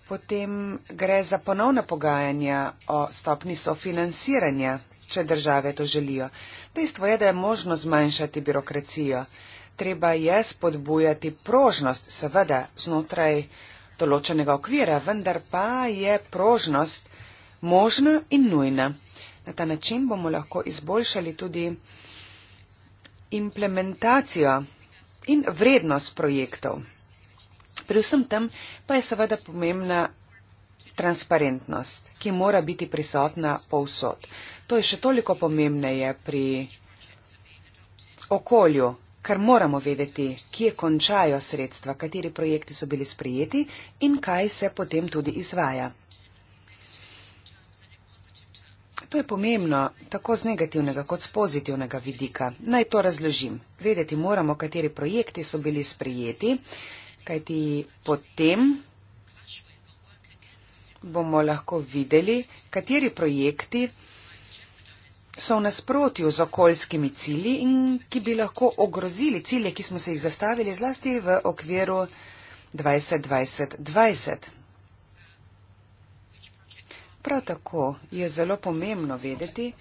Potem gre za ponovna pogajanja o stopni sofinansiranja, če države to želijo. Dejstvo je, da je možno zmanjšati birokracijo. Treba je spodbujati prožnost, seveda, znotraj določenega okvira, vendar pa je prožnost možna in nujna. Na ta način bomo lahko izboljšali tudi implementacijo in vrednost projektov. Pri vsem tem pa je seveda pomembna transparentnost, ki mora biti prisotna povsod. To je še toliko pomembneje pri okolju, ker moramo vedeti, kje končajo sredstva, kateri projekti so bili sprejeti in kaj se potem tudi izvaja. To je pomembno, tako z negativnega kot z pozitivnega vidika. Naj to razložim. Vedeti moramo, kateri projekti so bili sprejeti, kajti potem bomo lahko videli, kateri projekti so v nasprotju z okoljskimi cilji in ki bi lahko ogrozili cilje, ki smo se jih zastavili zlasti v okviru 2020. -2020. Prav tako je zelo pomembno vedeti,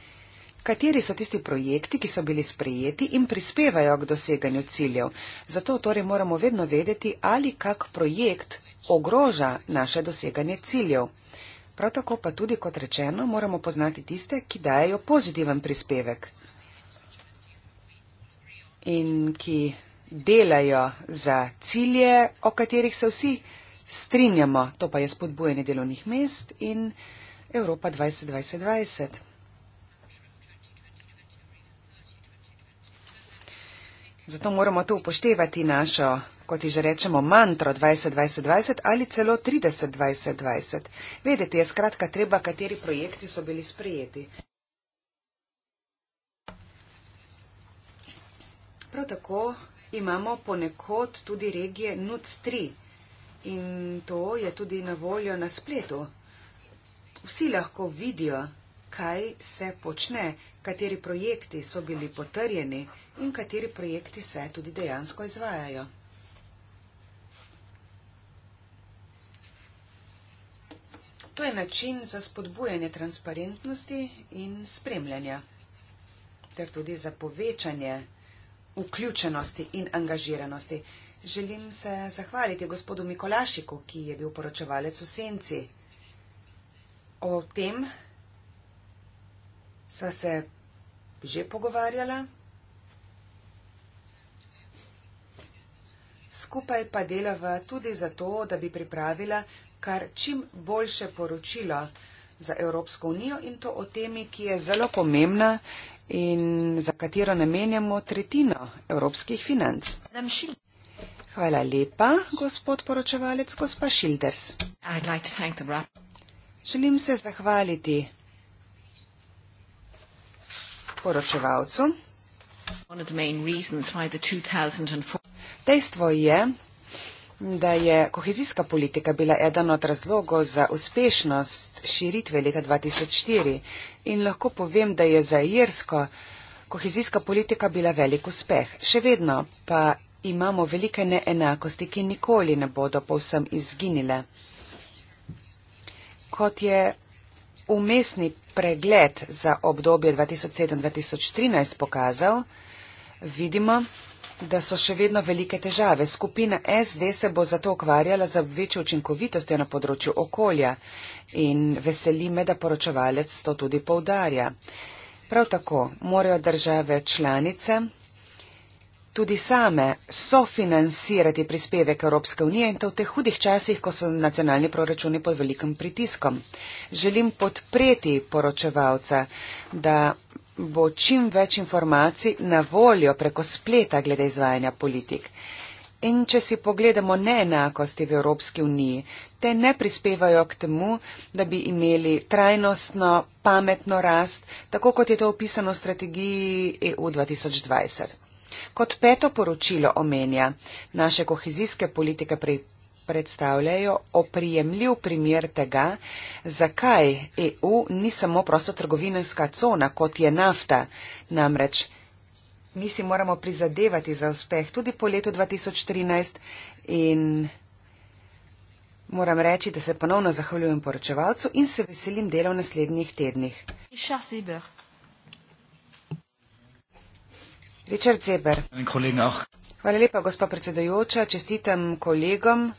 kateri so tisti projekti, ki so bili sprejeti in prispevajo k doseganju ciljev. Zato torej moramo vedno vedeti, ali kak projekt ogroža naše doseganje ciljev. Prav tako pa tudi, kot rečeno, moramo poznati tiste, ki dajo pozitiven prispevek in ki delajo za cilje, o katerih se vsi strinjamo. To pa je spodbujanje delovnih mest in Europa 2020. Zato moramo to upoštevati našo, kot ji že rečemo, mantro 2020 ali celo 302020. Vedeti je skratka treba, kateri projekti so bili sprejeti. Prav tako imamo ponekod tudi regije NUTS 3 in to je tudi na voljo na spletu vsi lahko vidijo, kaj se počne, kateri projekti so bili potrjeni in kateri projekti se tudi dejansko izvajajo. To je način za spodbujanje transparentnosti in spremljanja ter tudi za povečanje vključenosti in angažiranosti. Želim se zahvaliti gospodu Mikolašiku, ki je bil poročevalec v Senci. O tem sva se že pogovarjala. Skupaj pa delava tudi zato, da bi pripravila kar čim boljše poročilo za Evropsko unijo in to o temi, ki je zelo pomembna in za katero namenjamo tretjino evropskih financ. Hvala lepa, gospod poročevalec, gospa Šilders. Želim se zahvaliti poročevalcu. Dejstvo je, da je kohezijska politika bila eden od razlogov za uspešnost širitve leta 2004 in lahko povem, da je za Jersko kohezijska politika bila velik uspeh. Še vedno pa imamo velike neenakosti, ki nikoli ne bodo povsem izginile kot je umestni pregled za obdobje 2007-2013 pokazal, vidimo, da so še vedno velike težave. Skupina SD se bo zato ukvarjala za večjo učinkovitost na področju okolja in veseli me, da poročevalec to tudi poudarja. Prav tako morajo države članice tudi same sofinancirati prispevek Evropske unije in to v teh hudih časih, ko so nacionalni proračuni pod velikim pritiskom. Želim podpreti poročevalca, da bo čim več informacij na voljo preko spleta glede izvajanja politik. In če si pogledamo neenakosti v Evropski uniji, te ne prispevajo k temu, da bi imeli trajnostno, pametno rast, tako kot je to opisano v strategiji EU 2020. Kot peto poročilo omenja, naše kohezijske politike pri predstavljajo oprijemljiv primer tega, zakaj EU ni samo prosto trgovinska cona, kot je nafta. Namreč mi si moramo prizadevati za uspeh tudi po letu 2013 in moram reči, da se ponovno zahvaljujem poročevalcu in se veselim dela v naslednjih tednih. Charles Eber. Richard Zeber. Ah. Hvala lepa, gospa predsedajoča. Čestitam kolegom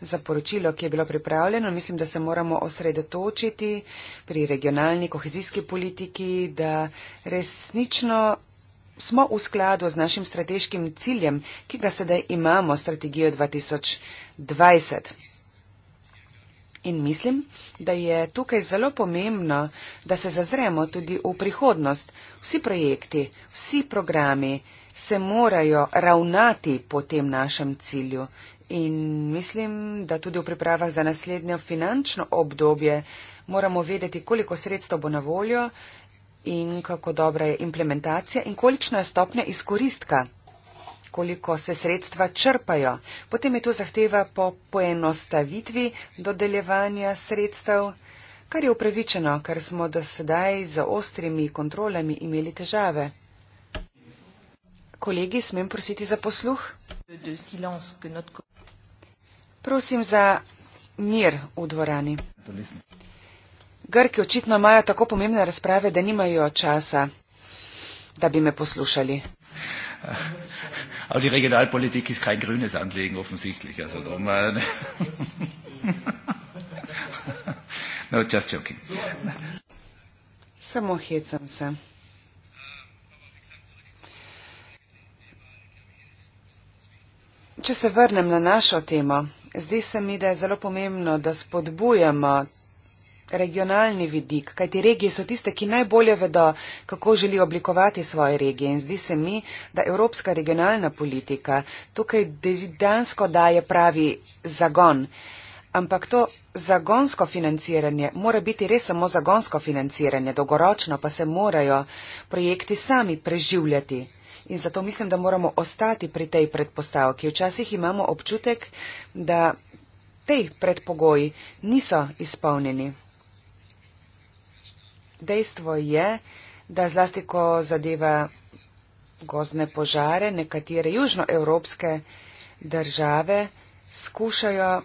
za poročilo, ki je bilo pripravljeno. Mislim, da se moramo osredotočiti pri regionalni kohezijski politiki, da resnično smo v skladu z našim strateškim ciljem, ki ga sedaj imamo, strategijo 2020. In mislim, da je tukaj zelo pomembno, da se zazremo tudi v prihodnost. Vsi projekti, vsi programi se morajo ravnati po tem našem cilju. In mislim, da tudi v pripravah za naslednjo finančno obdobje moramo vedeti, koliko sredstev bo na voljo in kako dobra je implementacija in količna je stopnja izkoristka koliko se sredstva črpajo. Potem je to zahteva po poenostavitvi dodeljevanja sredstev, kar je upravičeno, ker smo do sedaj z ostrimi kontrolami imeli težave. Kolegi, smem prositi za posluh? Prosim za mir v dvorani. Grki očitno imajo tako pomembne razprave, da nimajo časa, da bi me poslušali. Aber die Regionalpolitik ist kein grünes Anliegen offensichtlich. Also drum. no, just joking. Samo hecam se. Če se vrnem na našo temo, zdi se mi, da je zelo pomembno, da spodbujamo regionalni vidik, kajti regije so tiste, ki najbolje vedo, kako želijo oblikovati svoje regije. In zdi se mi, da evropska regionalna politika tukaj dejansko daje pravi zagon. Ampak to zagonsko financiranje mora biti res samo zagonsko financiranje, dolgoročno pa se morajo projekti sami preživljati. In zato mislim, da moramo ostati pri tej predpostavki. Včasih imamo občutek, da tej predpogoji niso izpolnjeni. Dejstvo je, da zlasti, ko zadeva gozne požare, nekatere južnoevropske države skušajo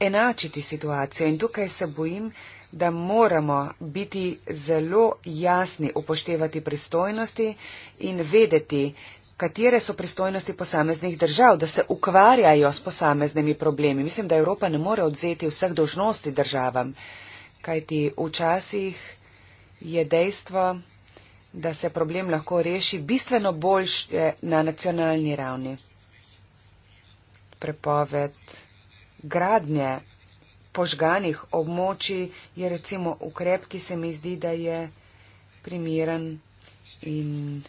enačiti situacijo in tukaj se bojim, da moramo biti zelo jasni, upoštevati pristojnosti in vedeti, katere so pristojnosti posameznih držav, da se ukvarjajo s posameznimi problemi. Mislim, da Evropa ne more odzeti vseh dožnosti državam, kajti včasih je dejstvo, da se problem lahko reši bistveno boljše na nacionalni ravni. Prepoved gradnje požganih območij je recimo ukrep, ki se mi zdi, da je primiran in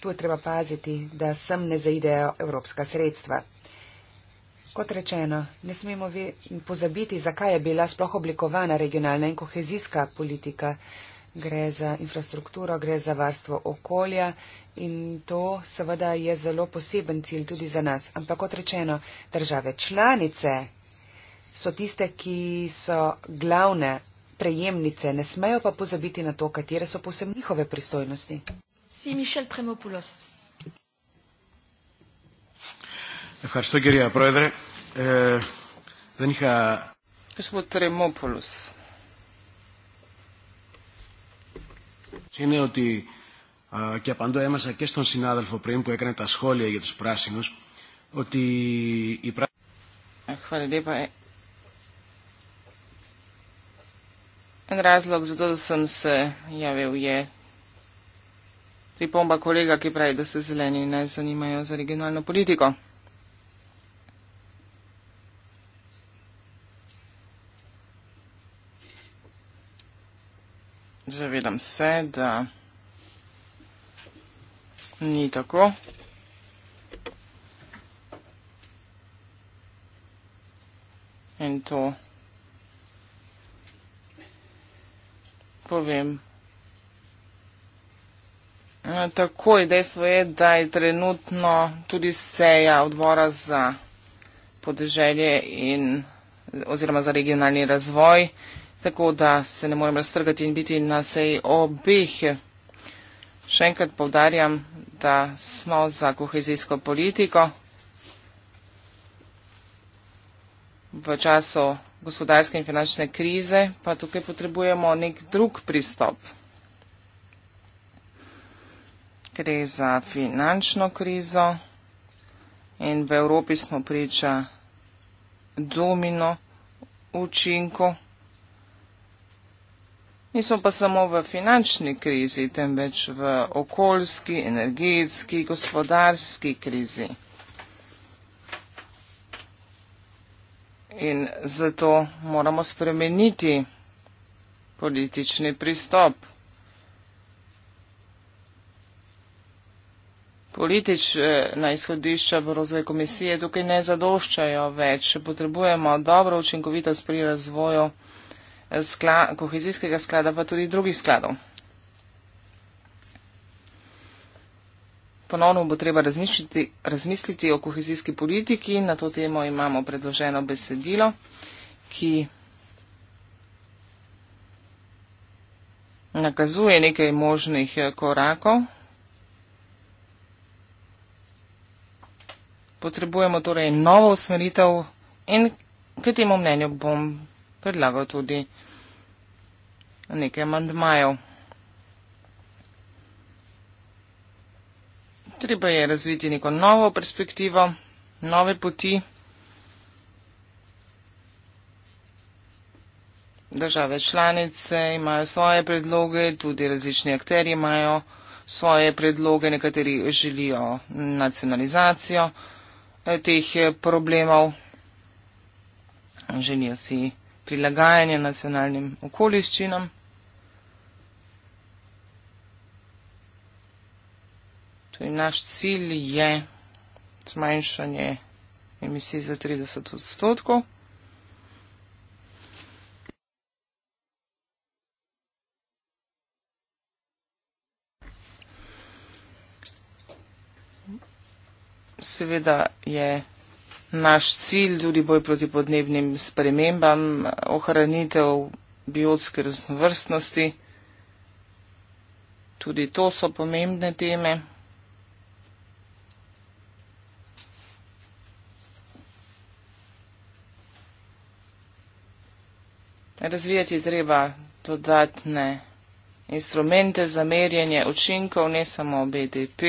tu je treba paziti, da sem ne zaidejo evropska sredstva. Kot rečeno, ne smemo pozabiti, zakaj je bila sploh oblikovana regionalna in kohezijska politika gre za infrastrukturo, gre za varstvo okolja in to seveda je zelo poseben cilj tudi za nas. Ampak kot rečeno, države članice so tiste, ki so glavne prejemnice, ne smejo pa pozabiti na to, katere so posebne njihove pristojnosti. Si Mišel Tremopoulos. Gospod Tremopoulos. αλήθεια. Είναι ότι α, και απαντώ έμασα και στον συνάδελφο πριν που έκανε τα σχόλια για τους πράσινους ότι η πράσινη... Εν ράζλογ за то да съм се явил е припомба колега, ки прави да се зелени не занимаю за регионална политика. Zavedam se, da ni tako. In to povem. Takoj dejstvo je, da je trenutno tudi seja odbora za podeželje in, oziroma za regionalni razvoj tako da se ne morem raztrgati in biti na seji obeh. Še enkrat povdarjam, da smo za kohezijsko politiko v času gospodarske in finančne krize, pa tukaj potrebujemo nek drug pristop. Gre za finančno krizo in v Evropi smo priča domino učinko. Nismo pa samo v finančni krizi, temveč v okoljski, energetski, gospodarski krizi. In zato moramo spremeniti politični pristop. Politična izhodišča Borozove komisije tukaj ne zadoščajo več. Potrebujemo dobro učinkovitost pri razvoju skla, kohezijskega sklada, pa tudi drugih skladov. Ponovno bo treba razmisliti, razmisliti o kohezijski politiki. Na to temo imamo predloženo besedilo, ki nakazuje nekaj možnih eh, korakov. Potrebujemo torej novo usmeritev in k temu mnenju bom predlagal tudi nekaj amandmajev. Treba je razviti neko novo perspektivo, nove poti. Države članice imajo svoje predloge, tudi različni akteri imajo svoje predloge, nekateri želijo nacionalizacijo eh, teh eh, problemov, želijo si prilagajanje nacionalnim okoliščinam. Tudi torej, naš cilj je zmanjšanje emisij za 30 odstotkov. Seveda je naš cilj tudi boj proti podnebnim spremembam, ohranitev biotske raznovrstnosti. Tudi to so pomembne teme. Razvijati je treba dodatne instrumente za merjenje učinkov, ne samo BDP.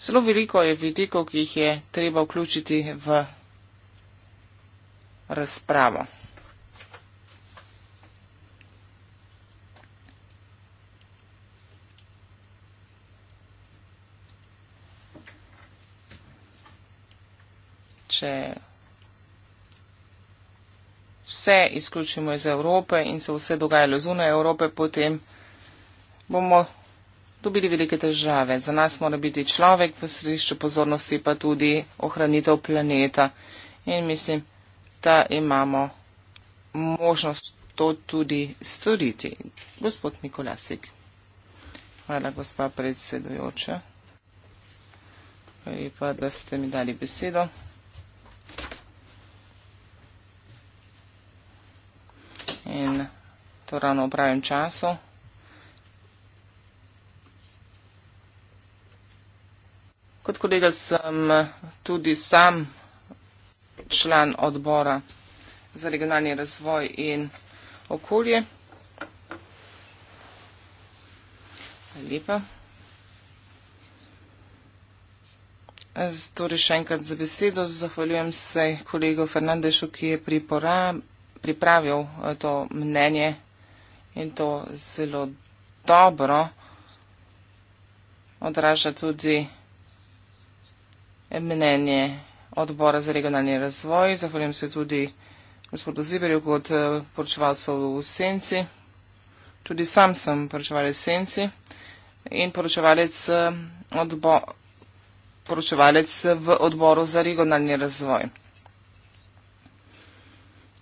Zelo veliko je vidikov, ki jih je treba vključiti v razpravo. Če vse izključimo iz Evrope in se vse dogajalo zunaj Evrope, potem bomo dobili velike težave. Za nas mora biti človek v središču pozornosti, pa tudi ohranitev planeta. In mislim, da imamo možnost to tudi storiti. Gospod Nikolasik. Hvala, gospa predsedujoča. Hvala lepa, da ste mi dali besedo. in to ravno v pravem času. Kot kolega sem tudi sam član odbora za regionalni razvoj in okolje. Lepa. Torej še enkrat za besedo. Zahvaljujem se kolegu Fernandešu, ki je pri porabi pripravil eh, to mnenje in to zelo dobro odraža tudi mnenje odbora za regionalni razvoj. Zahvaljujem se tudi gospodu Ziberju kot eh, poročevalcu v Senci. Tudi sam sem poročevalec Senci in poročevalec, eh, odbo, poročevalec v odboru za regionalni razvoj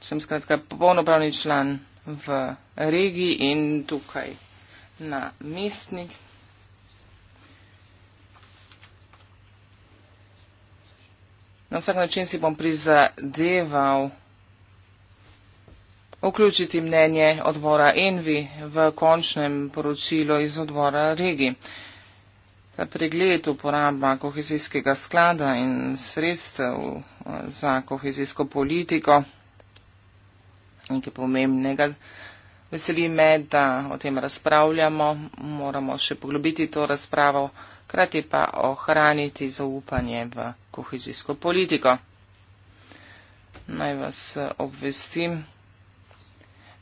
sem skratka polnopravni član v regiji in tukaj na mestni. Na vsak način si bom prizadeval vključiti mnenje odbora Envi v končnem poročilu iz odbora regiji. Ta pregled uporaba kohezijskega sklada in sredstev za kohezijsko politiko nekaj pomembnega. Veseli me, da o tem razpravljamo, moramo še poglobiti to razpravo, krati pa ohraniti zaupanje v kohezijsko politiko. Naj vas obvestim,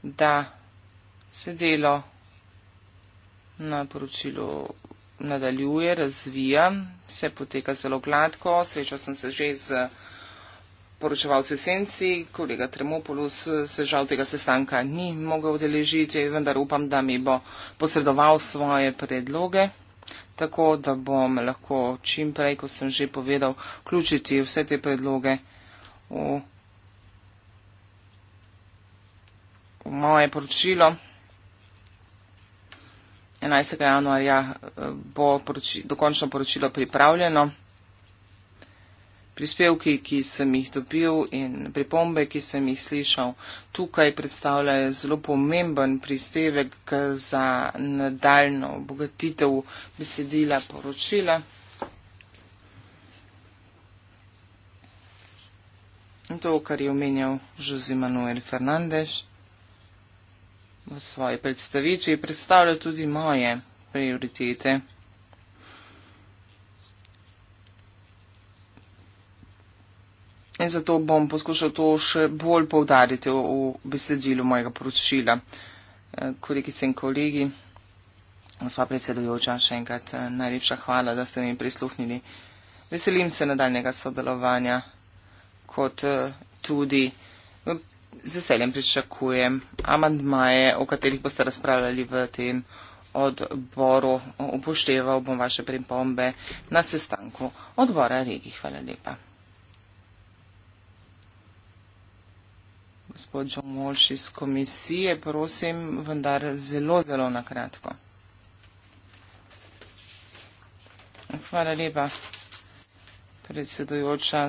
da se delo na poročilu nadaljuje, razvija, vse poteka zelo gladko, srečal sem se že z poročevalci v senci, kolega Tremopolus se žal tega sestanka ni mogel odeležiti, vendar upam, da mi bo posredoval svoje predloge, tako da bom lahko čim prej, kot sem že povedal, vključiti vse te predloge v, v moje poročilo. 11. januarja eh, bo poroči, dokončno poročilo pripravljeno prispevki, ki sem jih dobil in pripombe, ki sem jih slišal, tukaj predstavljajo zelo pomemben prispevek za nadaljno obogatitev besedila poročila. In to, kar je omenjal Žuzi Manuel Fernandez v svoji predstavitvi, predstavlja tudi moje prioritete. In zato bom poskušal to še bolj povdariti v, v besedilu mojega poročila. Eh, kolegice in kolegi, gospa predsedujoča, še enkrat eh, najlepša hvala, da ste mi prisluhnili. Veselim se nadaljnega sodelovanja, kot eh, tudi z veseljem pričakujem amandmaje, o katerih boste razpravljali v tem odboru. Upošteval bom vaše pripombe na sestanku odbora regij. Hvala lepa. gospod John Walsh iz komisije, prosim, vendar zelo, zelo nakratko. Hvala lepa, predsedujoča.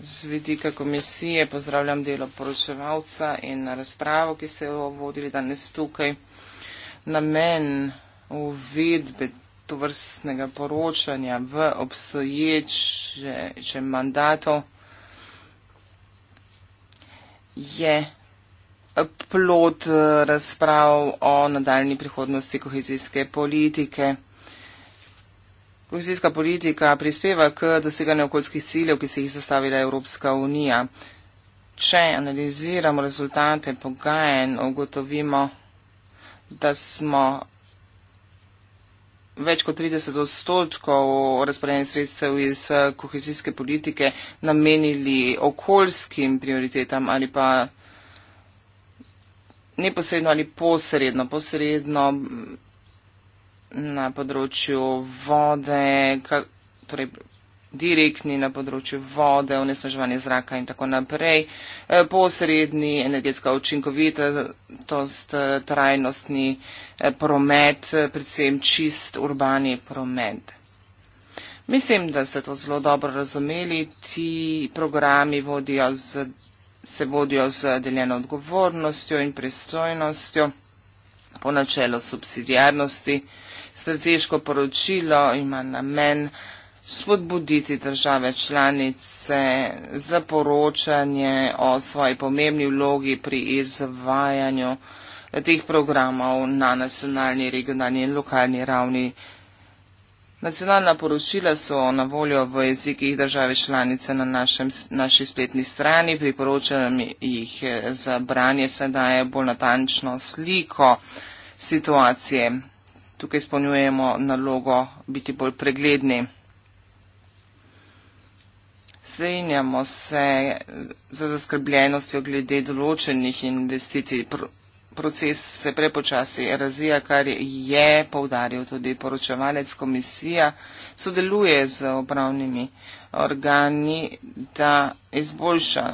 Z vidika komisije pozdravljam delo poročevalca in razpravo, ki ste jo vodili danes tukaj. Namen uvedbe tovrstnega poročanja v obstoječe mandato je plod eh, razprav o nadaljni prihodnosti kohezijske politike. Kohezijska politika prispeva k doseganju okoljskih ciljev, ki se jih zastavila Evropska unija. Če analiziramo rezultate pogajen, ugotovimo, da smo več kot 30 odstotkov razporejenih sredstev iz eh, kohezijske politike namenili okoljskim prioritetam ali pa neposredno ali posredno, posredno mm, na področju vode, ka, torej direktni na področju vode, onesnaževanje zraka in tako naprej, e, posredni energetska učinkovitost, e, trajnostni e, promet, predvsem čist urbani promet. Mislim, da ste to zelo dobro razumeli. Ti programi vodijo z, se vodijo z deljeno odgovornostjo in pristojnostjo po načelu subsidijarnosti. Strateško poročilo ima namen, spodbuditi države članice za poročanje o svoji pomembni vlogi pri izvajanju teh programov na nacionalni, regionalni in lokalni ravni. Nacionalna poročila so na voljo v jezikih države članice na našem, naši spletni strani. Priporočam jih za branje, saj daje bolj natančno sliko situacije. Tukaj izpolnjujemo nalogo biti bolj pregledni strinjamo se za zaskrbljenostjo glede določenih investicij. Proces se prepočasi razvija, kar je povdaril tudi poročevalec komisija, sodeluje z upravnimi organi, da izboljša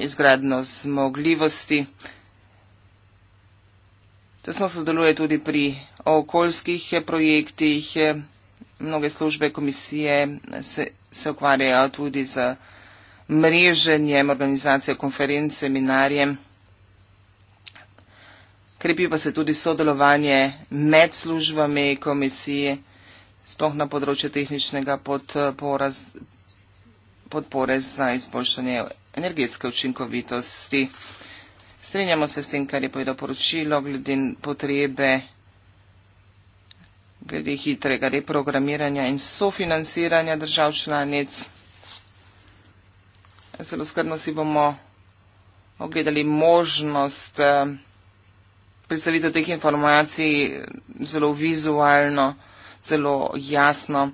izgradno zmogljivosti. Tesno sodeluje tudi pri okoljskih projektih. Mnoge službe komisije se se ukvarjajo tudi z mreženjem, organizacijo konferenc, seminarjem. Krepi pa se tudi sodelovanje med službami komisije, sploh na področju tehničnega podpora, podpore za izboljšanje energetske učinkovitosti. Strenjamo se s tem, kar je povedal poročilo, glede potrebe glede hitrega reprogramiranja in sofinanciranja držav članic. Zelo skrbno si bomo ogledali možnost eh, predstavitev teh informacij zelo vizualno, zelo jasno.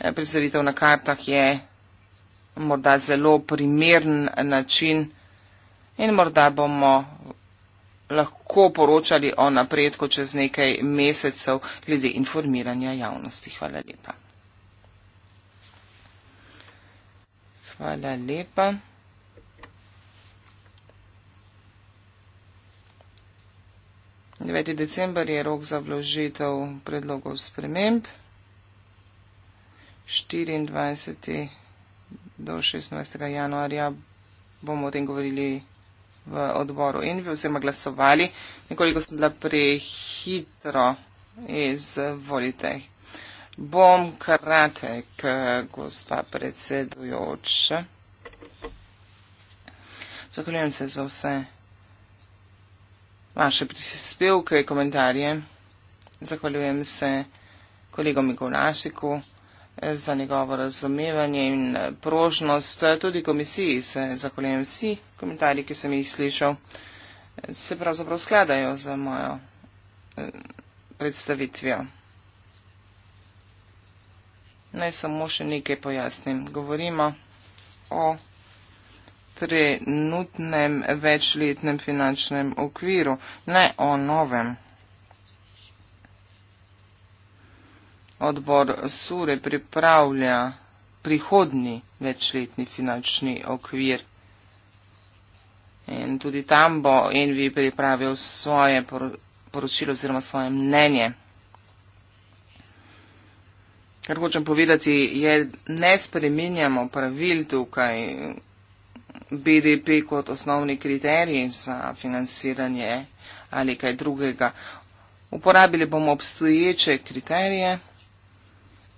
Eh, predstavitev na kartah je morda zelo primern način in morda bomo lahko poročali o napredku čez nekaj mesecev glede informiranja javnosti. Hvala lepa. Hvala lepa. Deveti december je rok za vložitev predlogov sprememb. 24. do 16. januarja bomo o tem govorili v odboru in vi oziroma glasovali. Nekoliko sem bila prehitro izvolite. Bom kratek, gospa predsedujoča. Zahvaljujem se za vse vaše prispevke, komentarje. Zahvaljujem se kolegom Igonašiku za njegovo razumevanje in prožnost. Tudi komisiji se zahvaljujem vsi komentarji, ki sem jih slišal, se pravzaprav skladajo za mojo eh, predstavitvijo. Naj samo še nekaj pojasnim. Govorimo o trenutnem večletnem finančnem okviru, ne o novem Odbor Sure pripravlja prihodni večletni finančni okvir. In tudi tam bo Envi pripravil svoje poročilo oziroma svoje mnenje. Kar hočem povedati, je, ne spreminjamo pravil tukaj BDP kot osnovni kriterij za financiranje ali kaj drugega. Uporabili bomo obstoječe kriterije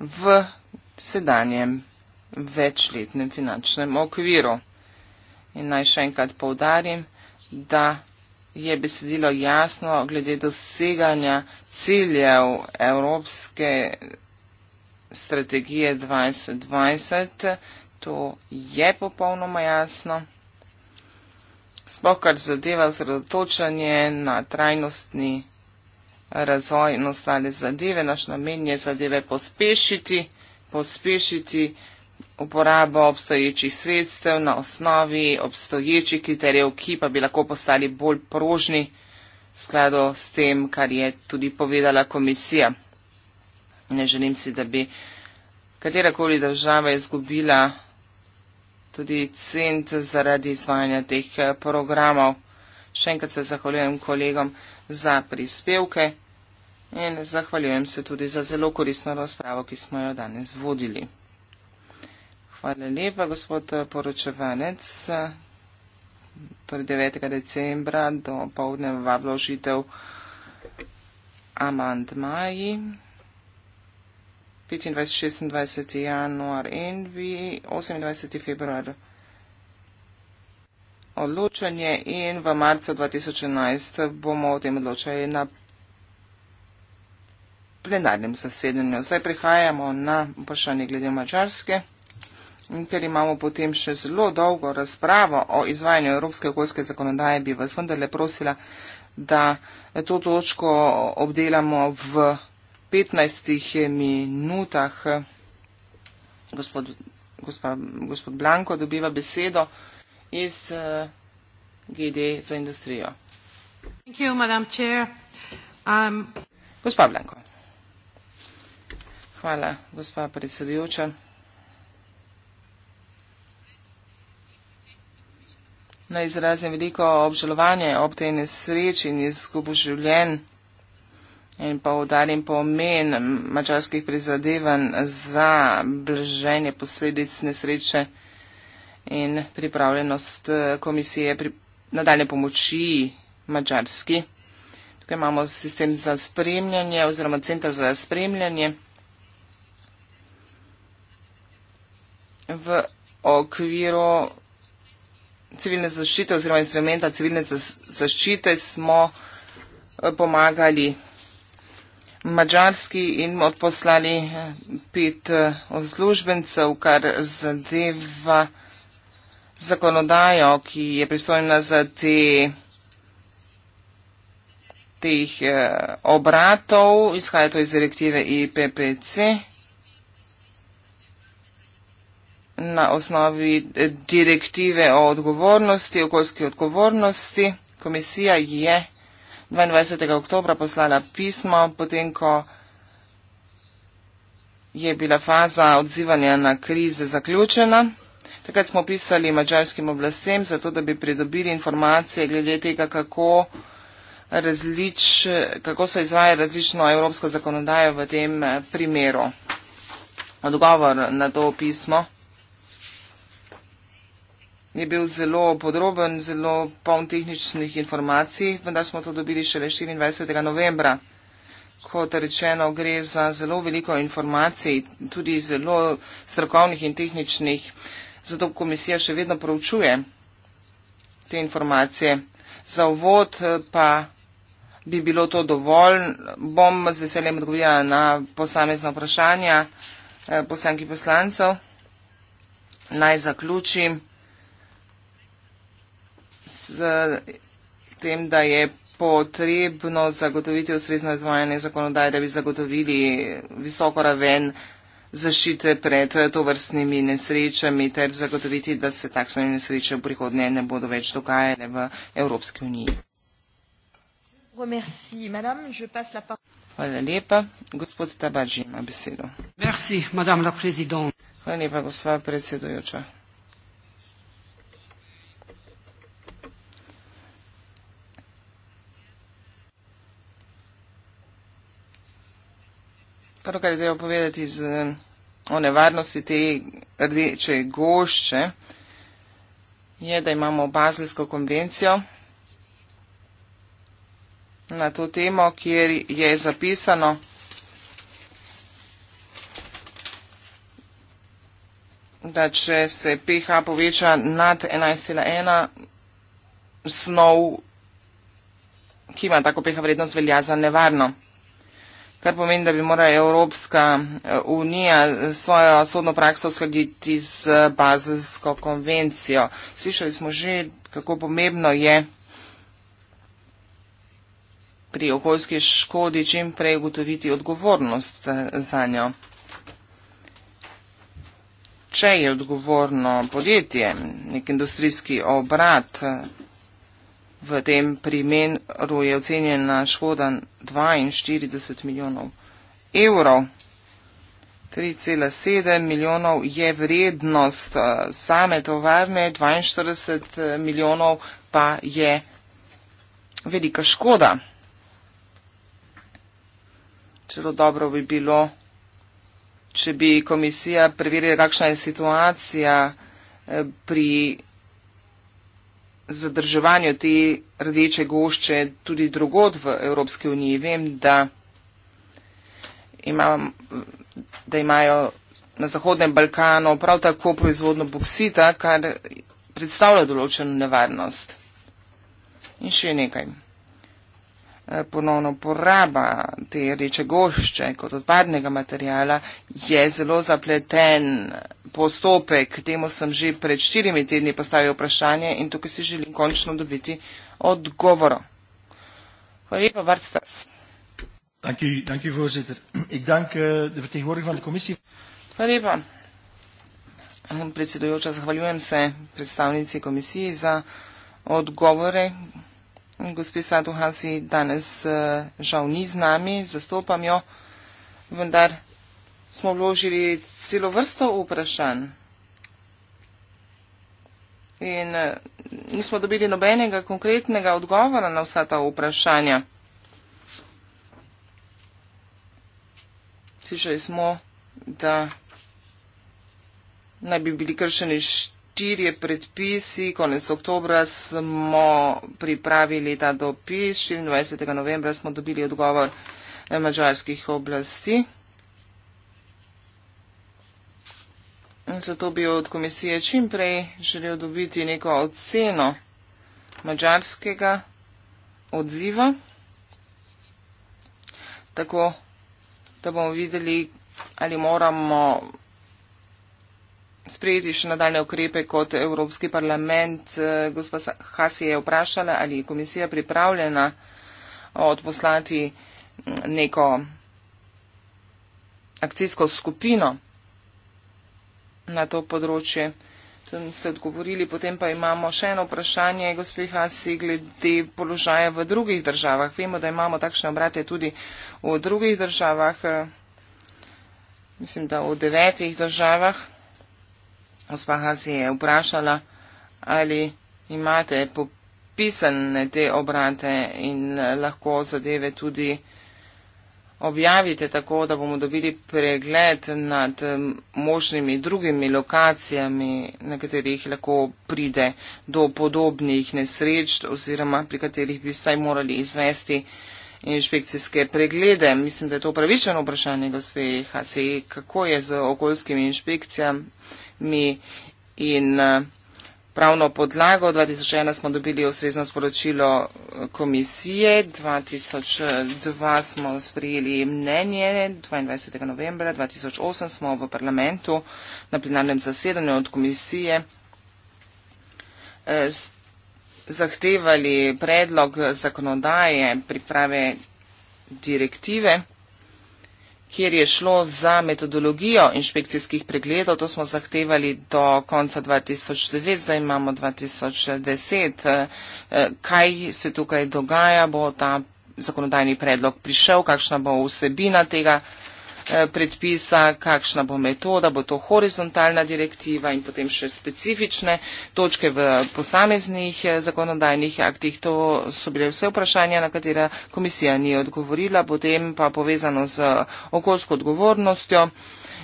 v sedanjem večletnem finančnem okviru. In naj še enkrat povdarim, da je besedilo jasno glede doseganja ciljev Evropske strategije 2020. To je popolnoma jasno. Spokaj zadeva osredotočanje na trajnostni razvoj in ostale zadeve. Naš namen je zadeve pospešiti, pospešiti uporabo obstoječih sredstev na osnovi obstoječih kriterijev, ki pa bi lahko postali bolj prožni v skladu s tem, kar je tudi povedala komisija. Ne želim si, da bi katerakoli država izgubila tudi cent zaradi izvajanja teh programov. Še enkrat se zahvaljujem kolegom za prispevke in zahvaljujem se tudi za zelo koristno razpravo, ki smo jo danes vodili. Hvala lepa, gospod poročevanec. Torej 9. decembra do povdne vabložitev Amand Maji. 25. 26. januar in vi 28. februar odločanje in v marcu 2011 bomo o tem odločali na plenarnem zasedanju. Zdaj prihajamo na vprašanje glede Mačarske, ker imamo potem še zelo dolgo razpravo o izvajanju evropske okoljske zakonodaje, bi vas vendarle prosila, da to točko obdelamo v 15 minutah. Gospod, gospa, gospod Blanko dobiva besedo iz uh, eh, GD za industrijo. You, um... Gospa Blanko. Hvala, gospa predsedujoča. Naj izrazim veliko obžalovanje ob tej nesreči in izgubo življenj in pa udarim pomen mačarskih prizadevanj za blaženje posledic nesreče in pripravljenost eh, komisije pri nadaljne pomoči Mačarski. Tukaj imamo sistem za spremljanje oziroma centr za spremljanje. V okviru civilne zaščite oziroma instrumenta civilne zaščite smo eh, pomagali Mačarski in odposlali eh, pet uslužbencev, kar zadeva zakonodajo, ki je pristojna za te teh eh, obratov, izhaja to iz direktive IPPC. E na osnovi eh, direktive o odgovornosti, okoljski odgovornosti, komisija je 22. oktobra poslala pismo, potem, ko je bila faza odzivanja na krize zaključena. Takrat smo pisali mađarskim oblastem, zato da bi pridobili informacije glede tega, kako, različ, kako so izvajali različno evropsko zakonodajo v tem eh, primeru. Odgovor na to pismo je bil zelo podroben, zelo poln tehničnih informacij, vendar smo to dobili šele 24. novembra. Kot rečeno, gre za zelo veliko informacij, tudi zelo strokovnih in tehničnih zato komisija še vedno proučuje te informacije. Za uvod eh, pa bi bilo to dovolj. Bom z veseljem odgovorila na posamezna vprašanja eh, poslanki poslancev. Naj zaključim s tem, da je potrebno zagotoviti ustrezno izvajanje zakonodaje, da bi zagotovili visoko raven zaščite pred tovrstnimi nesrečami ter zagotoviti, da se takšne nesreče v prihodnje ne bodo več dogajale v Evropski uniji. Merci, madame, je passe la Hvala lepa. Gospod Tabadži ima besedo. Merci, madame la Hvala lepa, gospod predsedujoča. Prvo, kar je treba povedati z, o nevarnosti te rdeče gošče, je, da imamo bazilsko konvencijo na to temo, kjer je zapisano, da če se pH poveča nad 11,1, snov, ki ima tako pH vrednost, velja za nevarno kar pomeni, da bi morala Evropska eh, unija eh, svojo sodno prakso uskladiti z eh, bazilsko konvencijo. Slišali smo že, kako pomembno je pri okoljski škodi čim prej ugotoviti odgovornost za njo. Če je odgovorno podjetje, nek industrijski obrat, v tem primeru je ocenjena škoda 42 milijonov evrov. 3,7 milijonov je vrednost eh, same tovarne, 42 eh, milijonov pa je velika škoda. Čelo dobro bi bilo, če bi komisija preverila, kakšna je situacija eh, pri zadrževanju te rdeče gošče tudi drugod v Evropski uniji. Vem, da, imam, da imajo na Zahodnem Balkanu prav tako proizvodno boksita, kar predstavlja določeno nevarnost. In še nekaj. Eh, ponovno uporaba te reče gošče kot odpadnega materijala je zelo zapleten postopek. Temu sem že pred štirimi tedni postavil vprašanje in tukaj si želim končno dobiti odgovoro. Hvala lepa, Vrstas. Dank u, dank u voorzitter. Ik dank uh, de vertegenwoordiger van de commissie. Hvala Predsedujoča, zahvaljujem se predstavnici komisiji za odgovore, Gospe Sadohazi danes eh, žal ni z nami, zastopam jo, vendar smo vložili celo vrsto vprašanj. In eh, nismo dobili nobenega konkretnega odgovora na vsa ta vprašanja. Slišali smo, da naj bi bili kršeni štirje predpisi. Konec oktobra smo pripravili ta dopis, 24. novembra smo dobili odgovor eh, mađarskih oblasti. Zato bi od komisije čim prej želel dobiti neko oceno mađarskega odziva, tako da bomo videli, ali moramo sprejeti še nadaljne ukrepe kot Evropski parlament. Eh, gospa Hasi je vprašala, ali je komisija pripravljena odposlati mm, neko akcijsko skupino na to področje. To ste odgovorili. Potem pa imamo še eno vprašanje, gospod Hasi, glede položaja v drugih državah. Vemo, da imamo takšne obrate tudi v drugih državah. Eh, mislim, da v devetih državah. Gospa Hazi je vprašala, ali imate popisane te obrate in lahko zadeve tudi objavite tako, da bomo dobili pregled nad možnimi drugimi lokacijami, na katerih lahko pride do podobnih nesreč oziroma pri katerih bi vsaj morali izvesti inšpekcijske preglede. Mislim, da je to pravičen vprašanje, gospe Hasi, kako je z okoljskimi inšpekcijami in eh, pravno podlago. 2001 smo dobili osrezno sporočilo eh, komisije, 2002 smo sprejeli mnenje, 22. novembra 2008 smo v parlamentu na plenarnem zasedanju od komisije. Eh, zahtevali predlog zakonodaje priprave direktive, kjer je šlo za metodologijo inšpekcijskih pregledov. To smo zahtevali do konca 2009, zdaj imamo 2010. Eh, kaj se tukaj dogaja, bo ta zakonodajni predlog prišel, kakšna bo vsebina tega Eh, predpisa, kakšna bo metoda, bo to horizontalna direktiva in potem še specifične točke v posameznih eh, zakonodajnih aktih. To so bile vse vprašanja, na katera komisija ni odgovorila, potem pa povezano z okoljsko odgovornostjo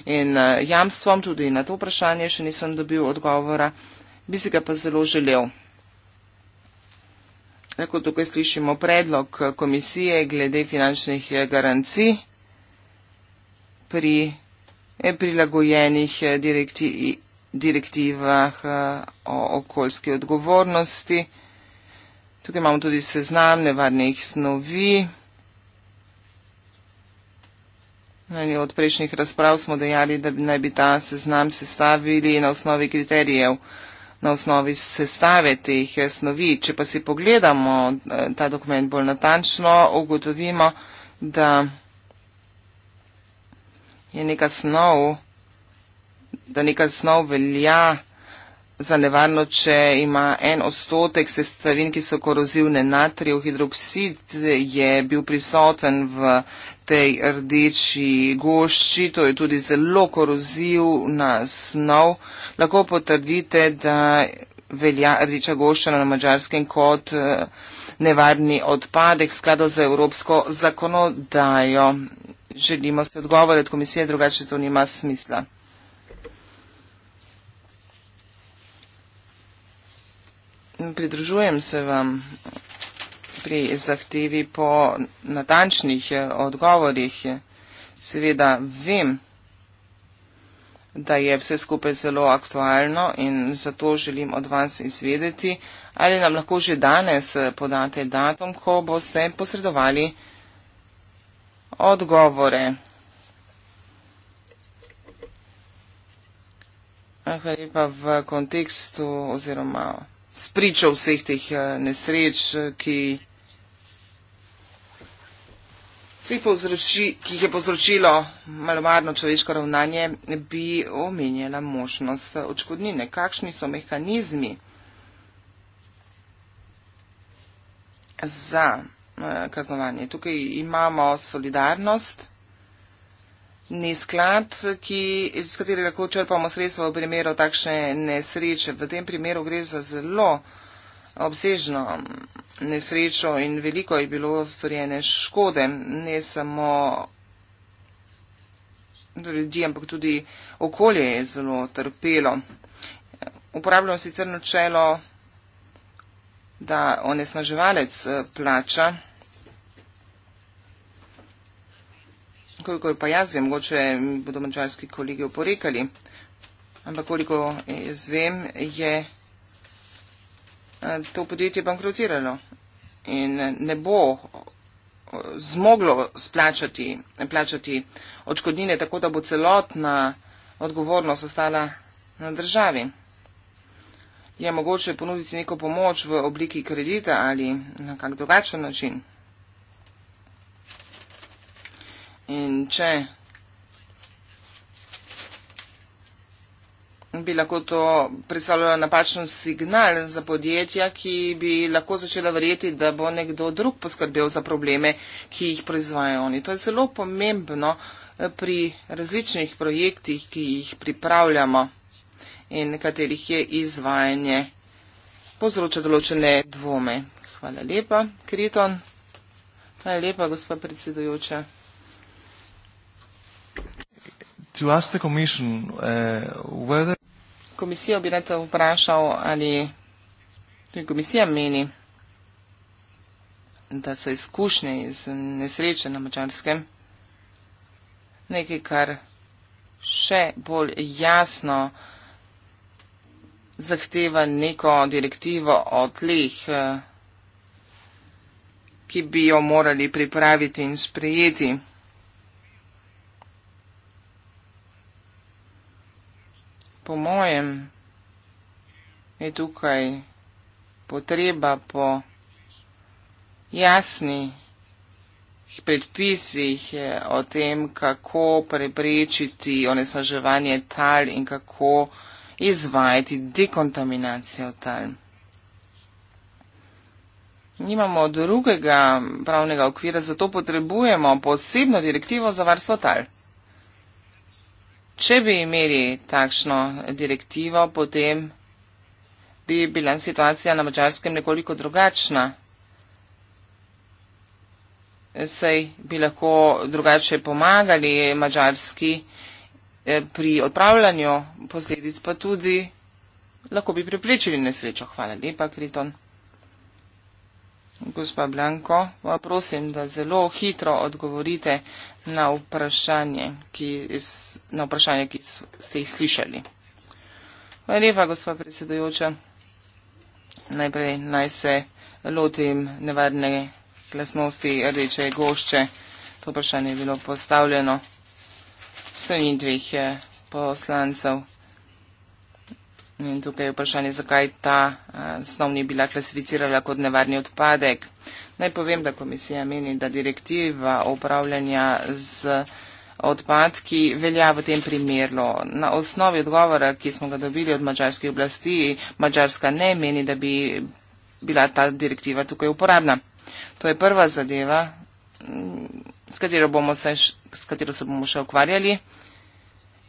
in eh, jamstvom, tudi na to vprašanje še nisem dobil odgovora, bi si ga pa zelo želel. Tako tukaj slišimo predlog komisije glede finančnih garancij pri eh, prilagojenih eh, direkti, direktivah eh, o okoljski odgovornosti. Tukaj imamo tudi seznam nevarnih snovi. Od prejšnjih razprav smo dejali, da bi naj bi ta seznam sestavili na osnovi kriterijev, na osnovi sestave teh snovi. Če pa si pogledamo ta dokument bolj natančno, ugotovimo, da je neka snov, da neka snov velja za nevarno, če ima en odstotek sestavin, ki so korozivne natrijev, hidroksid je bil prisoten v tej rdeči gošči, to je tudi zelo korozivna snov. Lahko potrdite, da velja rdeča gošča na mačarskem kot eh, nevarni odpadek skladov za evropsko zakonodajo želimo se odgovore od komisije, drugače to nima smisla. Pridružujem se vam pri zahtevi po natančnih eh, odgovorih. Seveda vem, da je vse skupaj zelo aktualno in zato želim od vas izvedeti, ali nam lahko že danes eh, podate datum, ko boste posredovali odgovor odgovore. Kar je pa v kontekstu oziroma spričo vseh teh eh, nesreč, ki Vseh povzroči, ki jih je povzročilo malomarno človeško ravnanje, bi omenjala možnost očkodnine. Kakšni so mehanizmi za Eh, kaznovanje. Tukaj imamo solidarnost, ni sklad, ki, iz katerega lahko črpamo sredstva v primeru takšne nesreče. V tem primeru gre za zelo obsežno mm, nesrečo in veliko je bilo storjene škode, ne samo ljudi, ampak tudi okolje je zelo trpelo. Uporabljamo sicer načelo, da onesnaževalec eh, plača. koliko pa jaz vem, mogoče mi bodo mačarski kolegi oporekali, ampak koliko jaz vem, je eh, to podjetje bankrotiralo in ne bo eh, zmoglo splačati, plačati očkodnine, tako da bo celotna odgovornost ostala na državi. Je mogoče ponuditi neko pomoč v obliki kredita ali na kak drugačen način. In če bi lahko to predstavljalo napačen signal za podjetja, ki bi lahko začela verjeti, da bo nekdo drug poskrbel za probleme, ki jih proizvajajo oni. To je zelo pomembno eh, pri različnih projektih, ki jih pripravljamo in katerih je izvajanje povzroča določene dvome. Hvala lepa, Kriton. Hvala lepa, gospod predsedujoča. Uh, Komisijo bi rad vprašal, ali komisija meni, da so izkušnje iz nesreče na Mačarskem nekaj, kar še bolj jasno zahteva neko direktivo o tleh, eh, ki bi jo morali pripraviti in sprejeti. po mojem, je tukaj potreba po jasnih predpisih eh, o tem, kako preprečiti onesnaževanje tal in kako izvajati dekontaminacijo tal. Nimamo drugega pravnega okvira, zato potrebujemo posebno direktivo za varstvo tal. Če bi imeli takšno direktivo, potem bi bila situacija na mačarskem nekoliko drugačna. Sej bi lahko drugače pomagali mačarski eh, pri odpravljanju posledic, pa tudi lahko bi preprečili nesrečo. Hvala lepa, Kriton. Gospa Blanko, prosim, da zelo hitro odgovorite na vprašanje, ki, iz, na vprašanje, ki ste jih slišali. Hvala lepa, gospod predsedujoča. Najprej naj se lotim nevarne glasnosti rdeče gošče. To vprašanje je bilo postavljeno strani dveh eh, poslancev. In tukaj je vprašanje, zakaj ta eh, snov ni bila klasificirala kot nevarni odpadek. Naj povem, da komisija meni, da direktiva upravljanja z odpadki velja v tem primeru. Na osnovi odgovora, ki smo ga dobili od mačarskih oblasti, mačarska ne meni, da bi bila ta direktiva tukaj uporabna. To je prva zadeva, mm, s katero, se, s katero se bomo še ukvarjali.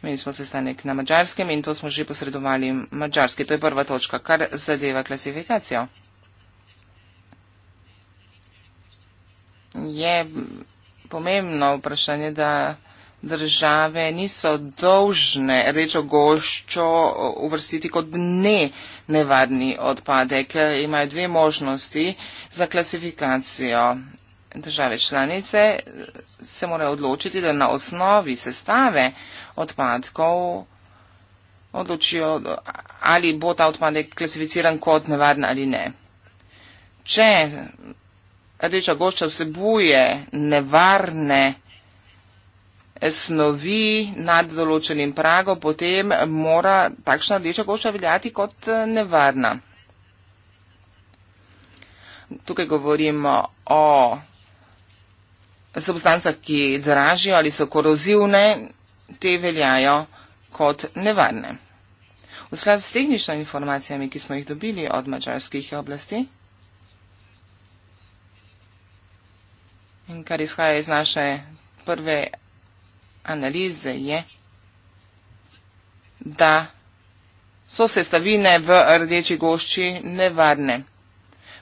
Imeli smo sestanek na mačarskem in to smo že posredovali mačarski. To je prva točka, kar zadeva klasifikacijo. je pomembno vprašanje, da države niso dolžne rečo goščo uvrstiti kot ne nevadni odpadek. Imajo dve možnosti za klasifikacijo. Države članice se morajo odločiti, da na osnovi sestave odpadkov odločijo, ali bo ta odpadek klasificiran kot nevaren ali ne. Če Rdeča gošča vsebuje nevarne snovi nad določenim prago, potem mora takšna rdeča gošča veljati kot eh, nevarna. Tukaj govorimo o substancah, ki dražijo ali so korozivne, te veljajo kot nevarne. V skladu s tehničnimi informacijami, ki smo jih dobili od mačarskih oblasti, In kar izhaja iz naše prve analize je, da so sestavine v rdeči gošči nevarne.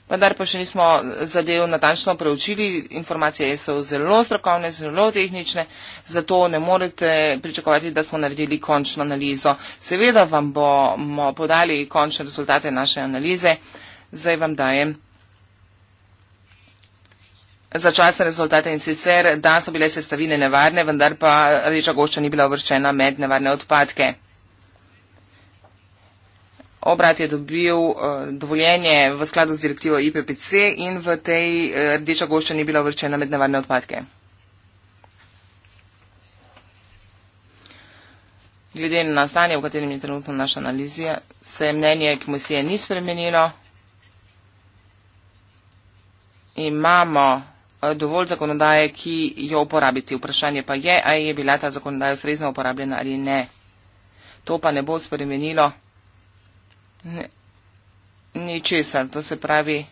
Vendar pa še nismo zadev natančno preučili, informacije so zelo strokovne, zelo tehnične, zato ne morete pričakovati, da smo naredili končno analizo. Seveda vam bomo podali končne rezultate naše analize, zdaj vam dajem začasne rezultate in sicer, da so bile sestavine nevarne, vendar pa rdeča gošča ni bila uvrščena med nevarne odpadke. Obrat je dobil uh, dovoljenje v skladu z direktivo IPPC in v tej uh, rdeča gošča ni bila uvrščena med nevarne odpadke. Glede na stanje, v katerem je trenutno naša analizija, se mnenje komisije ni spremenilo. Imamo Eh, dovolj zakonodaje, ki jo uporabiti. Vprašanje pa je, ali je bila ta zakonodaja ustrezno uporabljena ali ne. To pa ne bo spremenilo ničesar. To se pravi,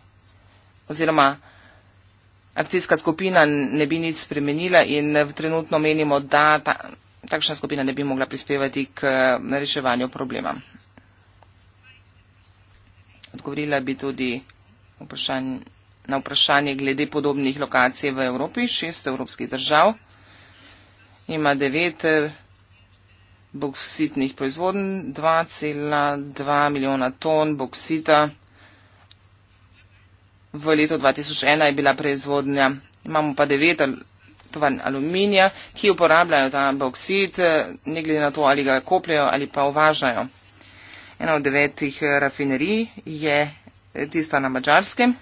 oziroma akcijska skupina ne bi nič spremenila in trenutno menimo, da ta, takšna skupina ne bi mogla prispevati k eh, reševanju problema. Odgovorila bi tudi vprašanje na vprašanje glede podobnih lokacij v Evropi, šest evropskih držav ima devet eh, boksitnih proizvodn, 2,2 milijona ton boksita. V letu 2001 je bila proizvodnja, imamo pa devet tovarn aluminija, ki uporabljajo ta boksit, eh, ne glede na to, ali ga kopljajo ali pa uvažajo. Ena od devetih eh, rafinerij je tista na mačarskem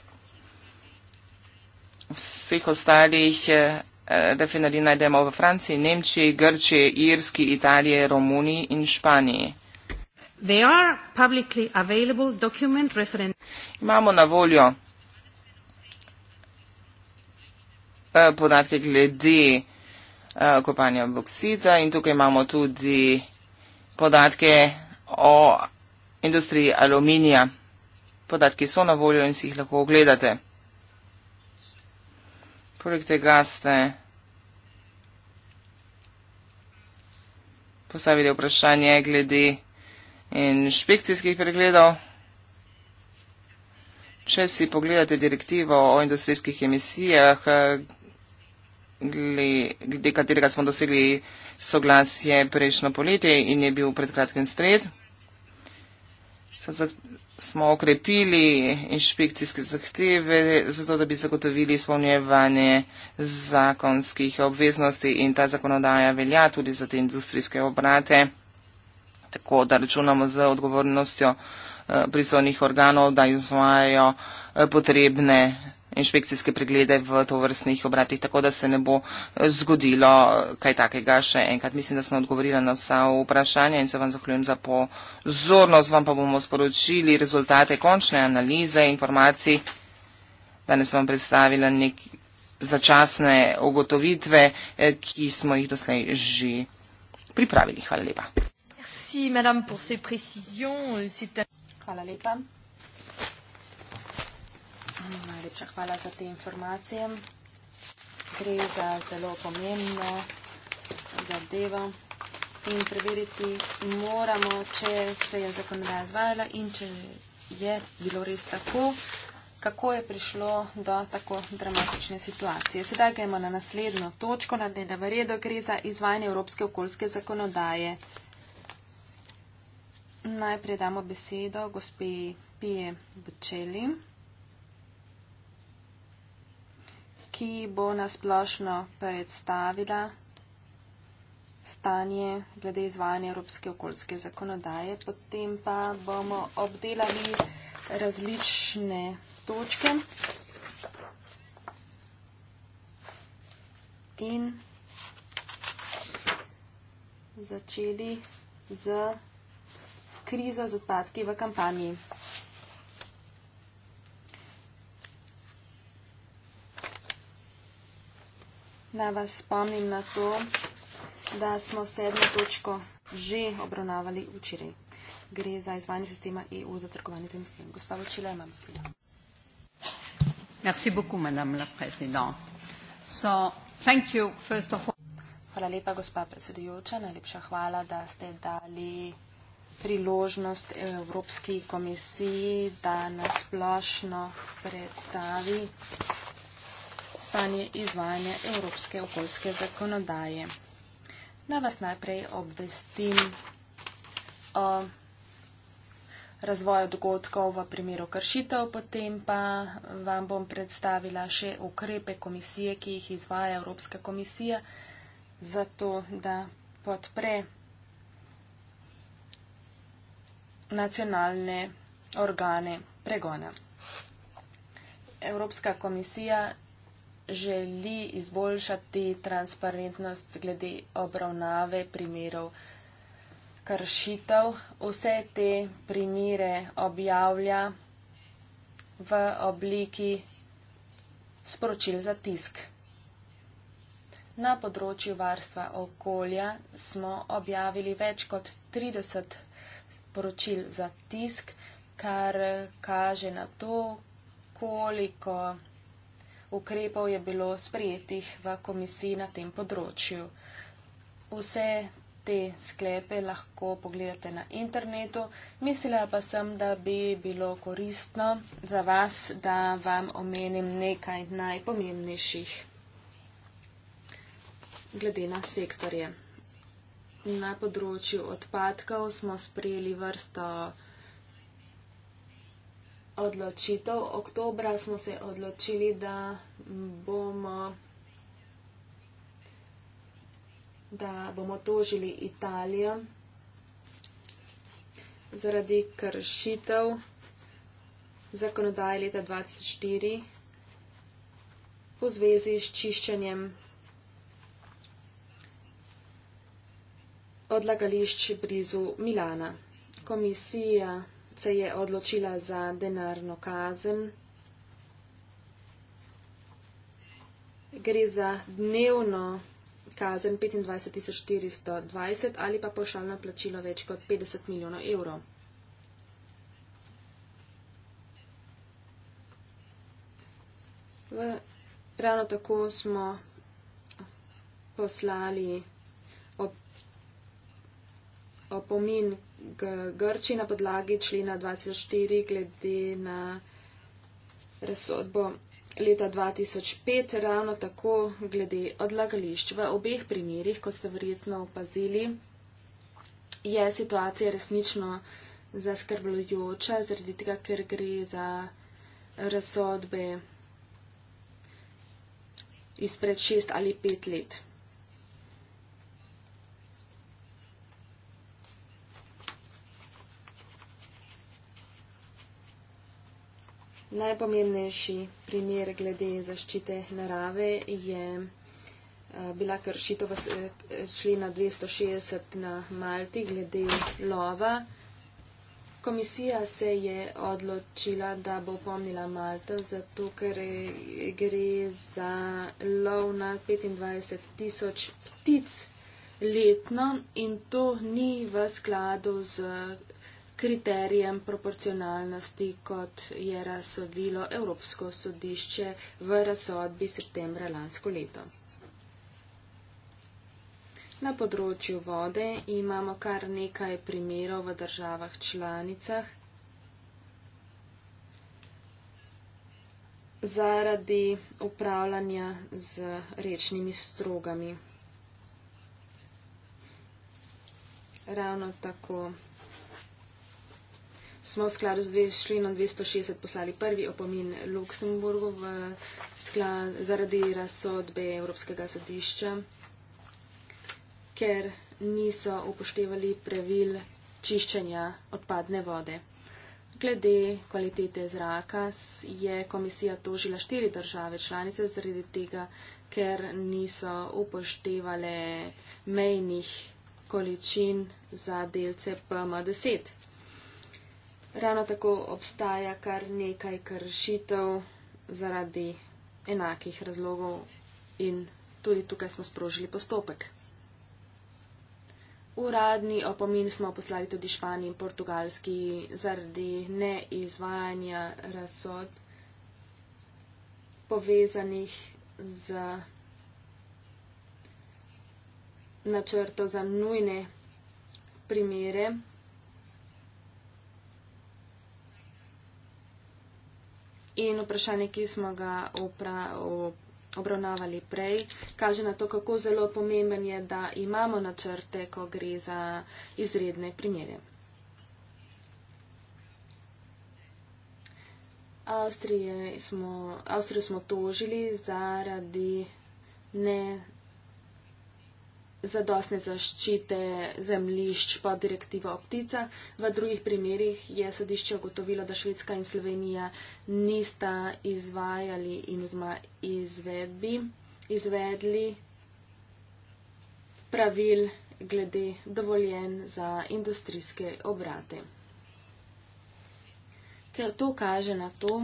vseh ostalih rafinerij eh, najdemo v Franciji, Nemčiji, Grčiji, Irski, Italiji, Romuniji in Španiji. Imamo na voljo eh, podatke glede eh, kopanja boksita in tukaj imamo tudi podatke o industriji aluminija. Podatki so na voljo in si jih lahko ogledate. Poleg tega ste postavili vprašanje glede inšpekcijskih pregledov. Če si pogledate direktivo o industrijskih emisijah, glede katerega smo dosegli soglasje prejšnjo poletje in je bil pred kratkim spred, so smo okrepili inšpekcijske zahteve, zato da bi zagotovili izpolnjevanje zakonskih obveznosti in ta zakonodaja velja tudi za te industrijske obrate, tako da računamo z odgovornostjo eh, prisotnih organov, da izvajo eh, potrebne inšpekcijske preglede v tovrstnih obratih, tako da se ne bo eh, zgodilo eh, kaj takega še enkrat. Mislim, da sem odgovorila na vsa vprašanja in se vam zahvaljujem za pozornost. Vam pa bomo sporočili rezultate končne analize informacij. Danes vam predstavila nek začasne ugotovitve, eh, ki smo jih doslej že pripravili. Hvala lepa. Merci, madame, pour ces précisions. Euh, Hvala lepa. Najlepša hvala za te informacije. Gre za zelo pomembno zadevo in preveriti moramo, če se je zakonodaja izvajala in če je bilo res tako, kako je prišlo do tako dramatične situacije. Sedaj gremo na naslednjo točko na dnevnem redu. Gre za izvajanje Evropske okoljske zakonodaje. Najprej damo besedo gospe Pije Bučeli. ki bo nasplošno predstavila stanje glede izvajanja Evropske okoljske zakonodaje. Potem pa bomo obdelali različne točke. In začeli z krizo z odpadki v kampanji. Naj vas spomnim na to, da smo sedmo točko že obravnavali včeraj. Gre za izvajanje sistema EU za trgovanje z emisijami. Gospa Vočila, imam besedo. Merci beaucoup, madame la présidente. So, thank you, first of all. Hvala lepa, gospa predsedujoča. Najlepša hvala, da ste dali priložnost Evropski komisiji, da nasplošno predstavi stanje izvajanja evropske okoljske zakonodaje. Da vas najprej obvestim o razvoju dogodkov v primeru kršitev, potem pa vam bom predstavila še ukrepe komisije, ki jih izvaja Evropska komisija, zato da podpre nacionalne organe pregona. Evropska komisija želi izboljšati transparentnost glede obravnave primerov kršitev. Vse te primere objavlja v obliki sporočil za tisk. Na področju varstva okolja smo objavili več kot 30 poročil za tisk, kar kaže na to, koliko ukrepov je bilo sprejetih v komisiji na tem področju. Vse te sklepe lahko pogledate na internetu, mislila pa sem, da bi bilo koristno za vas, da vam omenim nekaj najpomembnejših glede na sektorje. Na področju odpadkov smo sprejeli vrsto odločitev. Oktobra smo se odločili, da bomo, da bomo tožili Italijo zaradi kršitev zakonodaje leta 2004 v zvezi s čiščenjem odlagališč blizu Milana. Komisija se je odločila za denarno kazen. Gre za dnevno kazen 25.420 ali pa pošaljno plačilo več kot 50 milijonov evrov. V, ravno tako smo poslali opomin. Op Grči na podlagi člena 24 glede na razsodbo leta 2005, ravno tako glede odlagališč. V obeh primerjih, kot ste verjetno opazili, je situacija resnično zaskrbljujoča, zaradi tega, ker gre za razsodbe izpred šest ali pet let. Najpomembnejši primer glede zaščite narave je eh, bila kršitova eh, člena 260 na Malti glede lova. Komisija se je odločila, da bo pomnila Malta, zato ker gre za lov na 25 tisoč ptic letno in to ni v skladu z kriterijem proporcionalnosti, kot je razsodilo Evropsko sodišče v razsodbi septembra lansko leto. Na področju vode imamo kar nekaj primerov v državah članicah. zaradi upravljanja z rečnimi strogami. Ravno tako smo v skladu z členom 260 poslali prvi opomin Luksemburgu v sklad, zaradi razsodbe Evropskega sodišča, ker niso upoštevali pravil čiščenja odpadne vode. Glede kvalitete zraka je komisija tožila štiri države članice zaradi tega, ker niso upoštevale mejnih količin za delce PM10. Ravno tako obstaja kar nekaj kršitev zaradi enakih razlogov in tudi tukaj smo sprožili postopek. Uradni opomin smo poslali tudi Španiji in Portugalski zaradi neizvajanja razsod povezanih z načrto za nujne primere, in vprašanje, ki smo ga obravnavali prej, kaže na to, kako zelo pomemben je, da imamo načrte, ko gre za izredne primere. Avstrijo smo, smo tožili zaradi ne, zadostne zaščite zemlišč pa direktiva o pticah. V drugih primerjih je sodišče ugotovilo, da Švedska in Slovenija nista izvajali in vzma izvedbi, izvedli pravil glede dovoljen za industrijske obrate. Ker to kaže na to,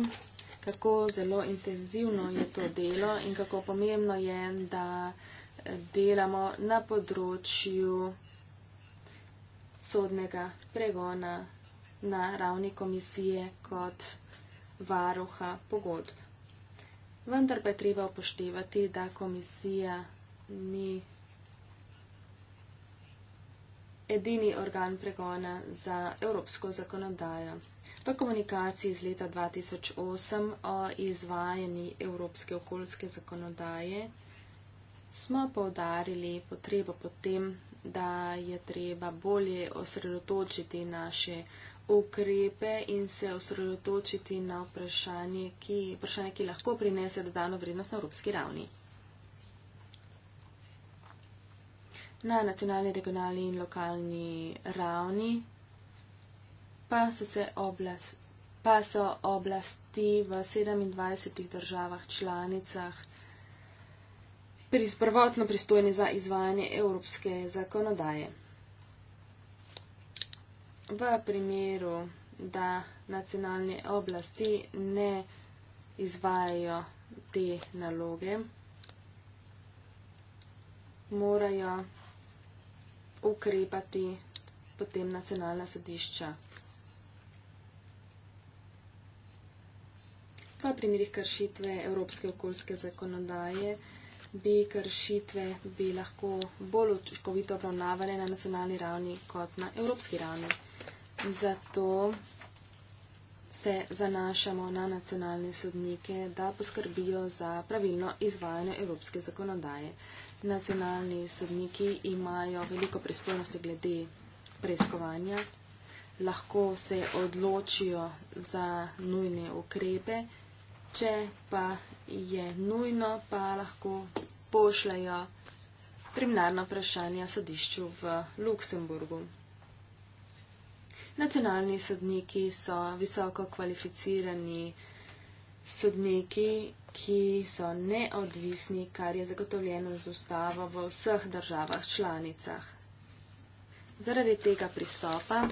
kako zelo intenzivno je to delo in kako pomembno je, da delamo na področju sodnega pregona na ravni komisije kot varuha pogodb. Vendar pa je treba upoštevati, da komisija ni edini organ pregona za evropsko zakonodajo. V komunikaciji iz leta 2008 o izvajanju evropske okoljske zakonodaje smo povdarili potrebo potem, da je treba bolje osredotočiti naše ukrepe in se osredotočiti na vprašanje, ki, vprašanje, ki lahko prinese dodano vrednost na evropski ravni. Na nacionalni, regionalni in lokalni ravni pa so, se oblast, pa so oblasti v 27 državah članicah pri sprvotno pristojni za izvajanje evropske zakonodaje. V primeru, da nacionalne oblasti ne izvajajo te naloge, morajo ukrepati potem nacionalna sodišča. V primerih kršitve evropske okoljske zakonodaje bi kršitve bi lahko bolj učinkovito obravnavane na nacionalni ravni kot na evropski ravni. Zato se zanašamo na nacionalne sodnike, da poskrbijo za pravilno izvajanje evropske zakonodaje. Nacionalni sodniki imajo veliko pristojnosti glede preiskovanja, lahko se odločijo za nujne ukrepe, če pa je nujno, pa lahko pošljajo primarno vprašanje sodišču v Luksemburgu. Nacionalni sodniki so visoko kvalificirani sodniki, ki so neodvisni, kar je zagotovljeno z ustavo v vseh državah članicah. Zaradi tega pristopa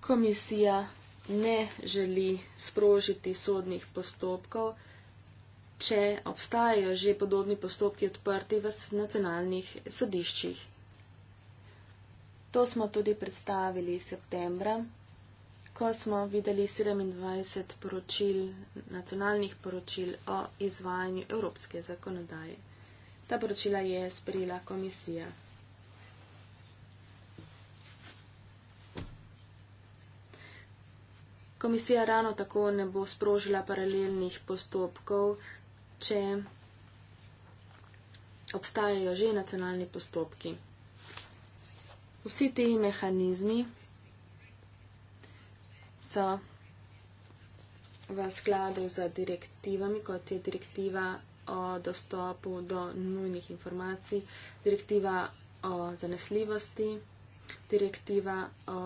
komisija ne želi sprožiti sodnih postopkov, če obstajajo že podobni postopki odprti v nacionalnih sodiščih. To smo tudi predstavili septembra, ko smo videli 27 poročil, nacionalnih poročil o izvajanju evropske zakonodaje. Ta poročila je sprejela komisija. komisija ravno tako ne bo sprožila paralelnih postopkov, če obstajajo že nacionalni postopki. Vsi ti mehanizmi so v skladu z direktivami, kot je direktiva o dostopu do nujnih informacij, direktiva o zanesljivosti, direktiva o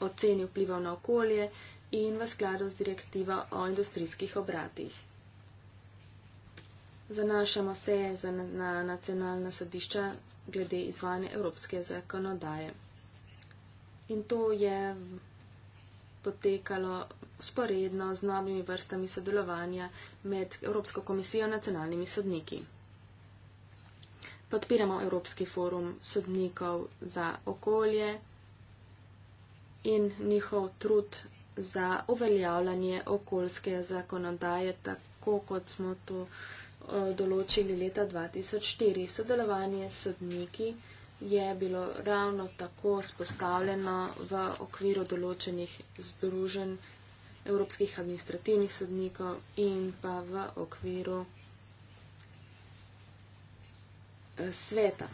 oceni vplivov na okolje in v skladu z direktivo o industrijskih obratih. Zanašamo se na nacionalna sodišča glede izvajanja evropske zakonodaje. In to je potekalo sporedno z novimi vrstami sodelovanja med Evropsko komisijo in nacionalnimi sodniki. Podpiramo Evropski forum sodnikov za okolje, in njihov trud za uveljavljanje okoljske zakonodaje, tako kot smo to eh, določili leta 2004. Sodelovanje s sodniki je bilo ravno tako spostavljeno v okviru določenih združenj evropskih administrativnih sodnikov in pa v okviru eh, sveta.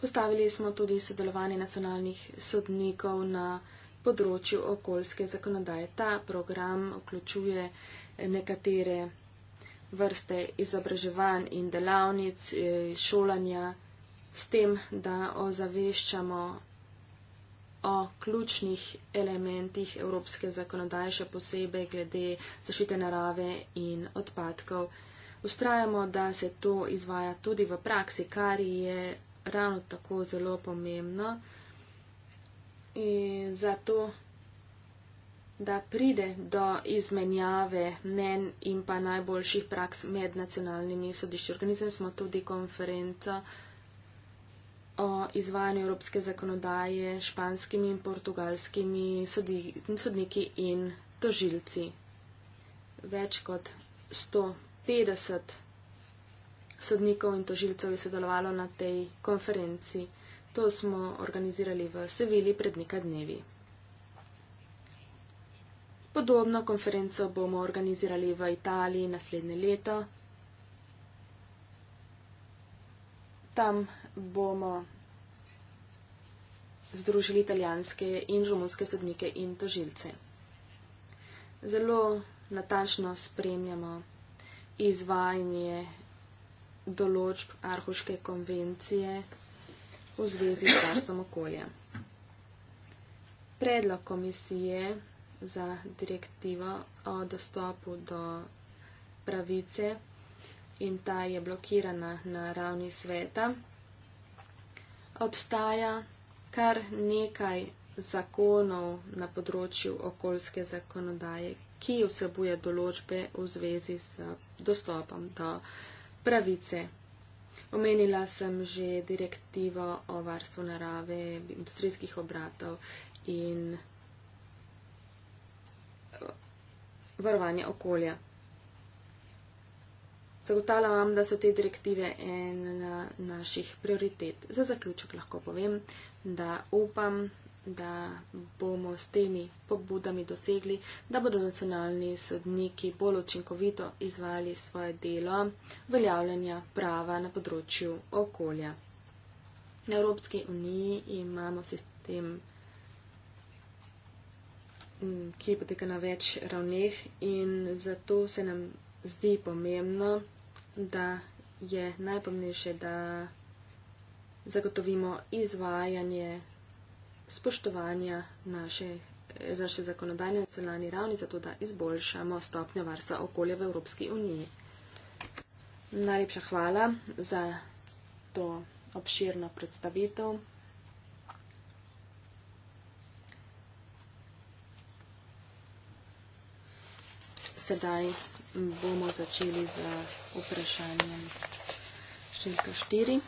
Spostavili smo tudi sodelovanje nacionalnih sodnikov na področju okoljske zakonodaje. Ta program vključuje nekatere vrste izobraževanj in delavnic, eh, šolanja s tem, da ozaveščamo o ključnih elementih evropske zakonodaje, še posebej glede zašite narave in odpadkov. Ustrajamo, da se to izvaja tudi v praksi, kar je ravno tako zelo pomembno. In zato, da pride do izmenjave mnen in pa najboljših praks med nacionalnimi sodišči. Organizirali smo tudi konferenco o izvajanju evropske zakonodaje španskimi in portugalskimi sodniki in tožilci. Več kot 150 sodnikov in tožilcev je sodelovalo na tej konferenci. To smo organizirali v Sevili pred nekaj dnevi. Podobno konferenco bomo organizirali v Italiji naslednje leto. Tam bomo združili italijanske in romunske sodnike in tožilce. Zelo natančno spremljamo izvajanje določb Arhuške konvencije v zvezi s varstvom okolja. Predlog komisije za direktivo o dostopu do pravice in ta je blokirana na ravni sveta, obstaja kar nekaj zakonov na področju okoljske zakonodaje, ki vsebuje določbe v zvezi s dostopom do pravice pravice. Omenila sem že direktivo o varstvu narave, industrijskih obratov in eh, varovanje okolja. Zagotavljam vam, da so te direktive ena naših prioritet. Za zaključek lahko povem, da upam, da bomo s temi pobudami dosegli, da bodo nacionalni sodniki bolj učinkovito izvali svoje delo veljavljanja prava na področju okolja. Na Evropski uniji imamo sistem, ki poteka na več ravneh in zato se nam zdi pomembno, da je najpomnejše, da zagotovimo izvajanje spoštovanja naše, naše zakonodaje na celani ravni, zato da izboljšamo stopnjo varstva okolja v Evropski uniji. Najlepša hvala za to obširno predstavitev. Sedaj bomo začeli z vprašanjem številka 4.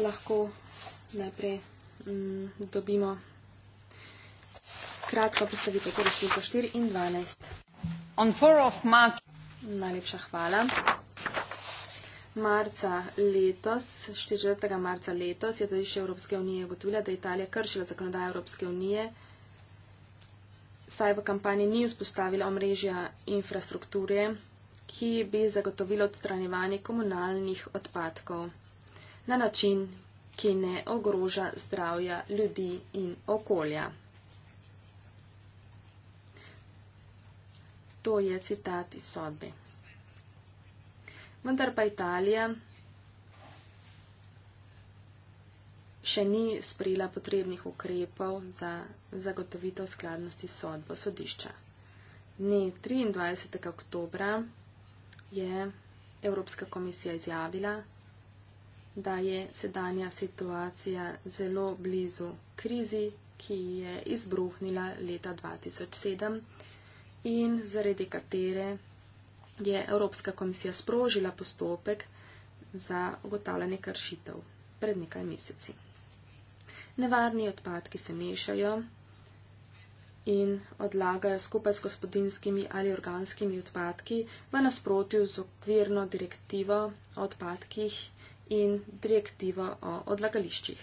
lahko najprej m, mm, dobimo kratko predstavitev torej številka 4 in 12. Najlepša hvala. Marca letos, 4. marca letos, je tudi torej še Evropske unije ugotovila, da je Italija kršila zakonodajo Evropske unije, saj v kampanji ni vzpostavila omrežja infrastrukture, ki bi zagotovilo odstranjevanje komunalnih odpadkov na način, ki ne ogroža zdravja ljudi in okolja. To je citat iz sodbe. Vendar pa Italija še ni sprejela potrebnih ukrepov za zagotovitev skladnosti sodbo sodišča. Dne 23. oktobra je Evropska komisija izjavila, da je sedanja situacija zelo blizu krizi, ki je izbruhnila leta 2007 in zaradi katere je Evropska komisija sprožila postopek za ugotavljanje kršitev pred nekaj meseci. Nevarni odpadki se mešajo in odlagajo skupaj s gospodinskimi ali organskimi odpadki v nasprotju z okvirno direktivo o odpadkih in direktiva o odlagališčih.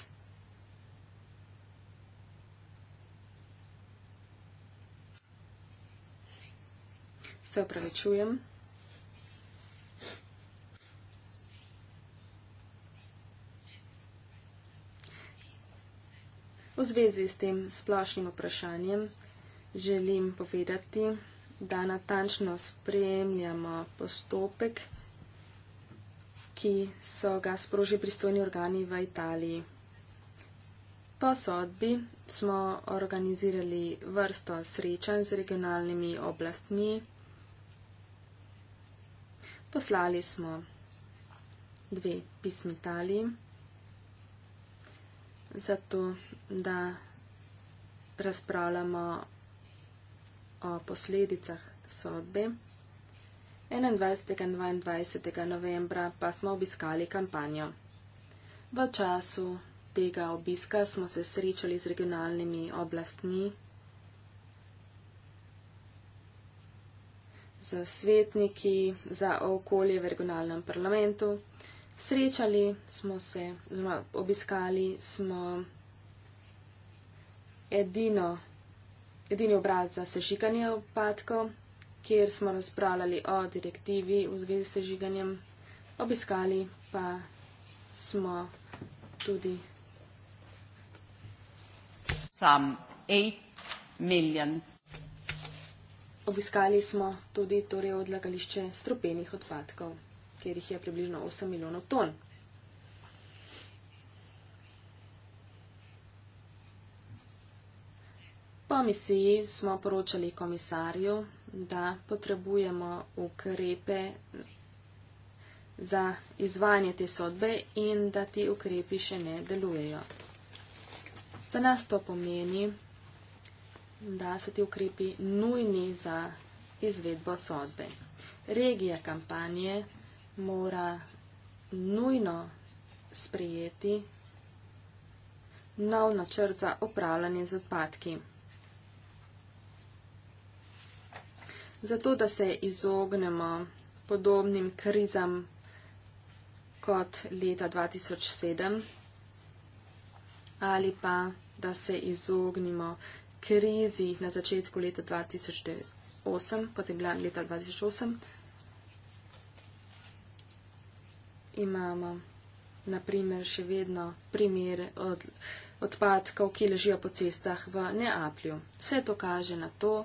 Se opravičujem. V zvezi s tem splošnim vprašanjem želim povedati, da natančno spremljamo postopek ki so ga sprožili pristojni organi v Italiji. Po sodbi smo organizirali vrsto srečanj z regionalnimi oblastmi. Poslali smo dve pismi Italiji, zato da razpravljamo o posledicah sodbe. 21. in 22. novembra pa smo obiskali kampanjo. V času tega obiska smo se srečali z regionalnimi oblastmi, z svetniki za okolje v regionalnem parlamentu. Srečali smo se, obiskali smo edino, edini obrat za sežiganje odpadkov kjer smo razpravljali o direktivi v zvezi s žiganjem, obiskali pa smo tudi. Sam 8 milijon. Obiskali smo tudi torej odlagališče stropenih odpadkov, kjer jih je približno 8 milijonov ton. Po misiji smo poročali komisarju da potrebujemo ukrepe za izvanje te sodbe in da ti ukrepi še ne delujejo. Za nas to pomeni, da so ti ukrepi nujni za izvedbo sodbe. Regija kampanje mora nujno sprejeti nov načrt za upravljanje z odpadki. zato da se izognemo podobnim krizam kot leta 2007 ali pa da se izognemo krizi na začetku leta 2008, kot je bila leta 2008. Imamo naprimer še vedno primere od, odpadkov, ki ležijo po cestah v Neaplju. Vse to kaže na to,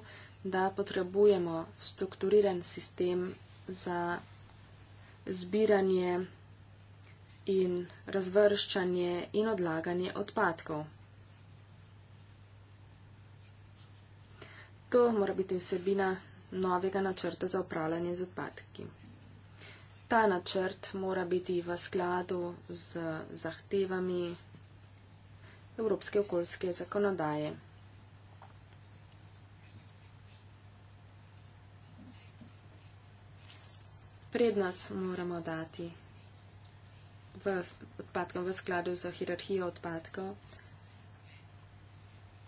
da potrebujemo strukturiran sistem za zbiranje in razvrščanje in odlaganje odpadkov. To mora biti vsebina novega načrta za upravljanje z odpadki. Ta načrt mora biti v skladu z zahtevami Evropske okoljske zakonodaje. prednost moramo dati v odpadkom v skladu z hierarhijo odpadkov,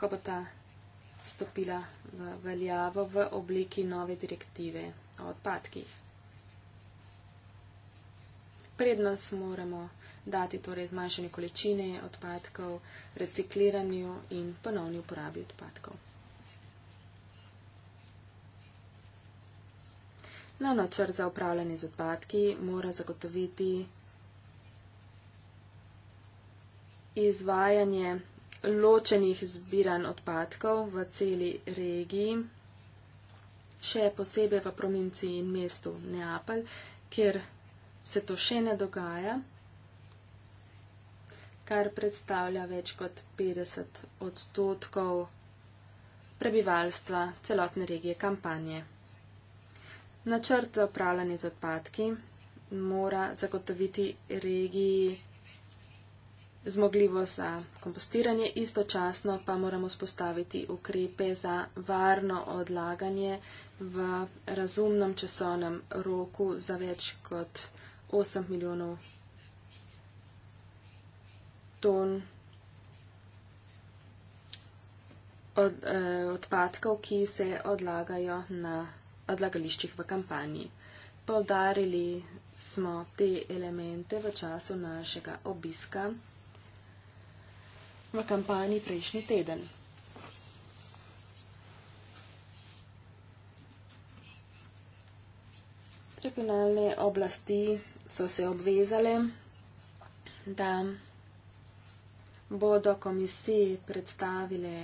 ko bo ta stopila v veljavo v obliki nove direktive o odpadkih. Prednost moramo dati torej zmanjšanje količine odpadkov, recikliranju in ponovni uporabi odpadkov. na no, načrt za upravljanje z odpadki mora zagotoviti izvajanje ločenih zbiran odpadkov v celi regiji, še posebej v provinciji in mestu Neapelj, kjer se to še ne dogaja, kar predstavlja več kot 50 odstotkov prebivalstva celotne regije kampanje. Načrt za upravljanje z odpadki mora zagotoviti regiji zmogljivost za kompostiranje, istočasno pa moramo spostaviti ukrepe za varno odlaganje v razumnem časovnem roku za več kot 8 milijonov ton eh, odpadkov, ki se odlagajo na odlagališčih v kampanji. Povdarili smo te elemente v času našega obiska v kampanji prejšnji teden. Regionalne oblasti so se obvezale, da bodo komisiji predstavile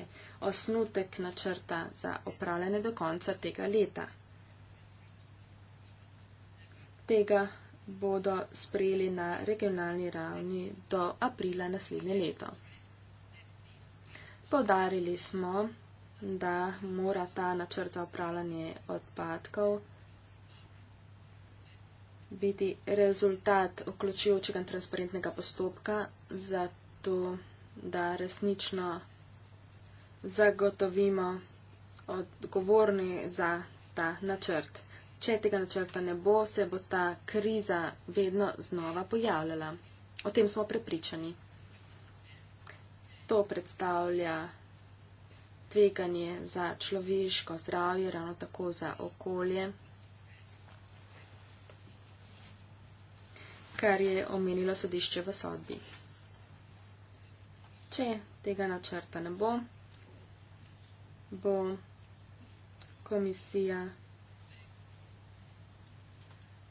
osnutek načrta za opravljanje do konca tega leta tega bodo sprejeli na regionalni ravni do aprila naslednje leto. Povdarili smo, da mora ta načrt za upravljanje odpadkov biti rezultat vključujočega in transparentnega postopka, zato da resnično zagotovimo odgovorni za ta načrt če tega načrta ne bo, se bo ta kriza vedno znova pojavljala. O tem smo prepričani. To predstavlja tveganje za človeško zdravje, ravno tako za okolje, kar je omenilo sodišče v sodbi. Če tega načrta ne bo, bo komisija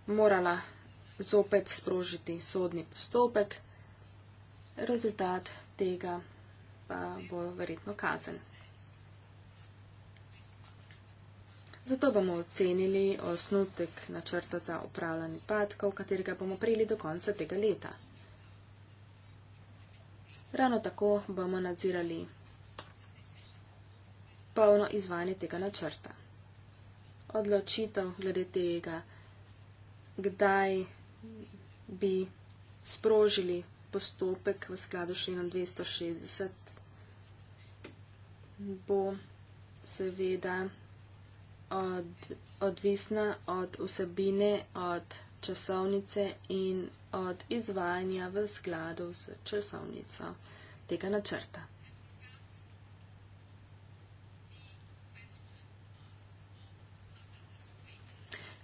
morala zopet sprožiti sodni postopek, rezultat tega pa bo verjetno kazen. Zato bomo ocenili osnutek načrta za upravljanje padkov, katerega bomo prijeli do konca tega leta. Ravno tako bomo nadzirali polno izvajanje tega načrta. Odločitev glede tega, kdaj bi sprožili postopek v skladu s členom 260, bo seveda od, odvisna od vsebine, od časovnice in od izvajanja v skladu s časovnico tega načrta.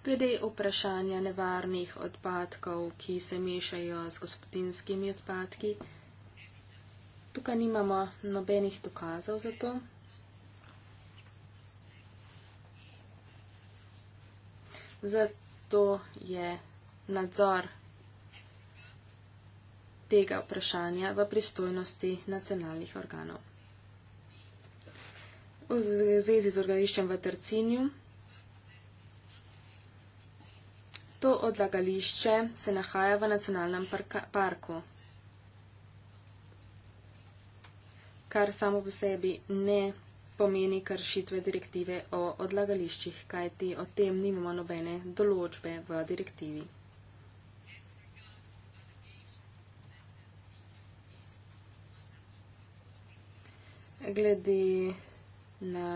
glede vprašanja nevarnih odpadkov, ki se mešajo z gospodinskimi odpadki. Tukaj nimamo nobenih dokazov za to. Zato je nadzor tega vprašanja v pristojnosti nacionalnih organov. V zvezi z organiščem v Trcinju To odlagališče se nahaja v nacionalnem parka, parku, kar samo po sebi ne pomeni kršitve direktive o odlagališčih, kajti o tem nimamo nobene določbe v direktivi. Glede na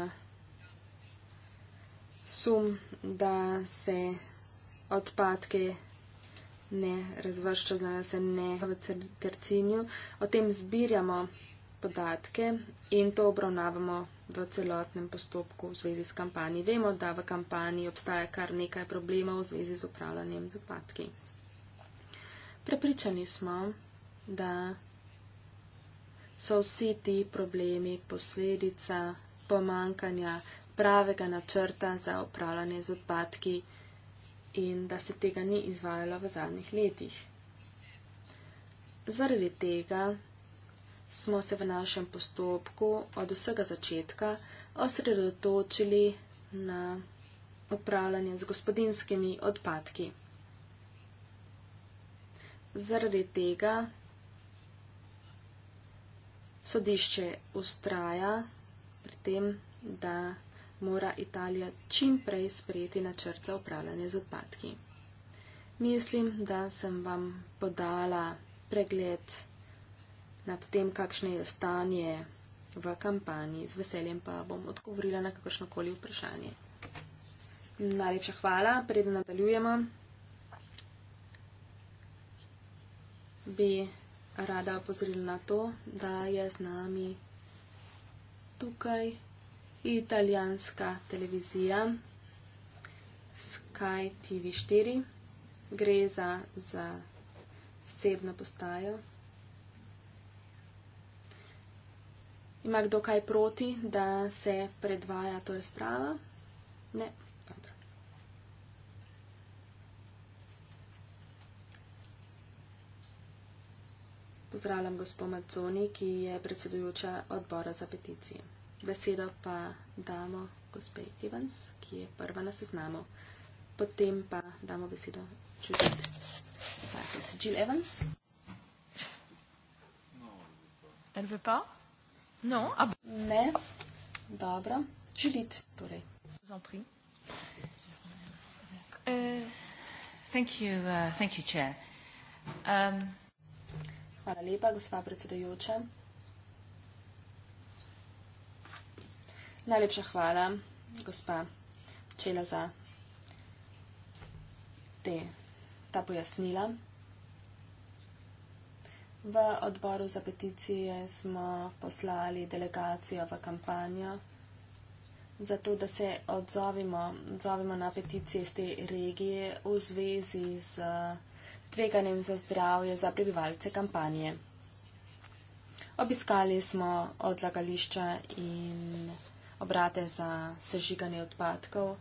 sum, da se odpadke ne razvršča, oziroma se ne v tercinju. O tem zbiramo podatke in to obravnavamo v celotnem postopku v zvezi s kampanji. Vemo, da v kampanji obstaja kar nekaj problemov v zvezi z upravljanjem z odpadki. Prepričani smo, da so vsi ti problemi posledica pomankanja pravega načrta za upravljanje z odpadki in da se tega ni izvajalo v zadnjih letih. Zaradi tega smo se v našem postopku od vsega začetka osredotočili na upravljanje z gospodinskimi odpadki. Zaradi tega sodišče ustraja pri tem, da mora Italija čim prej sprejeti načrt za upravljanje z odpadki. Mislim, da sem vam podala pregled nad tem, kakšne je stanje v kampanji. Z veseljem pa bom odgovorila na kakršnokoli vprašanje. Najlepša hvala, preden nadaljujemo. Bi rada opozorila na to, da je z nami tukaj italijanska televizija Sky TV4. Gre za zasebno postajo. Ima kdo kaj proti, da se predvaja to razprava? Ne. Pozdravljam gospod Maconi, ki je predsedujoča odbora za peticije besedo pa damo gospe Evans, ki je prva na seznamu. Potem pa damo besedo Judith. Pa to se Jill Evans. Elve pa? No, a... Ah ne, dobro. Judith, torej. Zanpri. Uh, thank you, uh, thank you, chair. Um, Hvala lepa, gospa predsedajoča. Najlepša hvala, gospa Čela, za te, ta pojasnila. V odboru za peticije smo poslali delegacijo v kampanjo, zato da se odzovimo, odzovimo na peticije iz te regije v zvezi z tveganjem za zdravje za prebivalce kampanje. Obiskali smo odlagališča in obrate za sežiganje odpadkov,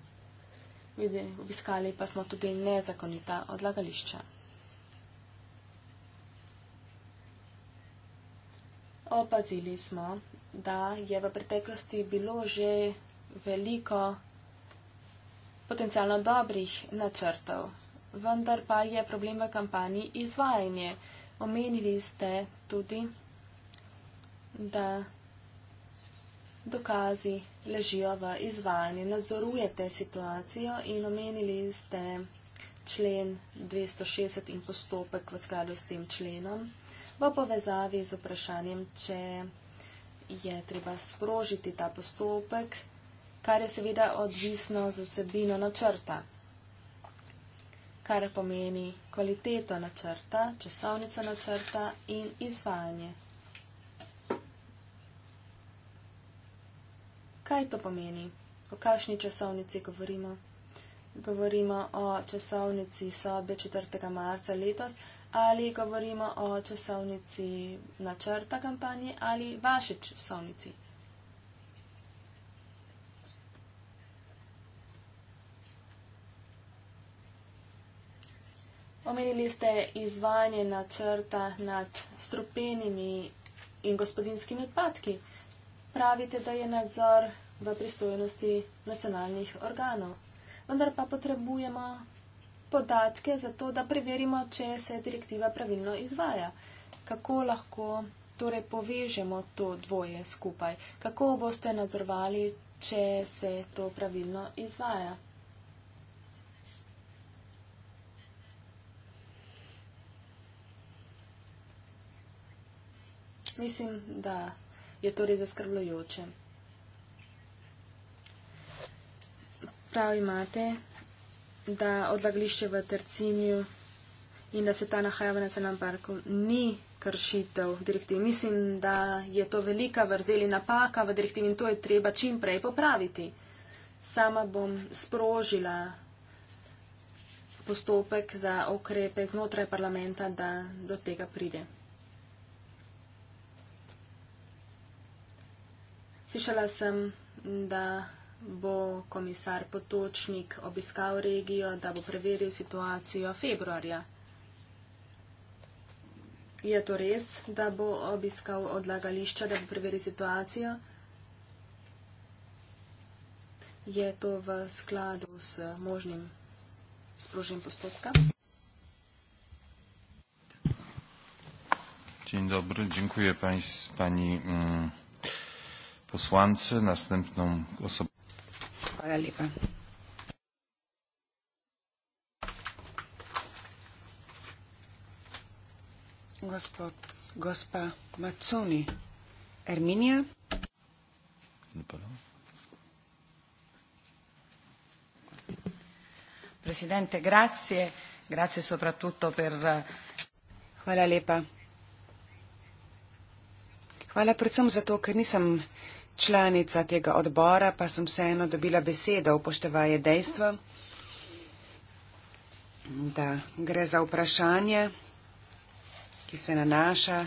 ljudje obiskali pa smo tudi nezakonita odlagališča. Opazili smo, da je v preteklosti bilo že veliko potencialno dobrih načrtov, vendar pa je problem v kampanji izvajanje. Omenili ste tudi, da dokazi ležijo v izvajanju. Nadzorujete situacijo in omenili ste člen 260 in postopek v skladu s tem členom v povezavi z vprašanjem, če je treba sprožiti ta postopek, kar je seveda odvisno z vsebino načrta, kar pomeni kvaliteto načrta, časovnico načrta in izvajanje Kaj to pomeni? O kakšni časovnici govorimo? Govorimo o časovnici sodbe 4. marca letos ali govorimo o časovnici načrta kampanje ali vaši časovnici? Omenili ste izvajanje načrta nad strupenimi in gospodinskimi odpadki pravite, da je nadzor v pristojnosti nacionalnih organov. Vendar pa potrebujemo podatke za to, da preverimo, če se direktiva pravilno izvaja. Kako lahko torej povežemo to dvoje skupaj? Kako boste nadzorovali, če se to pravilno izvaja? Mislim, da je torej zaskrbljujoče. Prav imate, da odlagališče v Tercinju in da se ta nahaja v nacionalnem parku ni kršitev direktiv. Mislim, da je to velika vrzeli napaka v direktivi in to je treba čim prej popraviti. Sama bom sprožila postopek za okrepe znotraj parlamenta, da do tega pride. Slišala sem, da bo komisar Potočnik obiskal regijo, da bo preveril situacijo februarja. Je to res, da bo obiskal odlagališča, da bo preveril situacijo? Je to v skladu s možnim sprožim postopka? Dzień dobry, dziękuję pani, pani mm, poslance, następną osobę. Hvala lepa. Gospod, gospa Macuni, Erminija. Presidente, grazie. Grazie soprattutto per... Hvala lepa. Hvala predvsem zato, ker nisem članica tega odbora, pa sem vseeno dobila besedo upoštevaje dejstva, da gre za vprašanje, ki se nanaša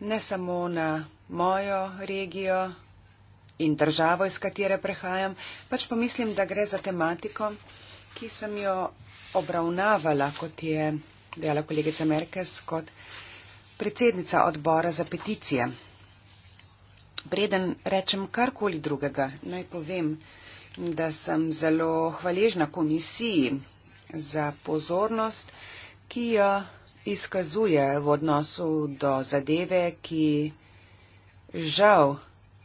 ne samo na mojo regijo in državo, iz katere prehajam, pač pomislim, da gre za tematiko, ki sem jo obravnavala, kot je dejala kolegica Merkes, kot predsednica odbora za peticije preden rečem karkoli drugega, naj povem, da sem zelo hvaležna komisiji za pozornost, ki jo izkazuje v odnosu do zadeve, ki žal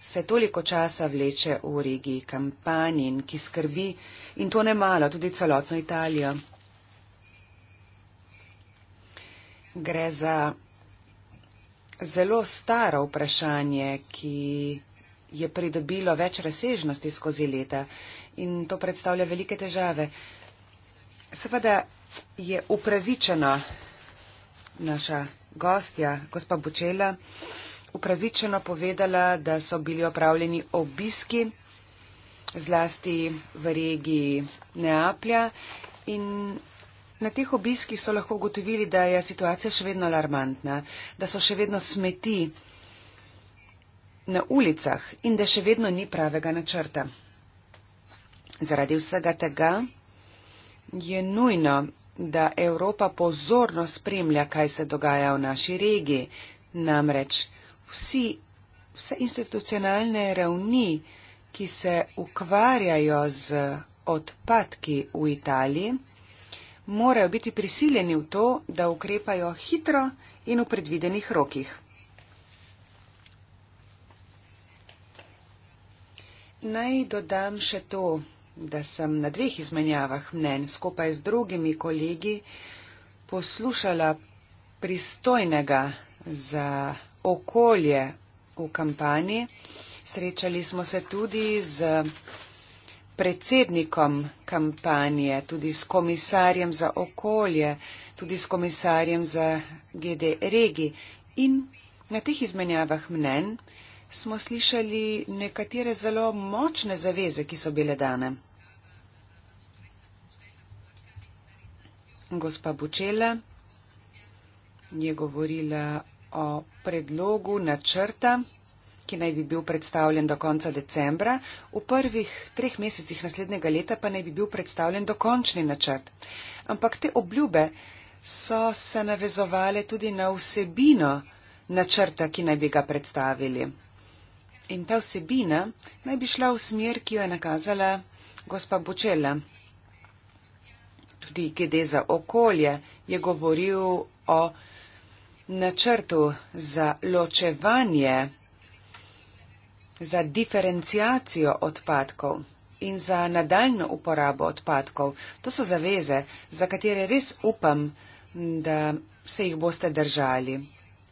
se toliko časa vleče v regiji kampanji in ki skrbi in to ne malo, tudi celotno Italijo. Gre za zelo staro vprašanje, ki je pridobilo več razsežnosti skozi leta in to predstavlja velike težave. Seveda je upravičena naša gostja, gospa Bučela, upravičeno povedala, da so bili opravljeni obiski zlasti v regiji Neaplja in Na teh obiskih so lahko ugotovili, da je situacija še vedno alarmantna, da so še vedno smeti na ulicah in da še vedno ni pravega načrta. Zaradi vsega tega je nujno, da Evropa pozorno spremlja, kaj se dogaja v naši regiji. Namreč vsi, vse institucionalne ravni, ki se ukvarjajo z odpadki v Italiji, morajo biti prisiljeni v to, da ukrepajo hitro in v predvidenih rokih. Naj dodam še to, da sem na dveh izmenjavah mnen skupaj z drugimi kolegi poslušala pristojnega za okolje v kampanji. Srečali smo se tudi z predsednikom kampanje, tudi s komisarjem za okolje, tudi s komisarjem za GD regi. In na teh izmenjavah mnen smo slišali nekatere zelo močne zaveze, ki so bile dane. Gospa Bučela je govorila o predlogu načrta ki naj bi bil predstavljen do konca decembra, v prvih treh mesecih naslednjega leta pa naj bi bil predstavljen dokončni načrt. Ampak te obljube so se navezovale tudi na vsebino načrta, ki naj bi ga predstavili. In ta vsebina naj bi šla v smer, ki jo je nakazala gospa Bočela. Tudi GD za okolje je govoril o načrtu za ločevanje za diferencijacijo odpadkov in za nadaljno uporabo odpadkov. To so zaveze, za katere res upam, da se jih boste držali.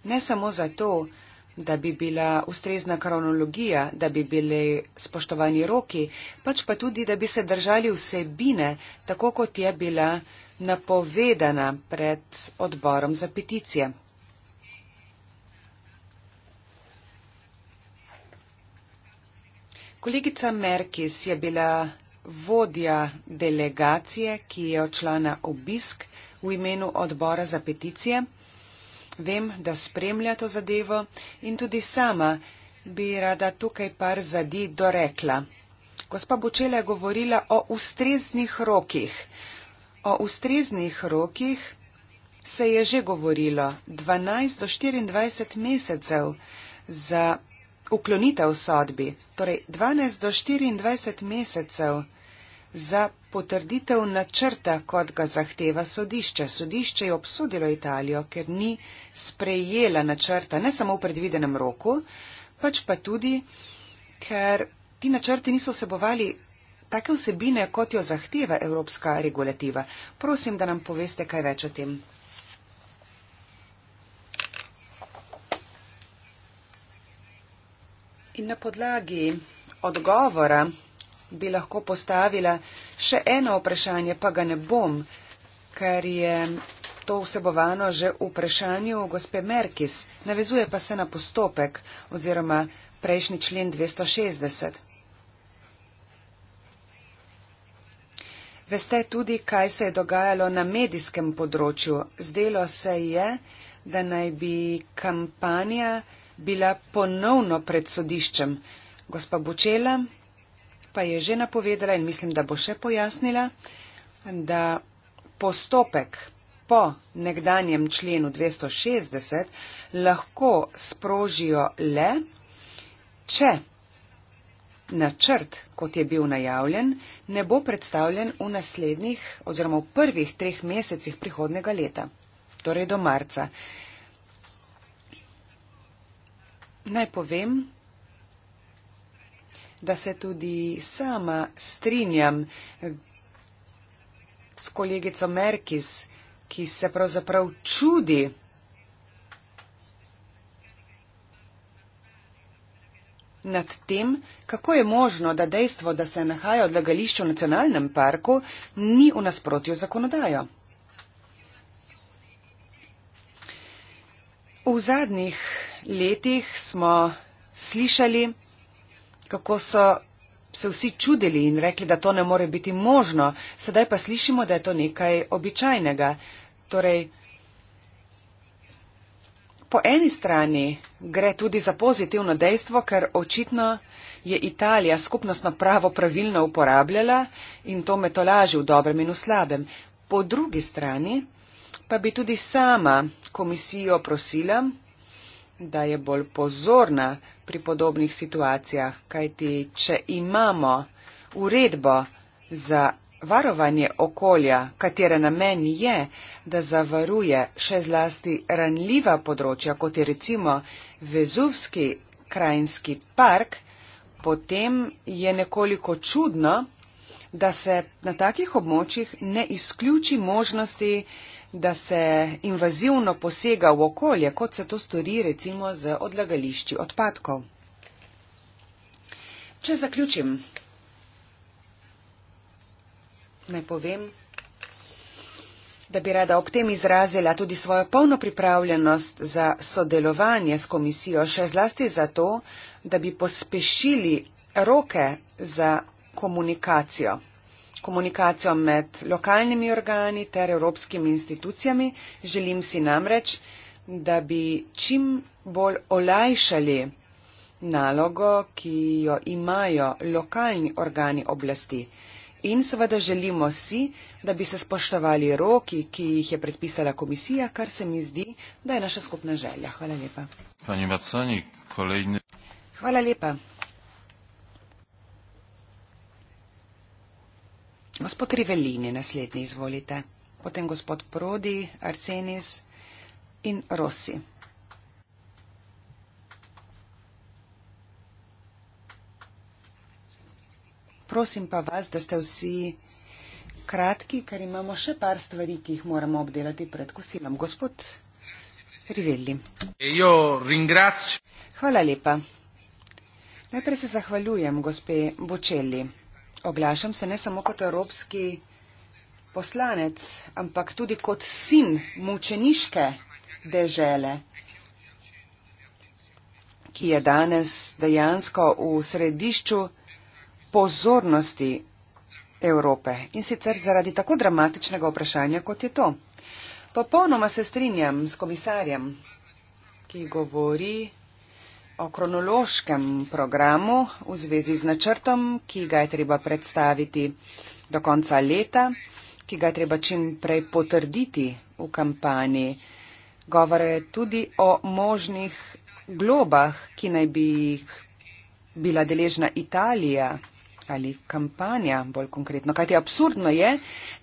Ne samo zato, da bi bila ustrezna kronologija, da bi bili spoštovani roki, pač pa tudi, da bi se držali vsebine, tako kot je bila napovedana pred odborom za peticije. Kolegica Merkis je bila vodja delegacije, ki je odšla na obisk v imenu odbora za peticije. Vem, da spremlja to zadevo in tudi sama bi rada tukaj par zadi dorekla. Gospa Bučela je govorila o ustreznih rokih. O ustreznih rokih se je že govorilo 12 do 24 mesecev za uklonitev sodbi, torej 12 do 24 mesecev za potrditev načrta, kot ga zahteva sodišče. Sodišče je obsodilo Italijo, ker ni sprejela načrta ne samo v predvidenem roku, pač pa tudi, ker ti načrti niso vsebovali take vsebine, kot jo zahteva evropska regulativa. Prosim, da nam poveste kaj več o tem. in na podlagi odgovora bi lahko postavila še eno vprašanje, pa ga ne bom, ker je to vsebovano že v vprašanju gospe Merkis, navezuje pa se na postopek oziroma prejšnji člen 260. Veste tudi, kaj se je dogajalo na medijskem področju. Zdelo se je, da naj bi kampanja bila ponovno pred sodiščem. Gospa Bučela pa je že napovedala in mislim, da bo še pojasnila, da postopek po nekdanjem členu 260 lahko sprožijo le, če načrt, kot je bil najavljen, ne bo predstavljen v naslednjih oziroma v prvih treh mesecih prihodnega leta, torej do marca. Naj povem, da se tudi sama strinjam eh, s kolegico Merkis, ki se pravzaprav čudi, nad tem, kako je možno, da dejstvo, da se nahaja odlagališče v nacionalnem parku, ni v nasprotju z zakonodajo. V zadnjih letih smo slišali, kako so se vsi čudili in rekli, da to ne more biti možno. Sedaj pa slišimo, da je to nekaj običajnega. Torej, po eni strani gre tudi za pozitivno dejstvo, ker očitno je Italija skupnostno pravo pravilno uporabljala in to me tolaži v dobrem in v slabem. Po drugi strani pa bi tudi sama komisijo prosila, da je bolj pozorna pri podobnih situacijah, kajti če imamo uredbo za varovanje okolja, katere namen je, da zavaruje še zlasti ranljiva področja, kot je recimo Vezuvski krajinski park, potem je nekoliko čudno, da se na takih območjih ne izključi možnosti, da se invazivno posega v okolje, kot se to stori recimo z odlagališči odpadkov. Če zaključim, naj povem, da bi rada ob tem izrazila tudi svojo polno pripravljenost za sodelovanje s komisijo, še zlasti zato, da bi pospešili roke za komunikacijo komunikacijo med lokalnimi organi ter evropskimi institucijami. Želim si namreč, da bi čim bolj olajšali nalogo, ki jo imajo lokalni organi oblasti. In seveda želimo si, da bi se spoštovali roki, ki jih je predpisala komisija, kar se mi zdi, da je naša skupna želja. Hvala lepa. Hvala lepa. Gospod Rivelini, naslednji izvolite. Potem gospod Prodi, Arsenis in Rossi. Prosim pa vas, da ste vsi kratki, ker imamo še par stvari, ki jih moramo obdelati pred kosilom. Gospod Rivelli. Hvala lepa. Najprej se zahvaljujem gospe Bočeli oglašam se ne samo kot evropski poslanec, ampak tudi kot sin mučeniške dežele, ki je danes dejansko v središču pozornosti Evrope in sicer zaradi tako dramatičnega vprašanja, kot je to. Popolnoma se strinjam s komisarjem, ki govori o kronološkem programu v zvezi z načrtom, ki ga je treba predstaviti do konca leta, ki ga je treba čim prej potrditi v kampanji. Govor je tudi o možnih globah, ki naj bi jih bila deležna Italija ali kampanja bolj konkretno. Kajti absurdno je,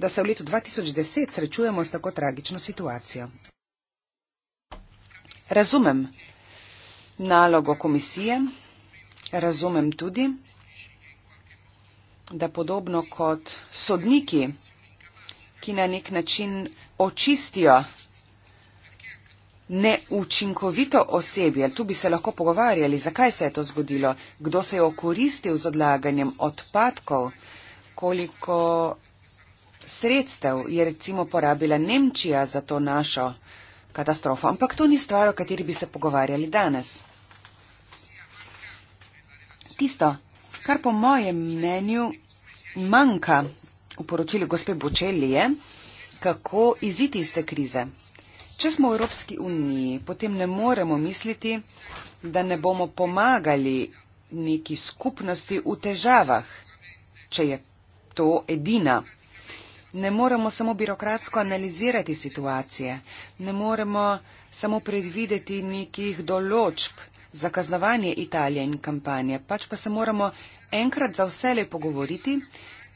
da se v letu 2010 srečujemo s tako tragično situacijo. Razumem, nalogo komisije. Razumem tudi, da podobno kot sodniki, ki na nek način očistijo neučinkovito osebje, tu bi se lahko pogovarjali, zakaj se je to zgodilo, kdo se je okoristil z odlaganjem odpadkov, koliko sredstev je recimo porabila Nemčija za to našo katastrofo, ampak to ni stvar, o kateri bi se pogovarjali danes. Tisto, kar po mojem mnenju manjka v poročilu gospe Bočeli je, kako iziti iz te krize. Če smo v Evropski uniji, potem ne moremo misliti, da ne bomo pomagali neki skupnosti v težavah, če je to edina Ne moremo samo birokratsko analizirati situacije, ne moremo samo predvideti nekih določb za kaznovanje Italije in kampanje, pač pa se moramo enkrat za vsele pogovoriti,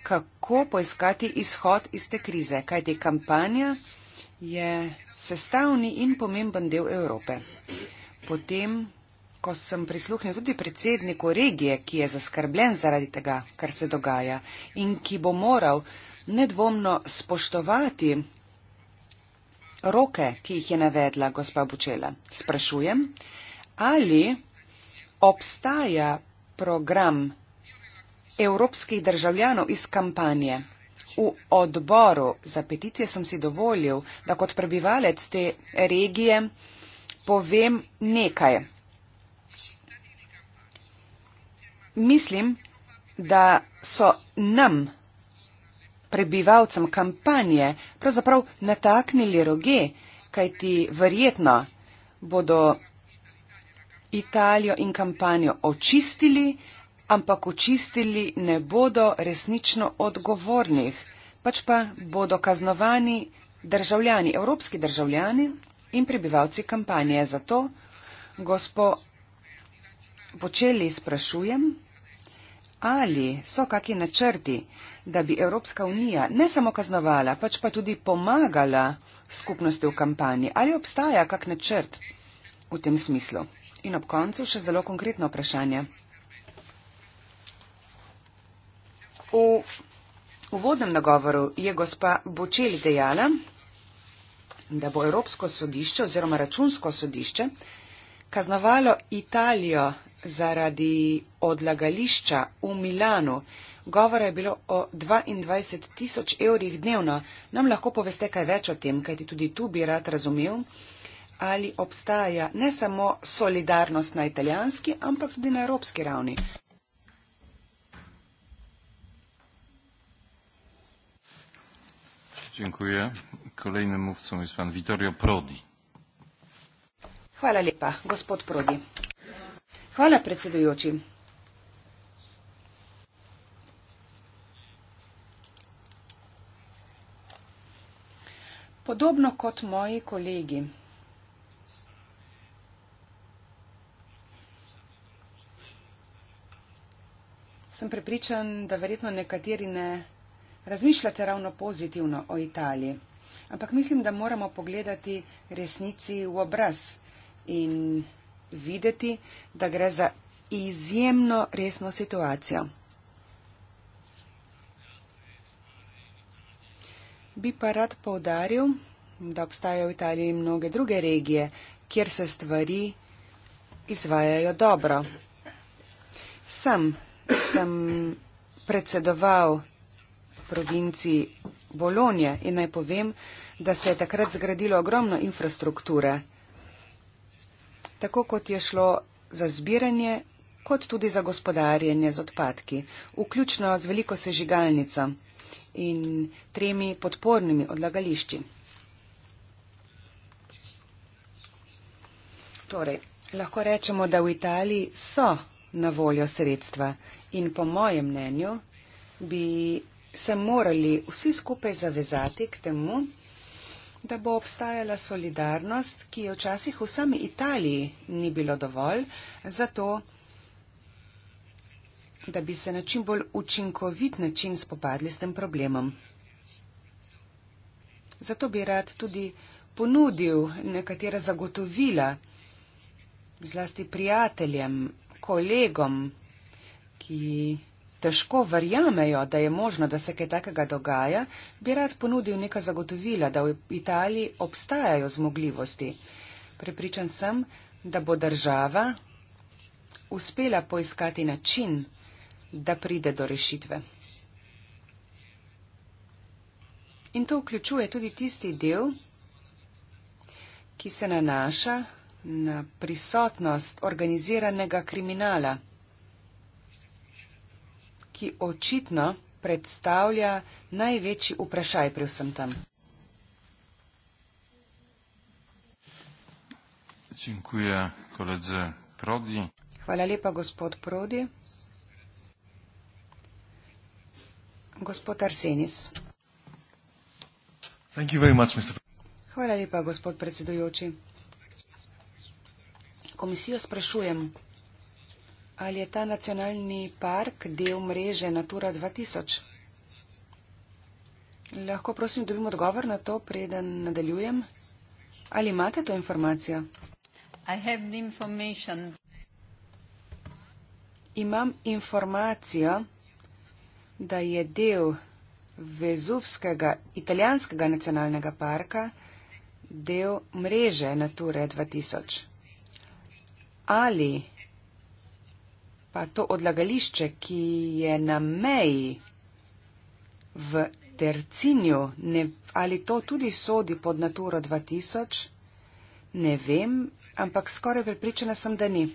kako poiskati izhod iz te krize, kajti kampanja je sestavni in pomemben del Evrope. Potem, ko sem prisluhnil tudi predsedniku regije, ki je zaskrbljen zaradi tega, kar se dogaja in ki bo moral nedvomno spoštovati roke, ki jih je navedla gospa Bučela. Sprašujem, ali obstaja program evropskih državljanov iz kampanje. V odboru za peticije sem si dovolil, da kot prebivalec te regije povem nekaj. Mislim, da so nam prebivalcem kampanje pravzaprav nataknili roge, kajti verjetno bodo Italijo in kampanjo očistili, ampak očistili ne bodo resnično odgovornih, pač pa bodo kaznovani državljani, evropski državljani in prebivalci kampanje. Zato, gospo Počeli, sprašujem, ali so kakšni načrti, da bi Evropska unija ne samo kaznovala, pač pa tudi pomagala skupnosti v kampanji. Ali obstaja kak načrt v tem smislu? In ob koncu še zelo konkretno vprašanje. V uvodnem nagovoru je gospa Bočeli dejala, da bo Evropsko sodišče oziroma računsko sodišče kaznovalo Italijo zaradi odlagališča v Milanu govora je bilo o 22 tisoč evrih dnevno. Nam lahko poveste kaj več o tem, kajti tudi tu bi rad razumel, ali obstaja ne samo solidarnost na italijanski, ampak tudi na evropski ravni. Dziękuję. Kolejnym mówcą jest pan Vittorio Prodi. Hvala lepa, gospod Prodi. Hvala predsedujoči. podobno kot moji kolegi. Sem prepričan, da verjetno nekateri ne razmišljate ravno pozitivno o Italiji, ampak mislim, da moramo pogledati resnici v obraz in videti, da gre za izjemno resno situacijo. Bi pa rad povdaril, da obstajajo v Italiji mnoge druge regije, kjer se stvari izvajajo dobro. Sam sem predsedoval provinciji Bolonje in naj povem, da se je takrat zgradilo ogromno infrastrukture, tako kot je šlo za zbiranje, kot tudi za gospodarjenje z odpadki, vključno z veliko sežigalnico in tremi podpornimi odlagališči. Torej, lahko rečemo, da v Italiji so na voljo sredstva in po mojem mnenju bi se morali vsi skupaj zavezati k temu, da bo obstajala solidarnost, ki je včasih v sami Italiji ni bilo dovolj, zato da bi se na čim bolj učinkovit način spopadli s tem problemom. Zato bi rad tudi ponudil nekatera zagotovila zlasti prijateljem, kolegom, ki težko verjamejo, da je možno, da se kaj takega dogaja, bi rad ponudil neka zagotovila, da v Italiji obstajajo zmogljivosti. Prepričan sem, da bo država uspela poiskati način, da pride do rešitve. In to vključuje tudi tisti del, ki se nanaša na prisotnost organiziranega kriminala, ki očitno predstavlja največji vprašaj pri vsem tam. Hvala lepa, gospod Prodi. gospod Arsenis. Much, Hvala lepa, gospod predsedujoči. Komisijo sprašujem, ali je ta nacionalni park del mreže Natura 2000? Lahko prosim dobim odgovor na to, preden nadaljujem. Ali imate to informacijo? Imam informacijo, da je del Vezuvskega italijanskega nacionalnega parka del mreže Nature 2000. Ali pa to odlagališče, ki je na meji v Tercinju, ne, ali to tudi sodi pod Naturo 2000, ne vem, ampak skoraj pripričana sem, da ni.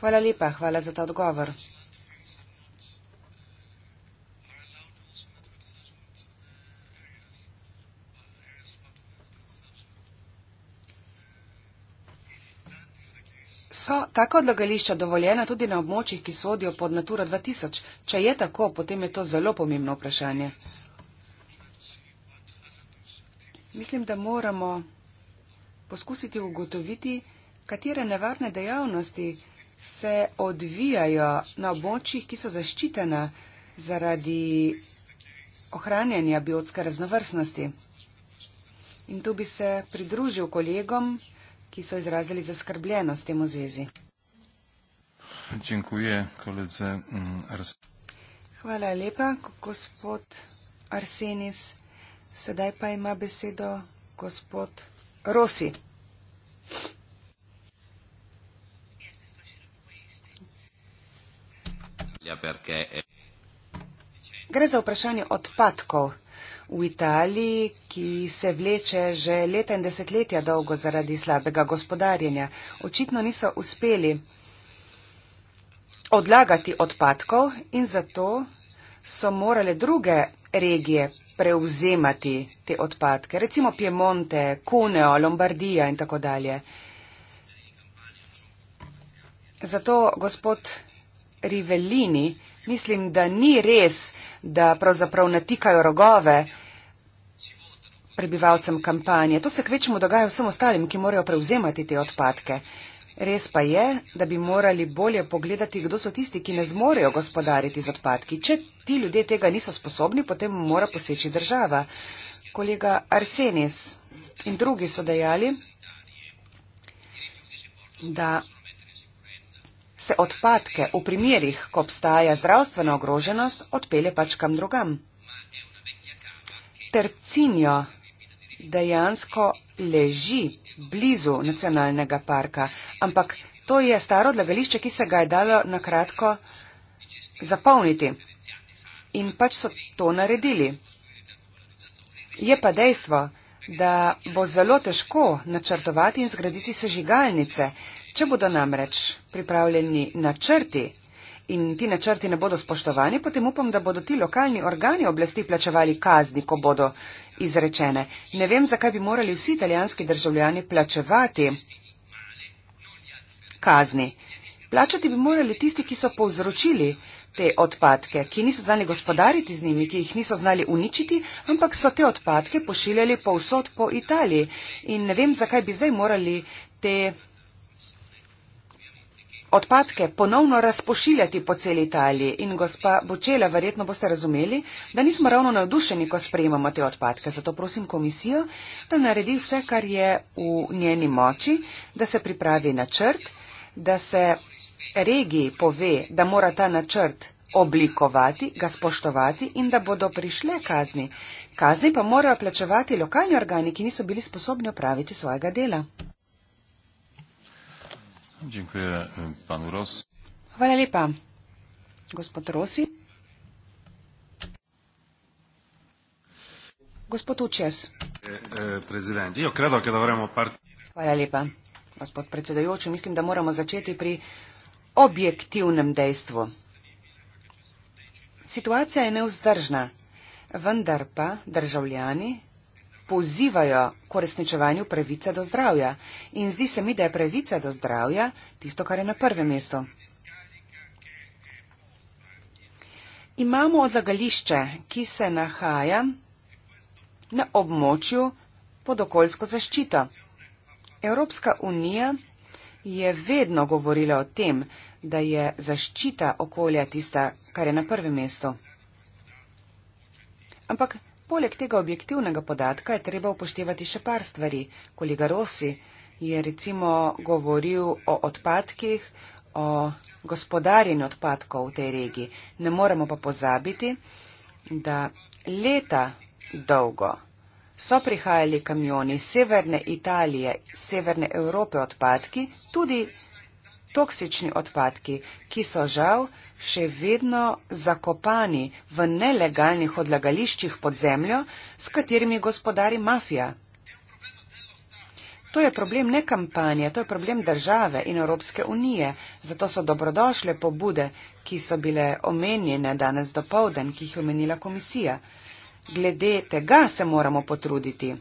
Hvala lepa, hvala za ta odgovor. so tako odlagališča dovoljena tudi na območjih, ki sodijo pod Natura 2000? Če je tako, potem je to zelo pomembno vprašanje. Mislim, da moramo poskusiti ugotoviti, katere nevarne dejavnosti se odvijajo na območjih, ki so zaščitena zaradi ohranjanja biotske raznovrstnosti. In tu bi se pridružil kolegom, ki so izrazili zaskrbljenost v tem v zvezi. Dziękuję, koledze, um, Hvala lepa, gospod Arsenis. Sedaj pa ima besedo gospod Rosi. Ja, Gre za vprašanje odpadkov v Italiji, ki se vleče že leta in desetletja dolgo zaradi slabega gospodarjenja. Očitno niso uspeli odlagati odpadkov in zato so morale druge regije prevzemati te odpadke, recimo Piemonte, Cuneo, Lombardija in tako dalje. Zato gospod Rivellini, mislim, da ni res, da da pravzaprav natikajo rogove prebivalcem kampanje. To se kvečemu dogaja vsem ostalim, ki morajo prevzemati te odpadke. Res pa je, da bi morali bolje pogledati, kdo so tisti, ki ne zmorejo gospodariti z odpadki. Če ti ljudje tega niso sposobni, potem mora poseči država. Kolega Arsenis in drugi so dejali, da se odpadke v primerjih, ko obstaja zdravstvena ogroženost, odpelje pač kam drugam. Tercinjo dejansko leži blizu nacionalnega parka, ampak to je staro odlagališče, ki se ga je dalo na kratko zapolniti. In pač so to naredili. Je pa dejstvo, da bo zelo težko načrtovati in zgraditi sežigalnice, Če bodo namreč pripravljeni načrti in ti načrti ne bodo spoštovani, potem upam, da bodo ti lokalni organi oblasti plačevali kazni, ko bodo izrečene. Ne vem, zakaj bi morali vsi italijanski državljani plačevati kazni. Plačati bi morali tisti, ki so povzročili te odpadke, ki niso znali gospodariti z njimi, ki jih niso znali uničiti, ampak so te odpadke pošiljali povsod po Italiji. In ne vem, zakaj bi zdaj morali te odpadke odpadke ponovno razpošiljati po celi Italiji. In gospa Bučela, verjetno boste razumeli, da nismo ravno navdušeni, ko sprejemamo te odpadke. Zato prosim komisijo, da naredi vse, kar je v njeni moči, da se pripravi načrt, da se regiji pove, da mora ta načrt oblikovati, ga spoštovati in da bodo prišle kazni. Kazni pa morajo plačevati lokalni organi, ki niso bili sposobni opraviti svojega dela. Dziękuję panu Ros. Hvala lepa, gospod Rosi. Gospod Učes. E, e, Hvala lepa, gospod predsedajoči. Mislim, da moramo začeti pri objektivnem dejstvu. Situacija je neuzdržna, vendar pa državljani pozivajo k uresničevanju pravice do zdravja. In zdi se mi, da je pravica do zdravja tisto, kar je na prvem mestu. Imamo odlagališče, ki se nahaja na območju pod okoljsko zaščito. Evropska unija je vedno govorila o tem, da je zaščita okolja tista, kar je na prvem mestu. Ampak Poleg tega objektivnega podatka je treba upoštevati še par stvari. Kolega Rosi je recimo govoril o odpadkih, o gospodarjenju odpadkov v tej regiji. Ne moremo pa pozabiti, da leta dolgo so prihajali kamioni severne Italije, severne Evrope odpadki, tudi toksični odpadki, ki so žal še vedno zakopani v nelegalnih odlagališčih pod zemljo, s katerimi gospodari mafija. To je problem ne kampanje, to je problem države in Evropske unije. Zato so dobrodošle pobude, ki so bile omenjene danes do povden, ki jih je omenila komisija. Glede tega se moramo potruditi.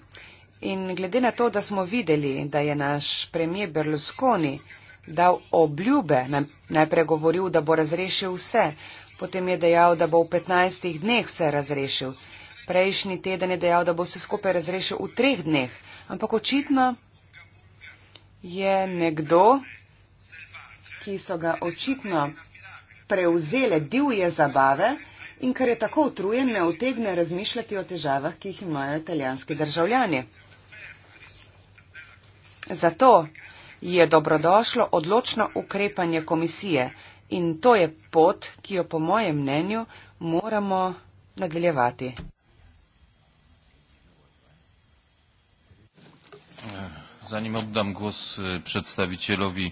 In glede na to, da smo videli, da je naš premijer Berlusconi dal obljube, najprej govoril, da bo razrešil vse, potem je dejal, da bo v 15 dneh vse razrešil. Prejšnji teden je dejal, da bo vse skupaj razrešil v treh dneh, ampak očitno je nekdo, ki so ga očitno prevzele divje zabave in ker je tako utrujen, ne otegne razmišljati o težavah, ki jih imajo italijanski državljani. Zato je dobrodošlo odločno ukrepanje komisije in to je pot, ki jo po mojem mnenju moramo nadaljevati. Zanim oddam głos e, predstavitelovi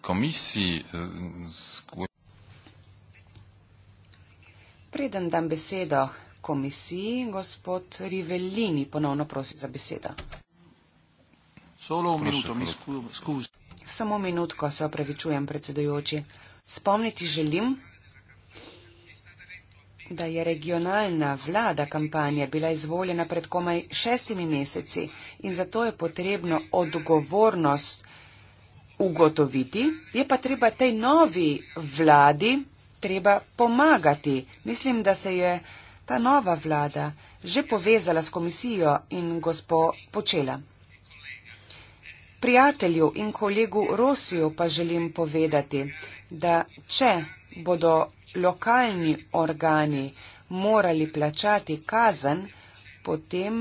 komisiji, e, Preden dam besedo komisiji, gospod Rivellini ponovno prosi za besedo. Solo v minuto, mi skuzi. Samo minutko, se opravičujem, predsedujoči. Spomniti želim, da je regionalna vlada kampanje bila izvoljena pred komaj šestimi meseci in zato je potrebno odgovornost ugotoviti, je pa treba tej novi vladi treba pomagati. Mislim, da se je ta nova vlada že povezala s komisijo in gospo počela. Prijatelju in kolegu Rosiju pa želim povedati, da če bodo lokalni organi morali plačati kazen, potem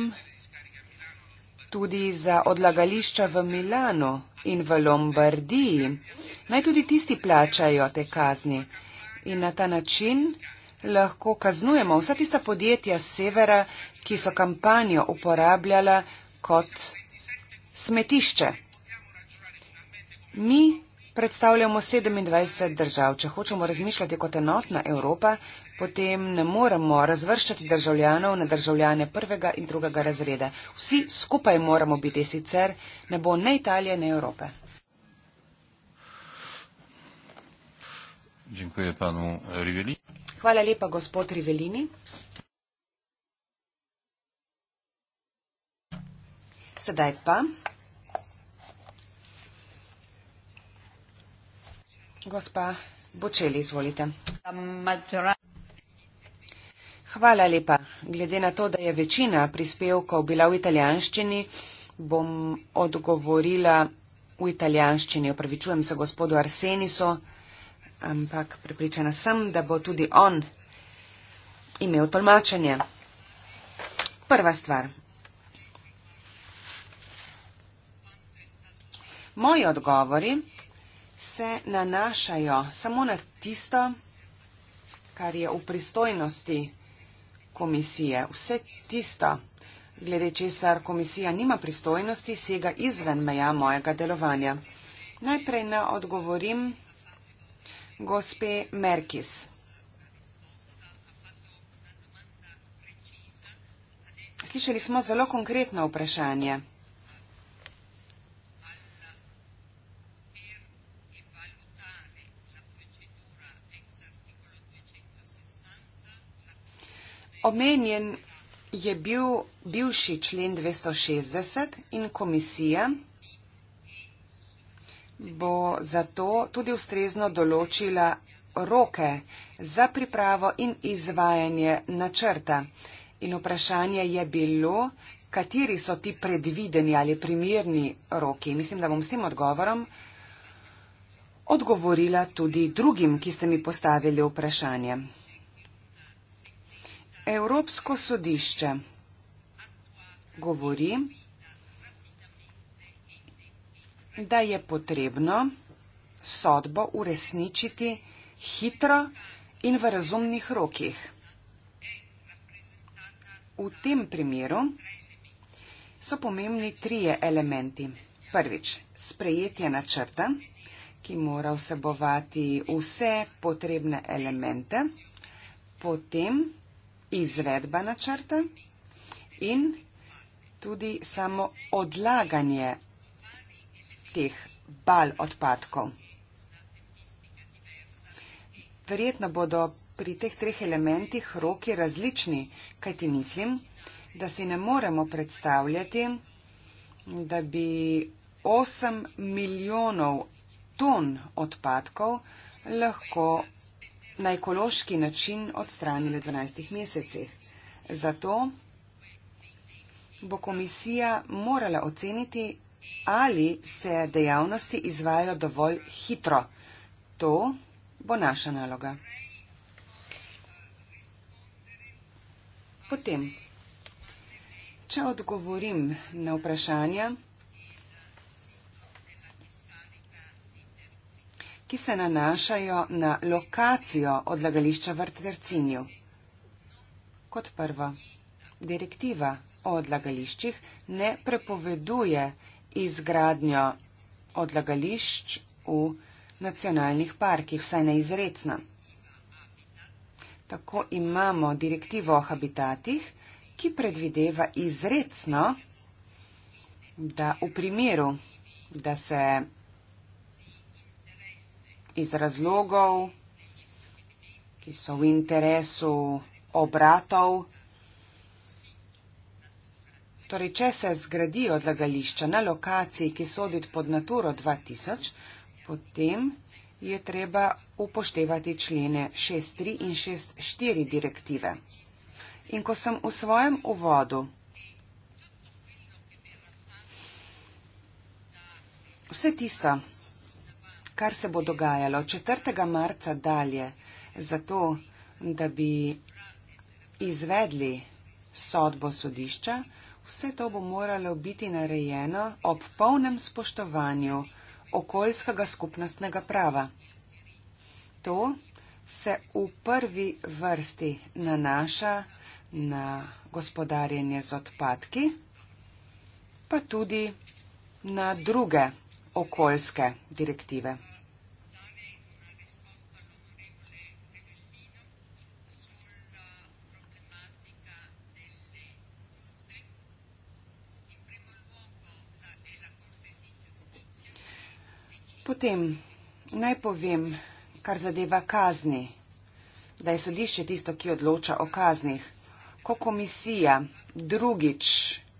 tudi za odlagališča v Milano in v Lombardiji, naj tudi tisti plačajo te kazni. In na ta način lahko kaznujemo vsa tista podjetja z severa, ki so kampanjo uporabljala kot smetišče. Mi predstavljamo 27 držav. Če hočemo razmišljati kot enotna Evropa, potem ne moremo razvrščati državljanov na državljane prvega in drugega razreda. Vsi skupaj moramo biti, sicer ne bo ne Italije, ne Evrope. Hvala lepa, gospod Rivelini. Sedaj pa Gospa Bočeli, izvolite. Hvala lepa. Glede na to, da je večina prispevkov bila v italijanščini, bom odgovorila v italijanščini. Opravičujem se gospodu Arseniso, ampak prepričana sem, da bo tudi on imel tolmačenje. Prva stvar. Moji odgovori se nanašajo samo na tisto, kar je v pristojnosti komisije. Vse tisto, glede česar komisija nima pristojnosti, sega izven meja mojega delovanja. Najprej na odgovorim gospe Merkis. Slišali smo zelo konkretno vprašanje. Omenjen je bil bivši člen 260 in komisija bo zato tudi ustrezno določila roke za pripravo in izvajanje načrta. In vprašanje je bilo, kateri so ti predvideni ali primirni roki. Mislim, da bom s tem odgovorom odgovorila tudi drugim, ki ste mi postavili vprašanje. Evropsko sodišče govori, da je potrebno sodbo uresničiti hitro in v razumnih rokih. V tem primeru so pomembni trije elementi. Prvič, sprejetje načrta, ki mora vsebovati vse potrebne elemente, potem vsebovati izvedba načrta in tudi samo odlaganje teh bal odpadkov. Verjetno bodo pri teh treh elementih roki različni, kajti mislim, da si ne moremo predstavljati, da bi 8 milijonov ton odpadkov lahko na ekološki način odstranili v 12 mesecih. Zato bo komisija morala oceniti, ali se dejavnosti izvajajo dovolj hitro. To bo naša naloga. Potem, če odgovorim na vprašanja, ki se nanašajo na lokacijo odlagališča v Trcinju. Kot prvo, direktiva o odlagališčih ne prepoveduje izgradnjo odlagališč v nacionalnih parkih, vsaj neizrecna. Tako imamo direktivo o habitatih, ki predvideva izrecno, da v primeru, da se odlagališče, iz razlogov, ki so v interesu obratov. Torej, če se zgradi odlagališča na lokaciji, ki sodi pod Naturo 2000, potem je treba upoštevati člene 6.3 in 6.4 direktive. In ko sem v svojem uvodu vse tisto, kar se bo dogajalo 4. marca dalje, zato, da bi izvedli sodbo sodišča, vse to bo moralo biti narejeno ob polnem spoštovanju okoljskega skupnostnega prava. To se v prvi vrsti nanaša na gospodarjenje z odpadki, pa tudi na druge okoljske direktive. Potem naj povem, kar zadeva kazni, da je sodišče tisto, ki odloča o kaznih. Ko komisija drugič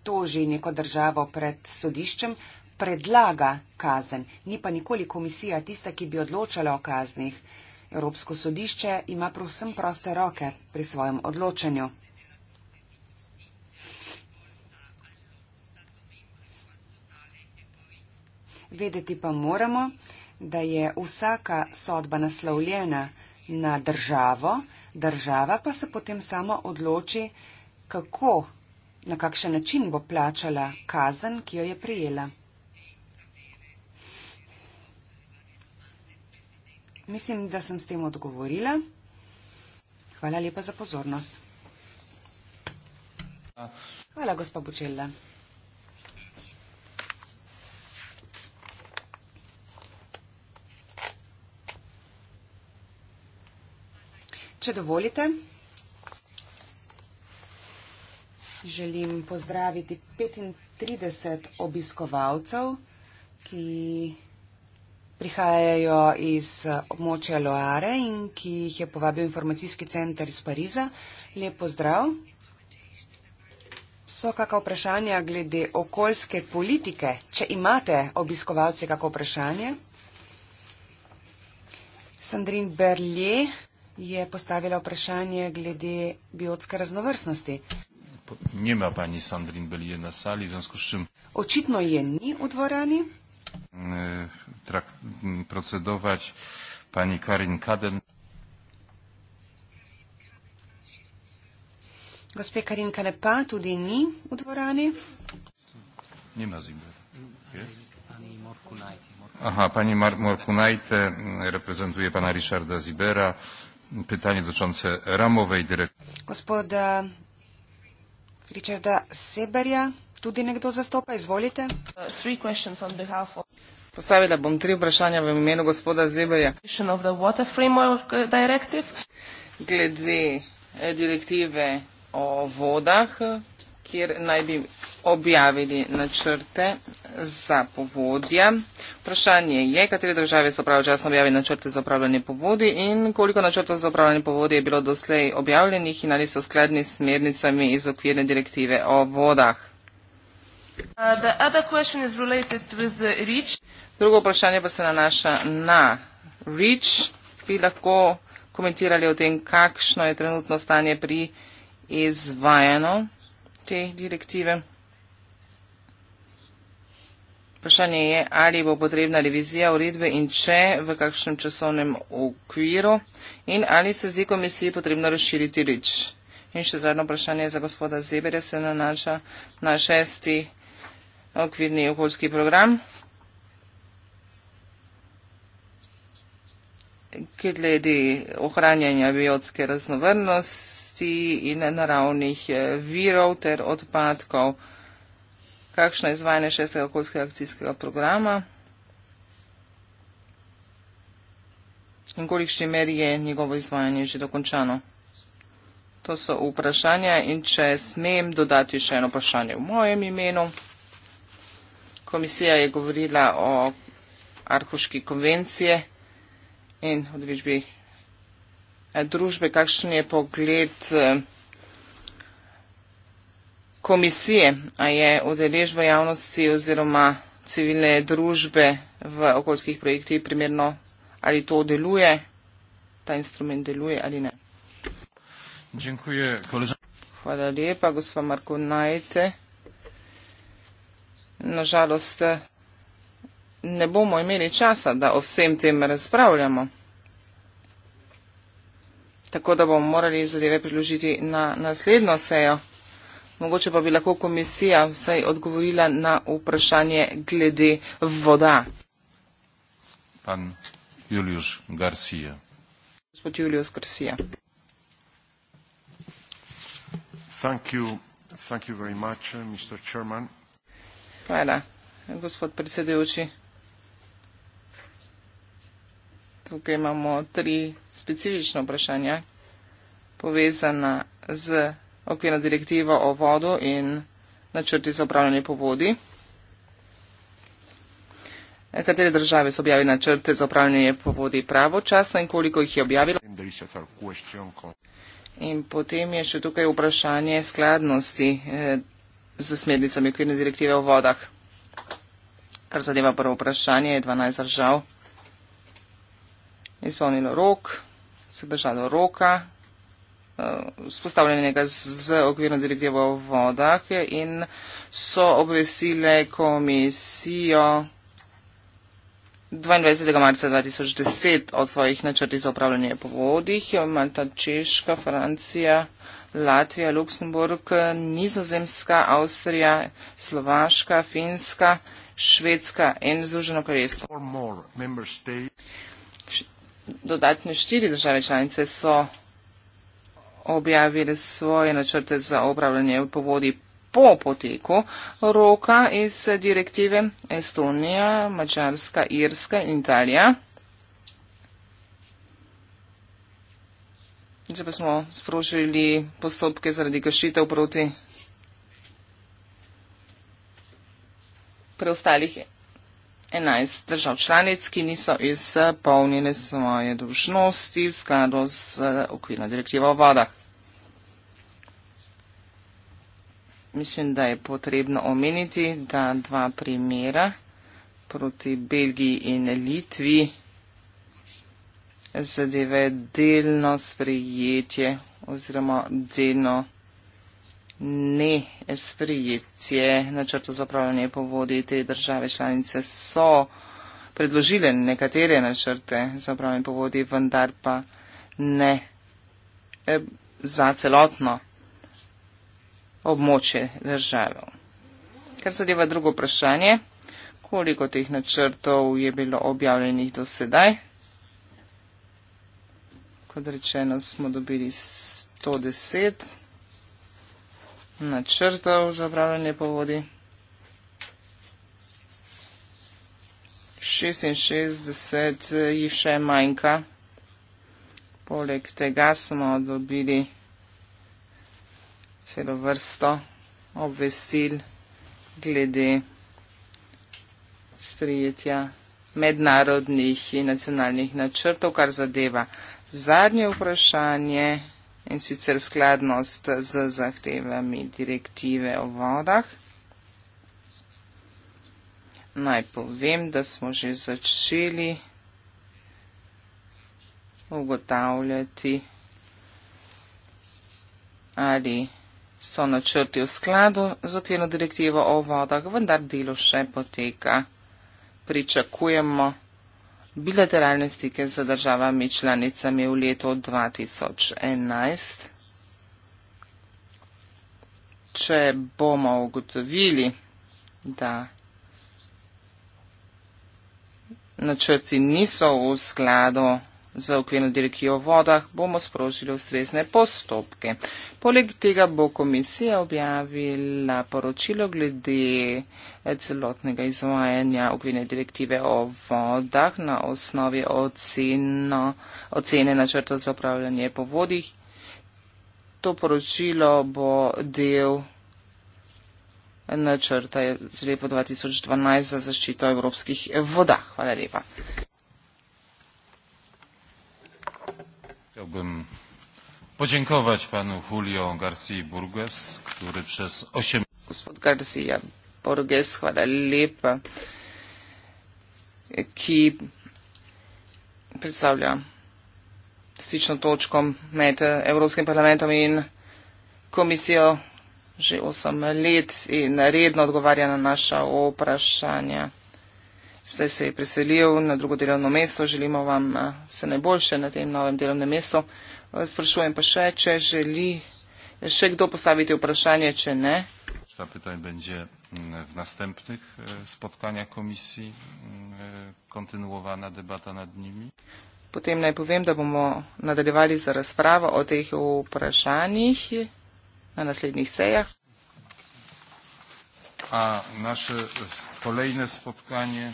toži neko državo pred sodiščem, predlaga kazen, ni pa nikoli komisija tista, ki bi odločala o kaznih. Evropsko sodišče ima prosim proste roke pri svojem odločanju. Vedeti pa moramo, da je vsaka sodba naslovljena na državo, država pa se potem sama odloči, kako, na kakšen način bo plačala kazen, ki jo je prijela. Mislim, da sem s tem odgovorila. Hvala lepa za pozornost. Hvala, gospa Bučela. Če dovolite, želim pozdraviti 35 obiskovalcev, ki prihajajo iz območja Loare in ki jih je povabil informacijski center iz Pariza. Lep pozdrav. So kakšna vprašanja glede okoljske politike? Če imate obiskovalce kakšno vprašanje? Sandrin Berlje je postavila vprašanje glede biotske raznovrstnosti. Nima pani Sandrin Berlje na sali, v zvezi s čim. Očitno je ni v dvorani procedować pani Karin Kaden. Gospe Karin Kanepa, tudi ni v dvorani. Nie ma zimbe. Aha, pani Mar Morkunajte reprezentuje pana Ryszarda Zibera. Pytanie dotyczące ramowej dyrektywy. Gospoda Richarda Seberia tudi nekdo zastopa. Izvolite. Uh, Postavila bom tri vprašanja v imenu gospoda Zeberja. Eh, Glede eh, direktive o vodah, kjer naj bi objavili načrte za povodja. Vprašanje je, katere države so pravočasno objavili načrte za upravljanje povodi in koliko načrtov za upravljanje povodi je bilo doslej objavljenih in ali so skladni s smernicami iz okvirne direktive o vodah. Uh, Drugo vprašanje pa se nanaša na REACH. Bi lahko komentirali o tem, kakšno je trenutno stanje pri izvajanju te direktive. Vprašanje je, ali bo potrebna revizija uredbe in če, v kakšnem časovnem okviru in ali se zdi komisiji potrebno razširiti REACH. In še zadnje vprašanje za gospoda Zebere se nanaša na šesti okvirni okoljski program, ki glede ohranjanja biotske raznovrnosti in naravnih eh, virov ter odpadkov, kakšno izvajanje šestega okoljskega akcijskega programa in kolikšni meri je njegovo izvajanje že dokončano. To so vprašanja in če smem dodati še eno vprašanje v mojem imenu. Komisija je govorila o arhuški konvencije in odrečbi eh, družbe, kakšen je pogled eh, komisije, a je udeležba javnosti oziroma civilne družbe v okoljskih projektih primerno, ali to deluje, ta instrument deluje ali ne. Dziękuję, Hvala lepa, gospod Marko Najte nažalost eh, ne bomo imeli časa, da o vsem tem razpravljamo. Tako da bomo morali zadeve priložiti na naslednjo sejo. Mogoče pa bi lahko komisija vsaj odgovorila na vprašanje glede voda. Pan Julius Garcia. Gospod Julius Garcia. Thank you. Thank you very much, eh, Mr. Chairman. Hvala, gospod predsedujoči. Tukaj imamo tri specifične vprašanja povezana z okvirno direktivo o vodu in načrti za upravljanje po vodi. Katere države so objavili načrte za upravljanje po vodi pravočasno in koliko jih je objavilo? In potem je še tukaj vprašanje skladnosti eh, z smernicami okvirne direktive o vodah. Kar zadeva prvo vprašanje, je 12 držav izpolnilo rok, se držalo roka, spostavljenega eh, z okvirno direktivo o vodah in so obvestile komisijo 22. marca 2010 o svojih načrti za upravljanje po vodih. Malta Češka, Francija. Latvija, Luksemburg, Nizozemska, Avstrija, Slovaška, Finska, Švedska in Združeno kraljestvo. Dodatne štiri države članice so objavili svoje načrte za upravljanje po vodi po poteku roka iz direktive Estonija, Mačarska, Irska in Italija. Zdaj pa smo sprožili postopke zaradi kršitev proti preostalih 11 držav članic, ki niso izpolnjene svoje dožnosti v skladu z eh, okvirno direktivo o vodah. Mislim, da je potrebno omeniti, da dva primera proti Belgiji in Litvi zadeve delno sprejetje oziroma delno ne sprejetje načrtov za upravljanje po vodi te države članice so predložile nekatere načrte za upravljanje po vodi, vendar pa ne eh, za celotno območje države. Kar zadeva drugo vprašanje, koliko teh načrtov je bilo objavljenih do sedaj, kot rečeno, smo dobili 110 načrtov za upravljanje po vodi. 66 jih še manjka. Poleg tega smo dobili celo vrsto obvestil glede sprijetja mednarodnih in nacionalnih načrtov, kar zadeva zadnje vprašanje in sicer skladnost z zahtevami direktive o vodah. Naj povem, da smo že začeli ugotavljati, ali so načrti v skladu z okvirno direktivo o vodah, vendar delo še poteka. Pričakujemo, bilateralne stike z državami članicami v letu 2011. Če bomo ugotovili, da načrti niso v skladu Za okvirno direktivo o vodah bomo sprožili ustrezne postopke. Poleg tega bo komisija objavila poročilo glede eh, celotnega izvajanja okvirne direktive o vodah na osnovi oceno, ocene načrta za upravljanje po vodih. To poročilo bo del načrta za lepo 2012 za zaščito evropskih voda. Hvala lepa. Chciałbym podziękować panu Julio Garcia Burgues, który przez 8 Gospod Garcia Burgues, chwała lepa, ki predstavlja stično točko med eh, Evropskim parlamentom in komisijo že 8 let in redno odgovarja na naša vprašanja. Zdaj se je preselil na drugo delovno mesto, želimo vam eh, vse najboljše na tem novem delovnem mestu. Eh, sprašujem pa še, če želi še kdo postaviti vprašanje, če ne. Ta pitanje bude mm, v naslednjih spotkanjah komisije, mm, kontinuovana debata nad njimi. Potem naj povem, da bomo nadaljevali za razpravo o teh vprašanjih na naslednjih sejah. A naše kolejne spotkanje.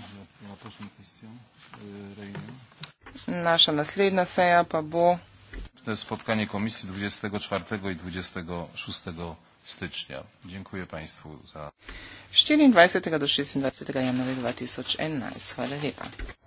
No, no, Naša naslednja seja pa bo... To jest spotkanie komisji 24 i 26 stycznia. Dziękuję Państwu za... 24 do 26 januari 2011. Chwała